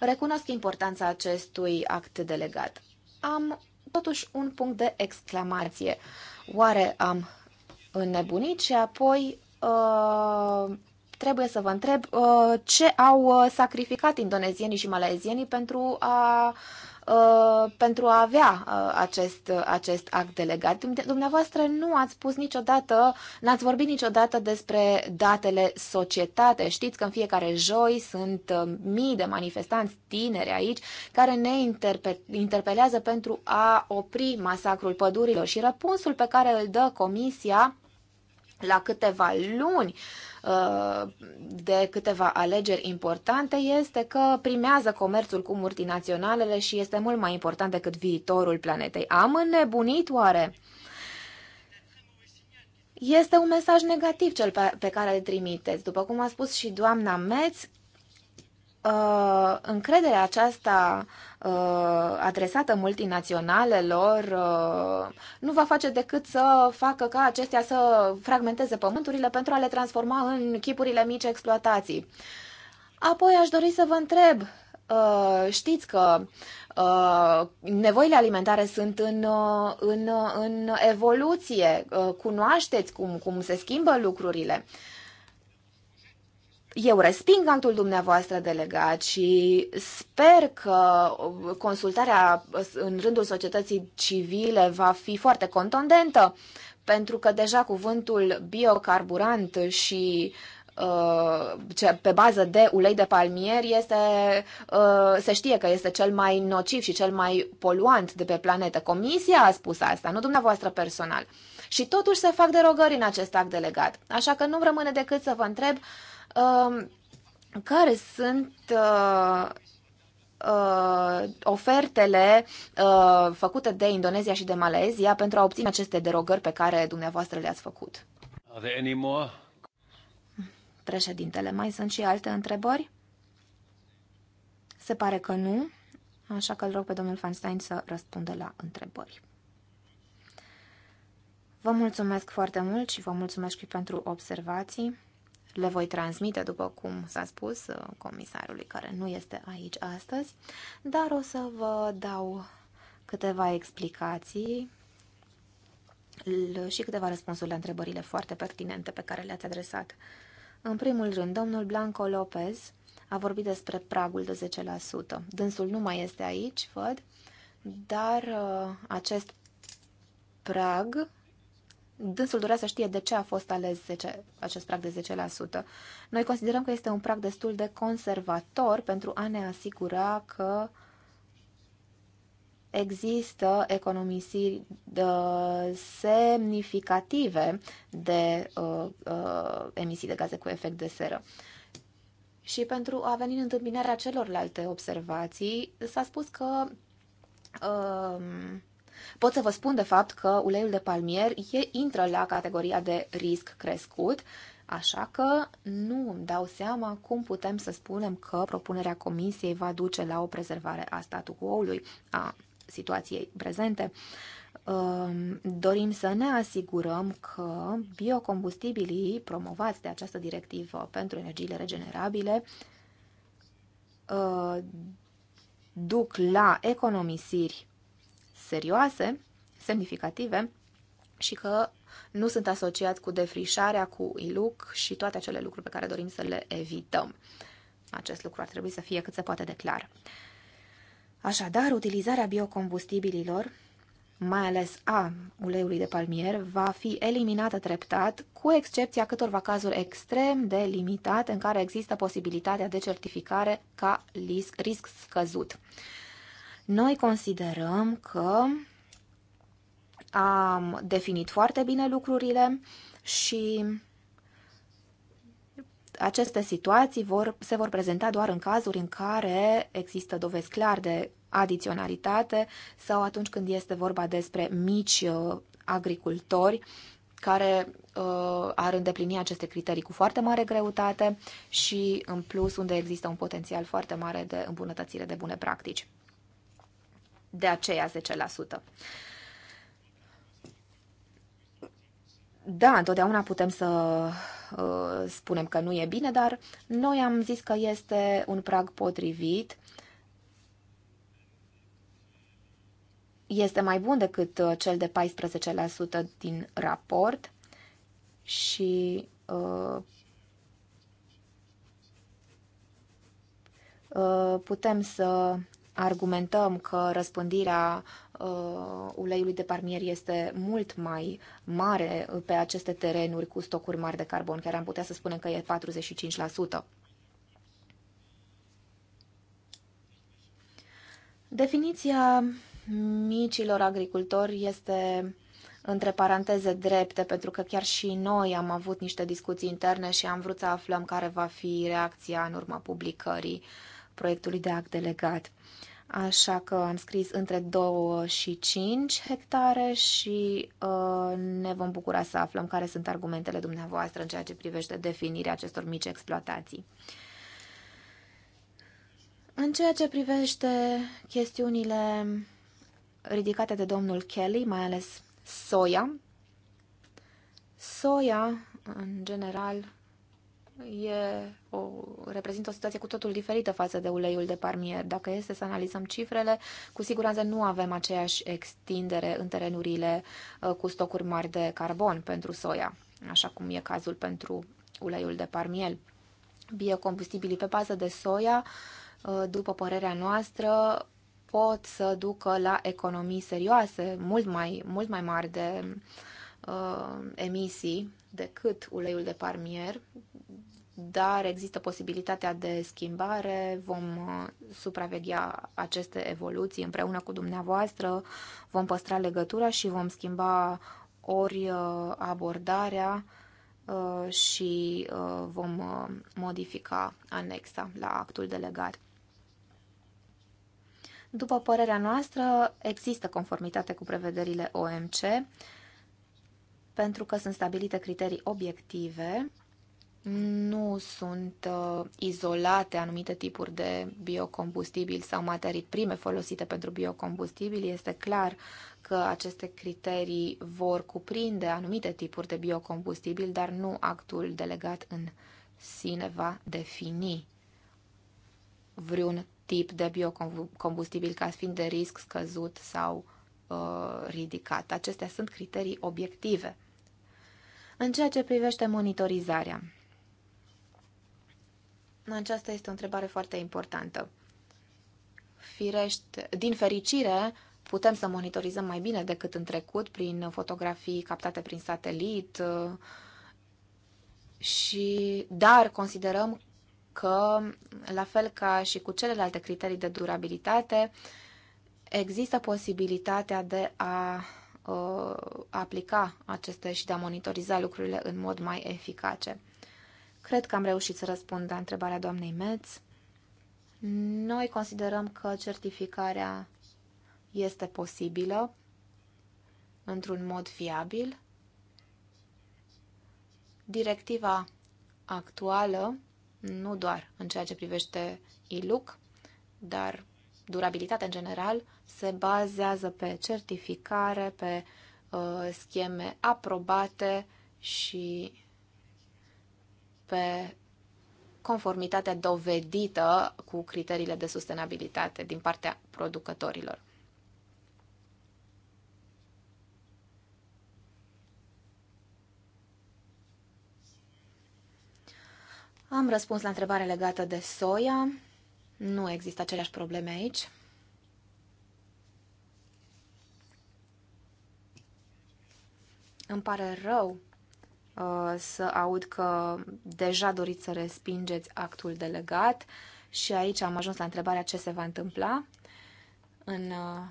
C: Recunosc importanța acestui act delegat. Am totuși un punct de exclamație. Oare am înnebunit și apoi uh, trebuie să vă întreb uh, ce au sacrificat indonezienii și malezienii pentru a Uh, pentru a avea uh, acest, uh, acest act delegat. Dumneavoastră nu ați spus niciodată, n-ați vorbit niciodată despre datele societate. Știți că în fiecare joi sunt uh, mii de manifestanți tineri aici care ne interpe- interpelează pentru a opri masacrul pădurilor și răspunsul pe care îl dă Comisia la câteva luni uh, de câteva alegeri importante este că primează comerțul cu multinaționalele și este mult mai important decât viitorul planetei. Am înnebunit oare? Este un mesaj negativ cel pe care îl trimiteți. După cum a spus și doamna Metz, uh, încrederea aceasta uh, adresată multinaționalelor uh, nu va face decât să facă ca acestea să fragmenteze pământurile pentru a le transforma în chipurile mici exploatații. Apoi aș dori să vă întreb, uh, știți că uh, nevoile alimentare sunt în, uh, în, în evoluție, uh, cunoașteți cum, cum se schimbă lucrurile. Uh, eu resping antul dumneavoastră delegat și sper că consultarea în rândul societății civile va fi foarte contundentă, pentru că deja cuvântul biocarburant și uh, pe bază de ulei de palmier este, uh, se știe că este cel mai nociv și cel mai poluant de pe planetă. Comisia a spus asta, nu dumneavoastră personal. Și totuși se fac derogări în acest act delegat. Așa că nu rămâne decât să vă întreb uh, Um, care sunt uh, uh, ofertele uh, făcute de Indonezia și de Malezia pentru a obține aceste derogări pe care dumneavoastră le-ați făcut. Președintele, mai sunt și alte întrebări? Se pare că nu, așa că îl rog pe domnul Feinstein să răspundă la întrebări. Vă mulțumesc foarte mult și vă mulțumesc și pentru observații le voi transmite, după cum s-a spus, uh, comisarului care nu este aici astăzi, dar o să vă dau câteva explicații și câteva răspunsuri la întrebările foarte pertinente pe care le-ați adresat. În primul rând, domnul Blanco Lopez a vorbit despre pragul de 10%. Dânsul nu mai este aici, văd, dar uh, acest prag dânsul dorea să știe de ce a fost ales 10, acest prag de 10%. Noi considerăm că este un prag destul de conservator pentru a ne asigura că există economisiri uh, semnificative de uh, uh, emisii de gaze cu efect de seră. Și pentru a veni în întâmpinarea celorlalte observații, s-a spus că uh, pot să vă spun de fapt că uleiul de palmier e, intră la categoria de risc crescut, așa că nu îmi dau seama cum putem să spunem că propunerea comisiei va duce la o prezervare a statu quo-ului, a situației prezente. Ehm, dorim să ne asigurăm că biocombustibilii promovați de această directivă pentru energiile regenerabile ehm, duc la economisiri serioase, semnificative și că nu sunt asociați cu defrișarea, cu iluc și toate acele lucruri pe care dorim să le evităm. Acest lucru ar trebui să fie cât se poate de clar. Așadar, utilizarea biocombustibililor, mai ales a uleiului de palmier, va fi eliminată treptat, cu excepția câtorva cazuri extrem de limitate în care există posibilitatea de certificare ca risc, risc scăzut. Noi considerăm că am definit foarte bine lucrurile și aceste situații vor, se vor prezenta doar în cazuri în care există dovezi clar de adiționalitate sau atunci când este vorba despre mici uh, agricultori care uh, ar îndeplini aceste criterii cu foarte mare greutate și, în plus, unde există un potențial foarte mare de îmbunătățire de bune practici de aceea 10%. Da, întotdeauna putem să uh, spunem că nu e bine, dar noi am zis că este un prag potrivit. Este mai bun decât uh, cel de 14% din raport și uh, uh, putem să argumentăm că răspândirea uh, uleiului de parmier este mult mai mare pe aceste terenuri cu stocuri mari de carbon, chiar am putea să spunem că e 45%. Definiția micilor agricultori este între paranteze drepte, pentru că chiar și noi am avut niște discuții interne și am vrut să aflăm care va fi reacția în urma publicării uh, proiectului de act delegat. Așa că am scris între 2 și 5 hectare și uh, ne vom bucura să aflăm care sunt argumentele dumneavoastră în ceea ce privește definirea acestor mici exploatații. În ceea ce privește chestiunile ridicate de domnul Kelly, mai ales soia, soia, în general, e o, reprezintă o situație cu totul diferită față de uleiul de parmier. Dacă este să analizăm cifrele, cu siguranță nu avem aceeași extindere în terenurile uh, cu stocuri mari de carbon pentru soia, așa cum e cazul pentru uleiul de parmiel. Biocombustibilii pe bază de soia, uh, după părerea noastră, pot să ducă la economii serioase, mult mai, mult mai mari de uh, emisii decât uleiul de parmier, dar există posibilitatea de schimbare, vom uh, supraveghea aceste evoluții împreună cu dumneavoastră, vom păstra legătura și vom schimba ori uh, abordarea uh, și vom modifica anexa la actul delegat. După părerea noastră, există conformitate cu prevederile OMC pentru că sunt stabilite criterii obiective nu sunt uh, izolate anumite tipuri de biocombustibil sau materii prime folosite pentru biocombustibil. Este clar că aceste criterii vor cuprinde anumite tipuri de biocombustibil, dar nu actul delegat în sine va defini vreun tip de biocombustibil ca fiind de risc scăzut sau uh, ridicat. Acestea sunt criterii obiective. În ceea ce privește monitorizarea, aceasta este o întrebare foarte importantă. Firește, din fericire, putem să monitorizăm mai bine decât în trecut prin fotografii captate prin satelit uh, și dar considerăm că la fel ca și cu celelalte criterii de durabilitate există posibilitatea de a uh, aplica aceste și de a monitoriza lucrurile în mod mai eficace. Cred că am reușit să răspund la întrebarea doamnei Metz. Noi considerăm că certificarea este posibilă într-un mod viabil. Directiva actuală, nu doar în ceea ce privește ILUC, dar durabilitatea în general, se bazează pe certificare, pe uh, scheme aprobate și pe conformitatea dovedită cu criteriile de sustenabilitate din partea producătorilor. Am răspuns la întrebare legată de soia. Nu există aceleași probleme aici. Îmi pare rău Uh, să aud că deja doriți să respingeți actul delegat și aici am ajuns la întrebarea ce se va întâmpla. În uh,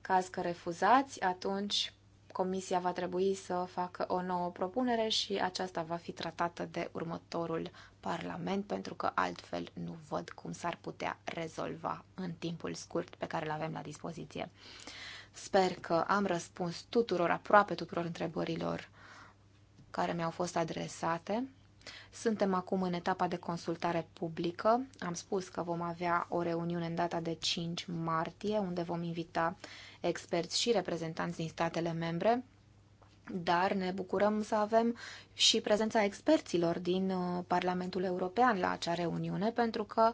C: caz că refuzați, atunci comisia va trebui să facă o nouă propunere și aceasta va fi tratată de următorul Parlament, pentru că altfel nu văd cum s-ar putea rezolva în timpul scurt pe care îl avem la dispoziție. Sper că am răspuns tuturor, aproape tuturor întrebărilor care mi-au fost adresate. Suntem acum în etapa de consultare publică. Am spus că vom avea o reuniune în data de 5 martie, unde vom invita experți și reprezentanți din statele membre, dar ne bucurăm să avem și prezența experților din uh, Parlamentul European la acea reuniune, pentru că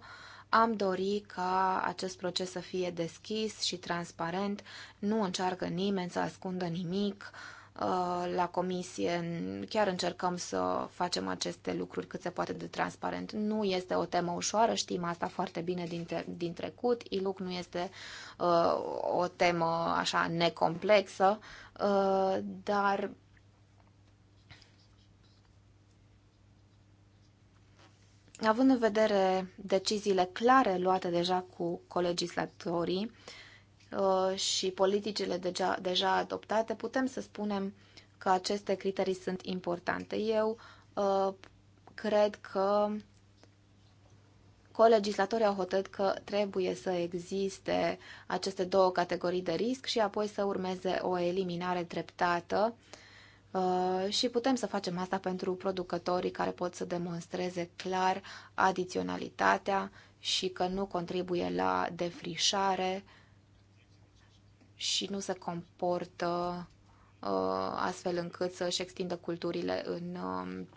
C: am dori ca acest proces să fie deschis și transparent, nu încearcă nimeni să ascundă nimic, uh, Uh, la comisie chiar încercăm să facem aceste lucruri cât se poate de transparent. Nu este o temă ușoară, știm asta foarte bine din, te- din trecut. ILUC nu este uh, o temă așa necomplexă, uh, dar având în vedere deciziile clare luate deja cu colegislatorii, uh, Uh, și politicile deja, deja adoptate, putem să spunem că aceste criterii sunt importante. Eu uh, cred că colegislatorii au hotărât că trebuie să existe aceste două categorii de risc și apoi să urmeze o eliminare treptată uh, și putem să facem asta pentru producătorii care pot să demonstreze clar adiționalitatea și că nu contribuie la defrișare și nu se comportă uh, astfel încât să-și extindă culturile în um,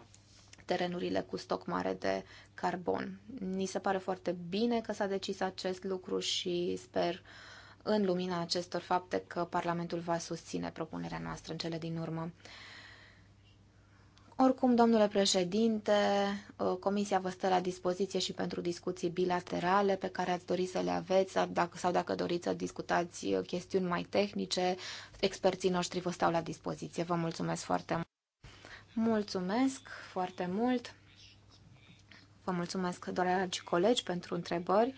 C: terenurile cu stoc mare de carbon. Ni se pare foarte bine că s-a decis acest lucru și sper în lumina acestor fapte că Parlamentul va susține propunerea noastră în cele din urmă. Oricum, domnule președinte, uh, comisia vă stă la dispoziție și pentru discuții bilaterale pe care ați dori să le aveți sau dacă, sau dacă doriți să discutați uh, chestiuni mai tehnice, experții noștri vă stau la dispoziție. Vă mulțumesc foarte mult. Mulțumesc foarte mult. Vă mulțumesc, dragi colegi, pentru întrebări.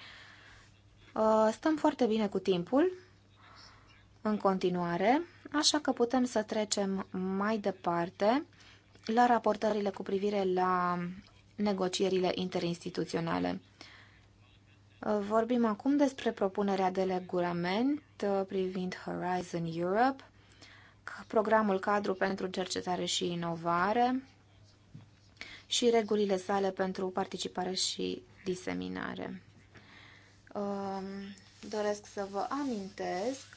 C: Uh, stăm foarte bine cu timpul în continuare, așa că putem să trecem mai departe la raportările cu privire la negocierile interinstituționale. Vorbim acum despre propunerea de regulament uh, privind Horizon Europe, programul cadru pentru cercetare și inovare și regulile sale pentru participare și diseminare. Um, doresc să vă amintesc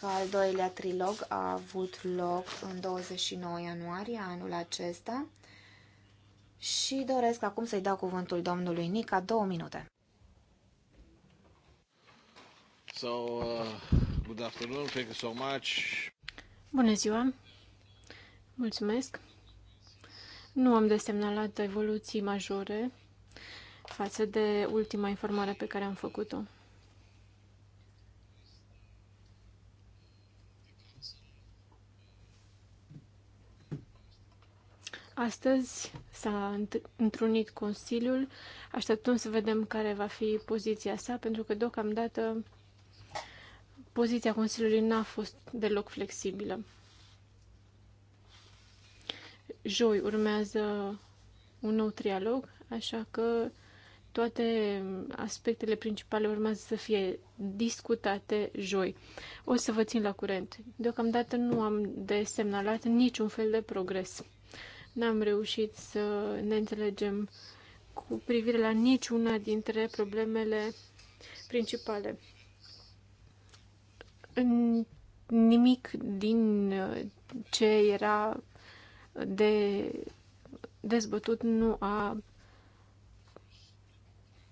C: că al doilea trilog a avut loc în 29 ianuarie anul acesta și doresc acum să-i dau cuvântul domnului Nica două minute.
B: So, uh,
C: good afternoon, thank you so much. Bună ziua, mulțumesc.
D: Nu am desemnalat evoluții majore față de ultima informare pe care am făcut-o. Astăzi s-a întrunit Consiliul, așteptăm să vedem care va fi poziția sa, pentru că deocamdată poziția Consiliului n-a fost deloc flexibilă. Joi urmează un nou trialog, așa că toate aspectele principale urmează să fie discutate joi. O să vă țin la curent. Deocamdată nu am de semnalat niciun fel de progres. N-am reușit să ne înțelegem cu privire la niciuna dintre problemele principale. Nimic din uh, ce era de dezbătut nu a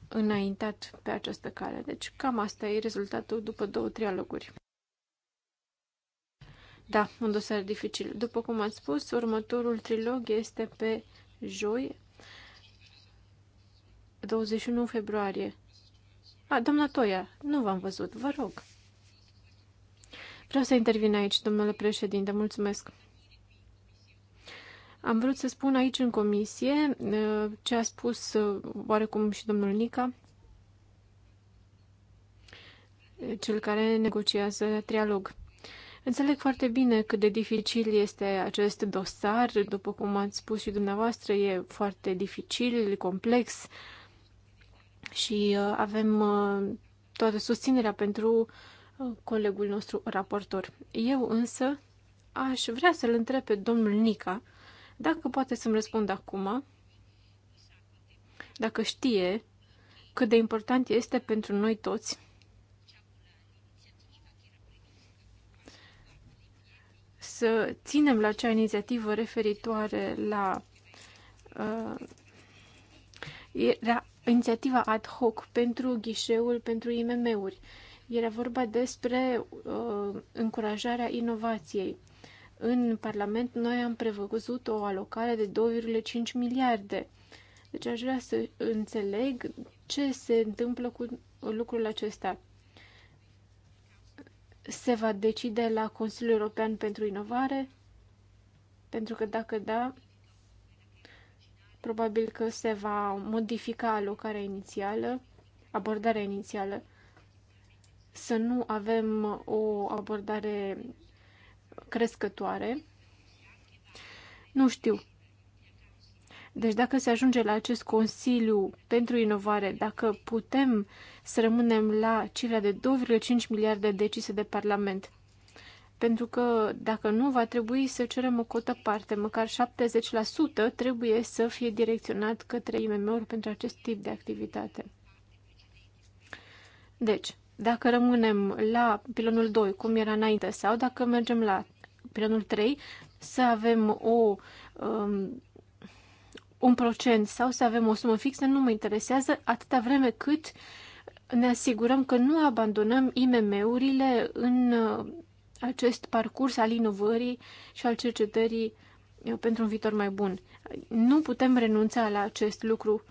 D: înaintat pe această cale. Deci cam asta e rezultatul după două trialoguri. Da, un dosar dificil. După cum ați spus, următorul trilog este pe joi, 21 februarie. A, doamna Toia, nu v-am văzut, vă rog. Vreau să intervin aici, domnule președinte, mulțumesc. Am vrut să spun aici în comisie ce a spus uh, oarecum și domnul Nica, cel care negociază trialog. Înțeleg foarte bine cât de dificil este acest dosar, după cum ați spus și dumneavoastră, e foarte dificil, complex și uh, avem uh, toată susținerea pentru uh, colegul nostru raportor. Eu însă aș vrea să-l întreb pe domnul Nica dacă poate să-mi răspund acum, dacă știe cât de important este pentru noi toți să ținem la acea inițiativă referitoare la uh, era inițiativa ad hoc pentru ghișeul pentru IMM-uri. Era vorba despre uh, încurajarea inovației. În Parlament noi am prevăzut o alocare de 2,5 miliarde. Deci aș vrea să înțeleg ce se întâmplă cu lucrul acesta se va decide la Consiliul European pentru Inovare? Pentru că dacă da, probabil că se va modifica alocarea inițială, abordarea inițială, să nu avem o abordare crescătoare. Nu știu. Deci dacă se ajunge la acest Consiliu pentru Inovare, dacă putem să rămânem la cifra de 2,5 miliarde decise de Parlament, pentru că dacă nu, va trebui să cerem o cotă parte, măcar 70% trebuie să fie direcționat către IMM-uri pentru acest tip de activitate. Deci, dacă rămânem la pilonul 2, cum era înainte, sau dacă mergem la pilonul 3, să avem o um, un procent sau să avem o sumă fixă, nu mă interesează, atâta vreme cât ne asigurăm că nu abandonăm IMM-urile în uh, acest parcurs al inovării și al cercetării uh, pentru un viitor mai bun. Nu putem renunța la acest lucru,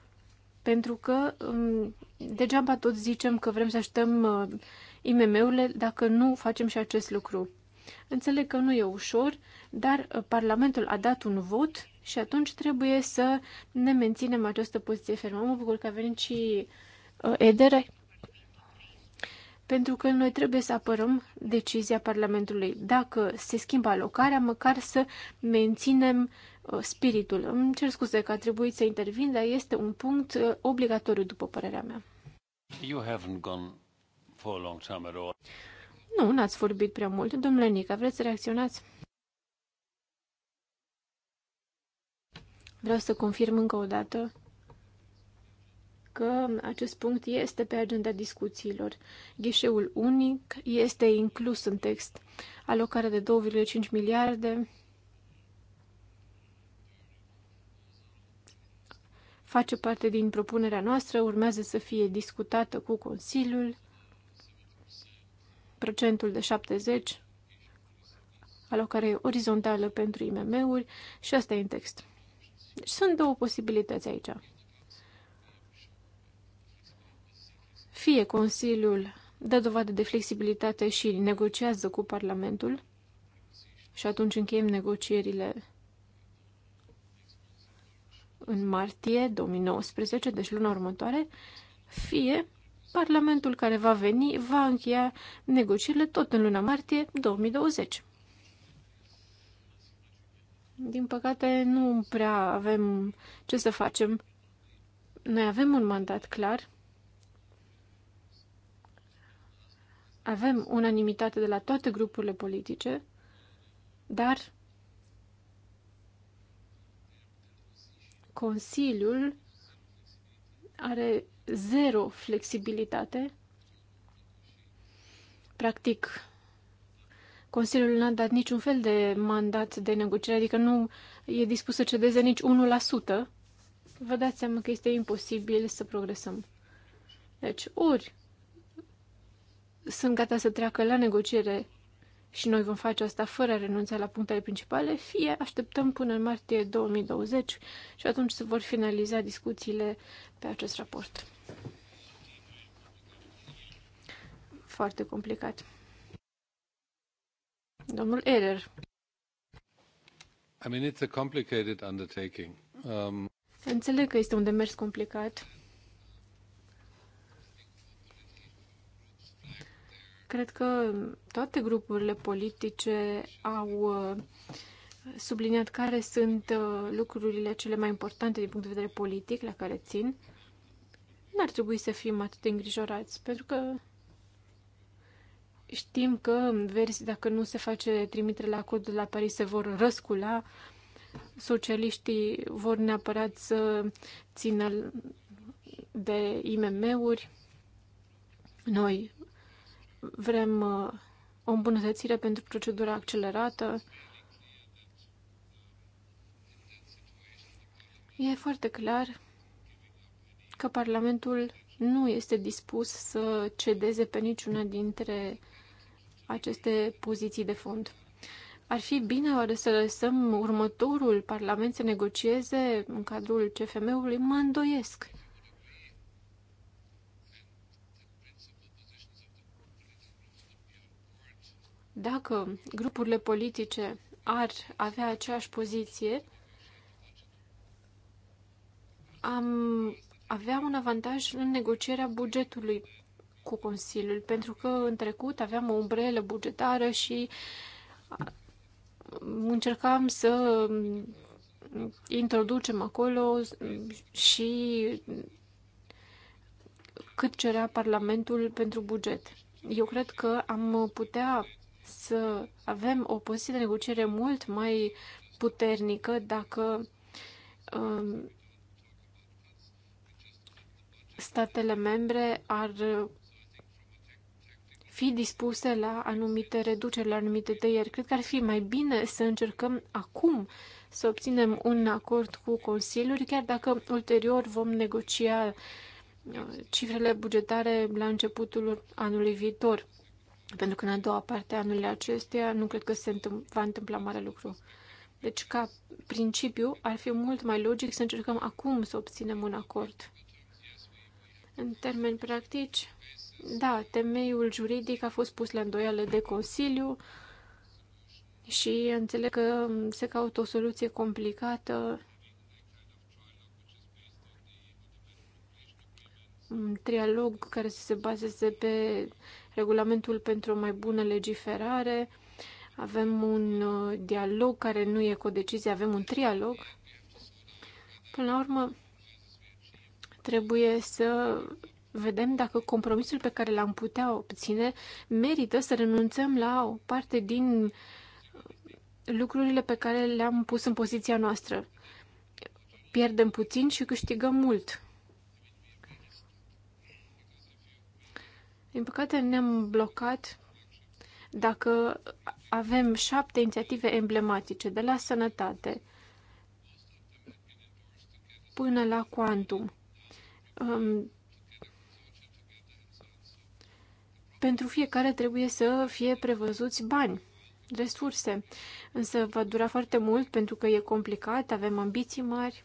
D: pentru că um, degeaba tot zicem că vrem să așteptăm uh, IMM-urile dacă nu facem și acest lucru. Înțeleg că nu e ușor, dar Parlamentul a dat un vot și atunci trebuie să ne menținem această poziție fermă. Mă bucur că a venit și uh, Edere, pentru că noi trebuie să apărăm decizia Parlamentului. Dacă se schimbă alocarea, măcar să menținem uh, spiritul. Îmi cer scuze că a trebuit să intervin, dar este un punct uh, obligatoriu, după părerea mea.
A: You haven't gone for a long time at all.
D: Nu, n-ați vorbit prea mult. Domnule Nica, vreți să reacționați? Vreau să confirm încă o dată că acest punct este pe agenda discuțiilor. Ghișeul unic este inclus în text. Alocare de 2,5 miliarde face parte din propunerea noastră, urmează să fie discutată cu Consiliul. Procentul de 70, alocare orizontală pentru IMM-uri și asta e în text. Deci sunt două posibilități aici. Fie Consiliul dă dovadă de flexibilitate și negociază cu Parlamentul și atunci încheiem negocierile în martie 2019, deci luna următoare, fie Parlamentul care va veni va încheia negocierile tot în luna martie 2020. Din păcate, nu prea avem ce să facem. Noi avem un mandat clar, avem unanimitate de la toate grupurile politice, dar Consiliul are zero flexibilitate. Practic, Consiliul n-a dat niciun fel de mandat de negociere, adică nu e dispus să cedeze nici 1%, vă dați seama că este imposibil să progresăm. Deci, ori sunt gata să treacă la negociere și noi vom face asta fără a renunța la punctele principale, fie așteptăm până în martie 2020 și atunci se vor finaliza discuțiile pe acest raport. Foarte complicat. Domnul Eder.
A: I mean, it's a complicated undertaking. Um...
D: Înțeleg că este un demers complicat. Cred că toate grupurile politice au uh, subliniat care sunt uh, lucrurile cele mai importante din punct de vedere politic la care țin. N-ar trebui să fim atât de îngrijorați, pentru că Știm că versi, dacă nu se face trimitere la acordul la Paris, se vor răscula. Socialiștii vor neapărat să țină de IMM-uri. Noi vrem uh, o îmbunătățire pentru procedura accelerată. E foarte clar că Parlamentul nu este dispus să cedeze pe niciuna dintre aceste poziții de fond. Ar fi bine oare să lăsăm următorul Parlament să negocieze în cadrul CFM-ului? Mă îndoiesc. Dacă grupurile politice ar avea aceeași poziție, am avea un avantaj în negocierea bugetului cu Consiliul, pentru că în trecut aveam o umbrelă bugetară și încercam să introducem acolo și cât cerea Parlamentul pentru buget. Eu cred că am putea să avem o poziție de negociere mult mai puternică dacă um, statele membre ar fi dispuse la anumite reduceri, la anumite tăieri. Cred că ar fi mai bine să încercăm acum să obținem un acord cu Consiliul, chiar dacă ulterior vom negocia uh, cifrele bugetare la începutul anului viitor. Pentru că în a doua parte a anului acestuia nu cred că se întâm- va întâmpla mare lucru. Deci, ca principiu, ar fi mult mai logic să încercăm acum să obținem un acord. În termeni practici, da, temeiul juridic a fost pus la îndoială de Consiliu și înțeleg că se caută o soluție complicată. Un trialog care să se bazeze pe regulamentul pentru o mai bună legiferare. Avem un uh, dialog care nu e cu o decizie, avem un trialog. Până la urmă, trebuie să vedem dacă compromisul pe care l-am putea obține merită să renunțăm la o parte din lucrurile pe care le-am pus în poziția noastră. Pierdem puțin și câștigăm mult. Din păcate ne-am blocat dacă avem șapte inițiative emblematice, de la sănătate până la quantum. Pentru fiecare trebuie să fie prevăzuți bani, resurse. Însă va dura foarte mult pentru că e complicat, avem ambiții mari.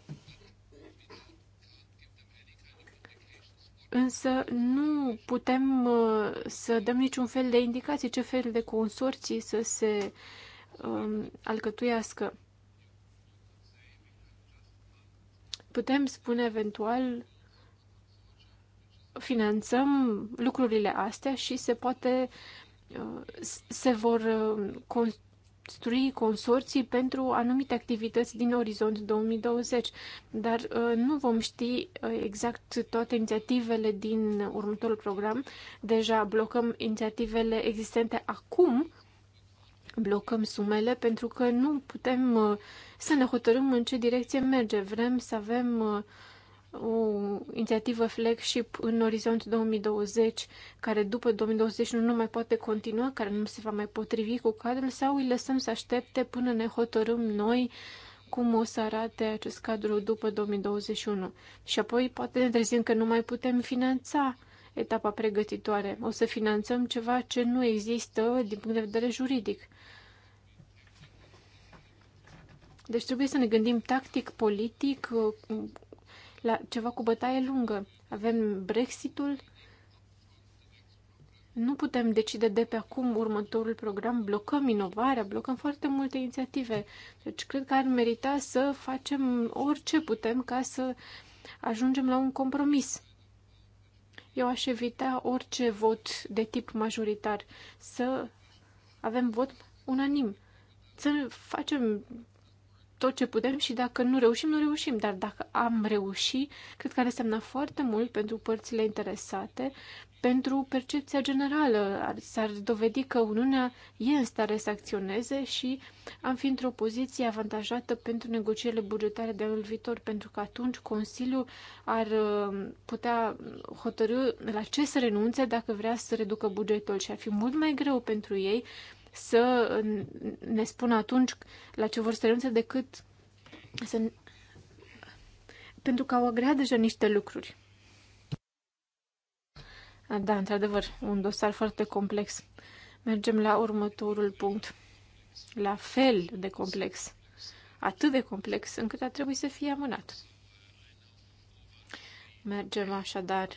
D: Însă nu putem uh, să dăm niciun fel de indicații ce fel de consorții să se um, alcătuiască. Putem spune eventual finanțăm lucrurile astea și se poate uh, se vor uh, construi consorții pentru anumite activități din orizont 2020, dar uh, nu vom ști exact toate inițiativele din următorul program. Deja blocăm inițiativele existente acum, blocăm sumele pentru că nu putem să ne hotărâm în ce direcție merge. Vrem să avem uh, o inițiativă flagship în orizont 2020, care după 2020 nu mai poate continua, care nu se va mai potrivi cu cadrul, sau îi lăsăm să aștepte până ne hotărâm noi cum o să arate acest cadru după 2021. Și apoi poate ne trezim că nu mai putem finanța etapa pregătitoare. O să finanțăm ceva ce nu există din punct de vedere juridic. Deci trebuie să ne gândim tactic, politic, la ceva cu bătaie lungă. Avem Brexitul. Nu putem decide de pe acum următorul program, blocăm inovarea, blocăm foarte multe inițiative. Deci cred că ar merita să facem orice putem ca să ajungem la un compromis. Eu aș evita orice vot de tip majoritar, să avem vot unanim, să facem tot ce putem și dacă nu reușim, nu reușim. Dar dacă am reușit, cred că ar însemna foarte mult pentru părțile interesate, pentru percepția generală. S-ar dovedi că Uniunea e în stare să acționeze și am fi într-o poziție avantajată pentru negocierile bugetare de anul viitor, pentru că atunci Consiliul ar uh, putea hotărâ la ce să renunțe dacă vrea să reducă bugetul și ar fi mult mai greu pentru ei să ne spună atunci la ce vor să renunțe decât să... pentru că au agreat deja niște lucruri. Da, într-adevăr, un dosar foarte complex. Mergem la următorul punct. La fel de complex. Atât de complex încât a trebuit să fie amânat. Mergem așadar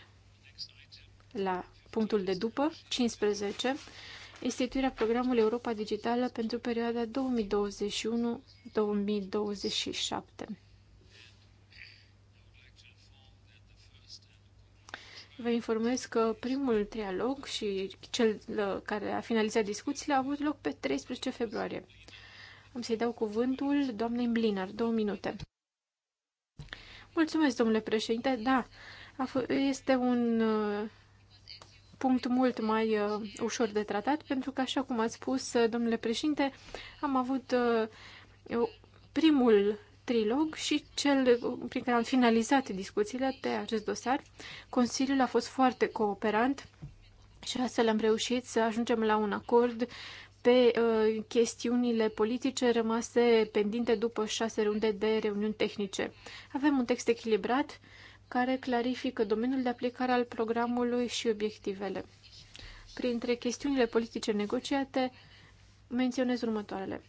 D: la punctul de după, 15, instituirea programului Europa Digitală pentru perioada 2021-2027. Vă informez că primul trialog și cel uh, care a finalizat discuțiile a avut loc pe 13 februarie. Am să-i dau cuvântul doamnei Blinar, două minute. Mulțumesc, domnule președinte. Da, este un uh, punct mult mai uh, ușor de tratat, pentru că, așa cum ați spus, uh, domnule președinte, am avut uh, primul trilog și cel prin care am finalizat discuțiile pe acest dosar. Consiliul a fost foarte cooperant și astfel am reușit să ajungem la un acord pe uh, chestiunile politice rămase pendinte după șase runde de reuniuni tehnice. Avem un text echilibrat uh, care clarifică domeniul de aplicare al programului și obiectivele. Printre chestiunile politice negociate, menționez următoarele.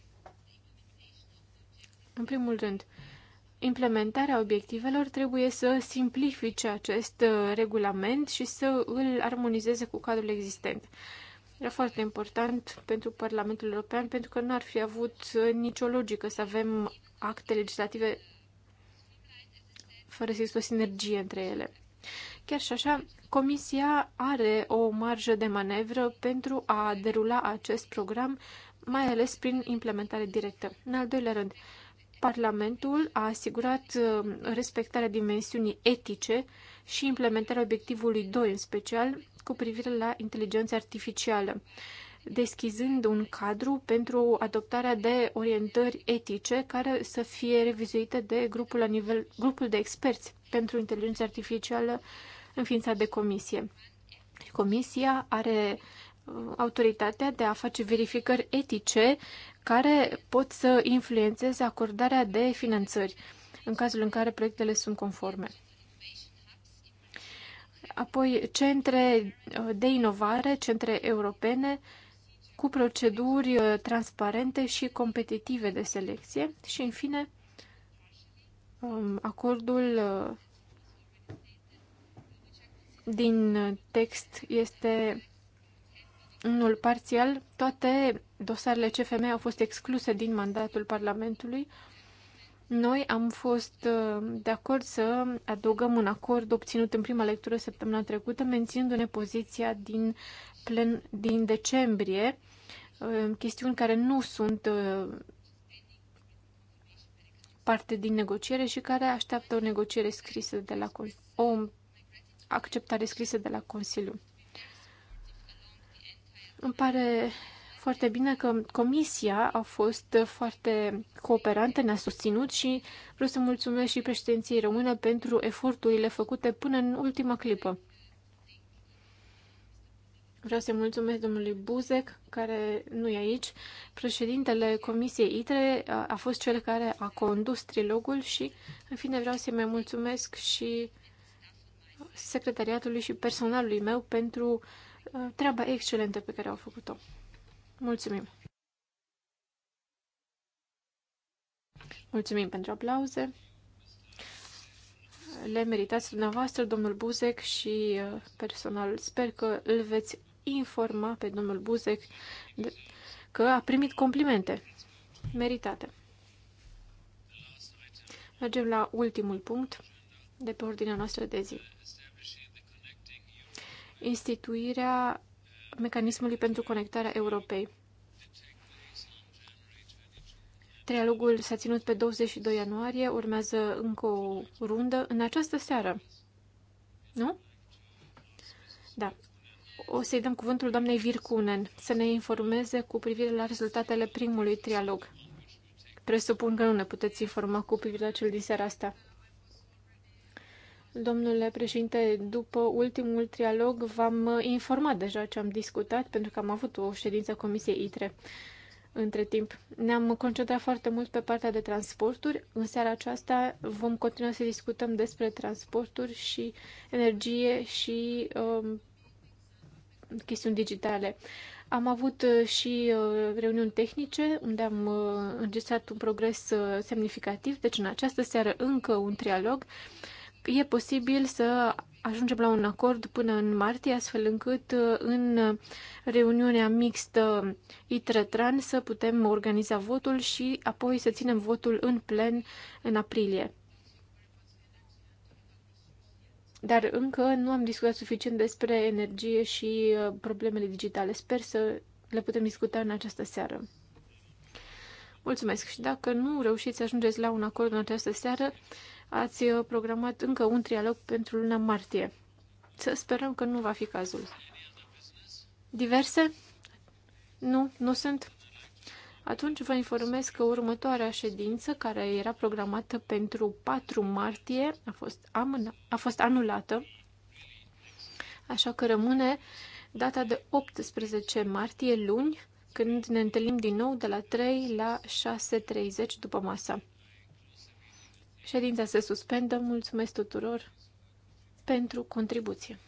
D: În primul rând, implementarea obiectivelor trebuie să simplifice acest uh, regulament și să îl armonizeze cu cadrul existent. Era foarte important pentru Parlamentul European pentru că n-ar fi avut uh, nicio logică să avem acte legislative fără să există o sinergie între ele. Chiar și așa, Comisia are o marjă de manevră pentru a derula acest program, mai ales prin implementare directă. În al doilea rând, Parlamentul a asigurat uh, respectarea dimensiunii etice și implementarea obiectivului 2, în special cu privire la inteligența artificială deschizând un cadru pentru adoptarea de orientări etice care să fie revizuite de grupul, la nivel, grupul de experți pentru inteligență artificială înființat de comisie. Comisia are uh, autoritatea de a face verificări etice care pot să influențeze acordarea de finanțări în cazul în care proiectele sunt conforme. Apoi, centre uh, de inovare, centre europene cu proceduri uh, transparente și competitive de selecție și, în fine, um, acordul uh, din text este unul parțial. Toate dosarele CFM au fost excluse din mandatul Parlamentului, noi am fost uh, de acord să adăugăm un acord obținut în prima lectură săptămâna trecută, menținându-ne poziția din, plen, din decembrie, uh, chestiuni care nu sunt uh, parte din negociere și care așteaptă o negociere scrisă de la o acceptare scrisă de la Consiliu. Îmi pare foarte bine că comisia a fost foarte cooperantă, ne-a susținut și vreau să mulțumesc și președinției române pentru eforturile făcute până în ultima clipă. Vreau să mulțumesc domnului Buzek, care nu e aici. Președintele Comisiei ITRE a fost cel care a condus trilogul și, în fine, vreau să-i mai mulțumesc și secretariatului și personalului meu pentru treaba excelentă pe care au făcut-o. Mulțumim! Mulțumim pentru aplauze. Le meritați dumneavoastră, domnul Buzec, și uh, personal. Sper că îl veți informa pe domnul Buzec că a primit complimente meritate. Mergem la ultimul punct de pe ordinea noastră de zi. Instituirea mecanismului pentru conectarea Europei. Trialogul s-a ținut pe 22 ianuarie, urmează încă o rundă în această seară. Nu? Da. O să-i dăm cuvântul doamnei Virkunen să ne informeze cu privire la rezultatele primului trialog. Presupun că nu ne puteți informa cu privire la cel din seara asta. Domnule președinte, după ultimul trialog v-am informat deja ce am discutat, pentru că am avut o ședință Comisiei ITRE între timp. Ne-am concentrat foarte mult pe partea de transporturi. În seara aceasta vom continua să discutăm despre transporturi și energie și um, chestiuni digitale. Am avut uh, și uh, reuniuni tehnice unde am uh, înregistrat un progres semnificativ, deci în această seară încă un trialog e posibil să ajungem la un acord până în martie, astfel încât uh, în reuniunea mixtă ITRE-TRAN să putem organiza votul și apoi să ținem votul în plen în aprilie. Dar încă nu am discutat suficient despre energie și uh, problemele digitale. Sper să le putem discuta în această seară. Mulțumesc și dacă nu reușiți să ajungeți la un acord în această seară, ați uh, programat încă un trialog pentru luna martie. Să sperăm că nu va fi cazul. Diverse? Nu, nu sunt. Atunci vă informez că următoarea ședință, care era programată pentru 4 martie, a fost, amâna, a fost anulată, așa că rămâne data de 18 martie, luni, când ne întâlnim din nou de la 3 la 6.30 după masa. Ședința se suspendă. Mulțumesc tuturor pentru contribuție.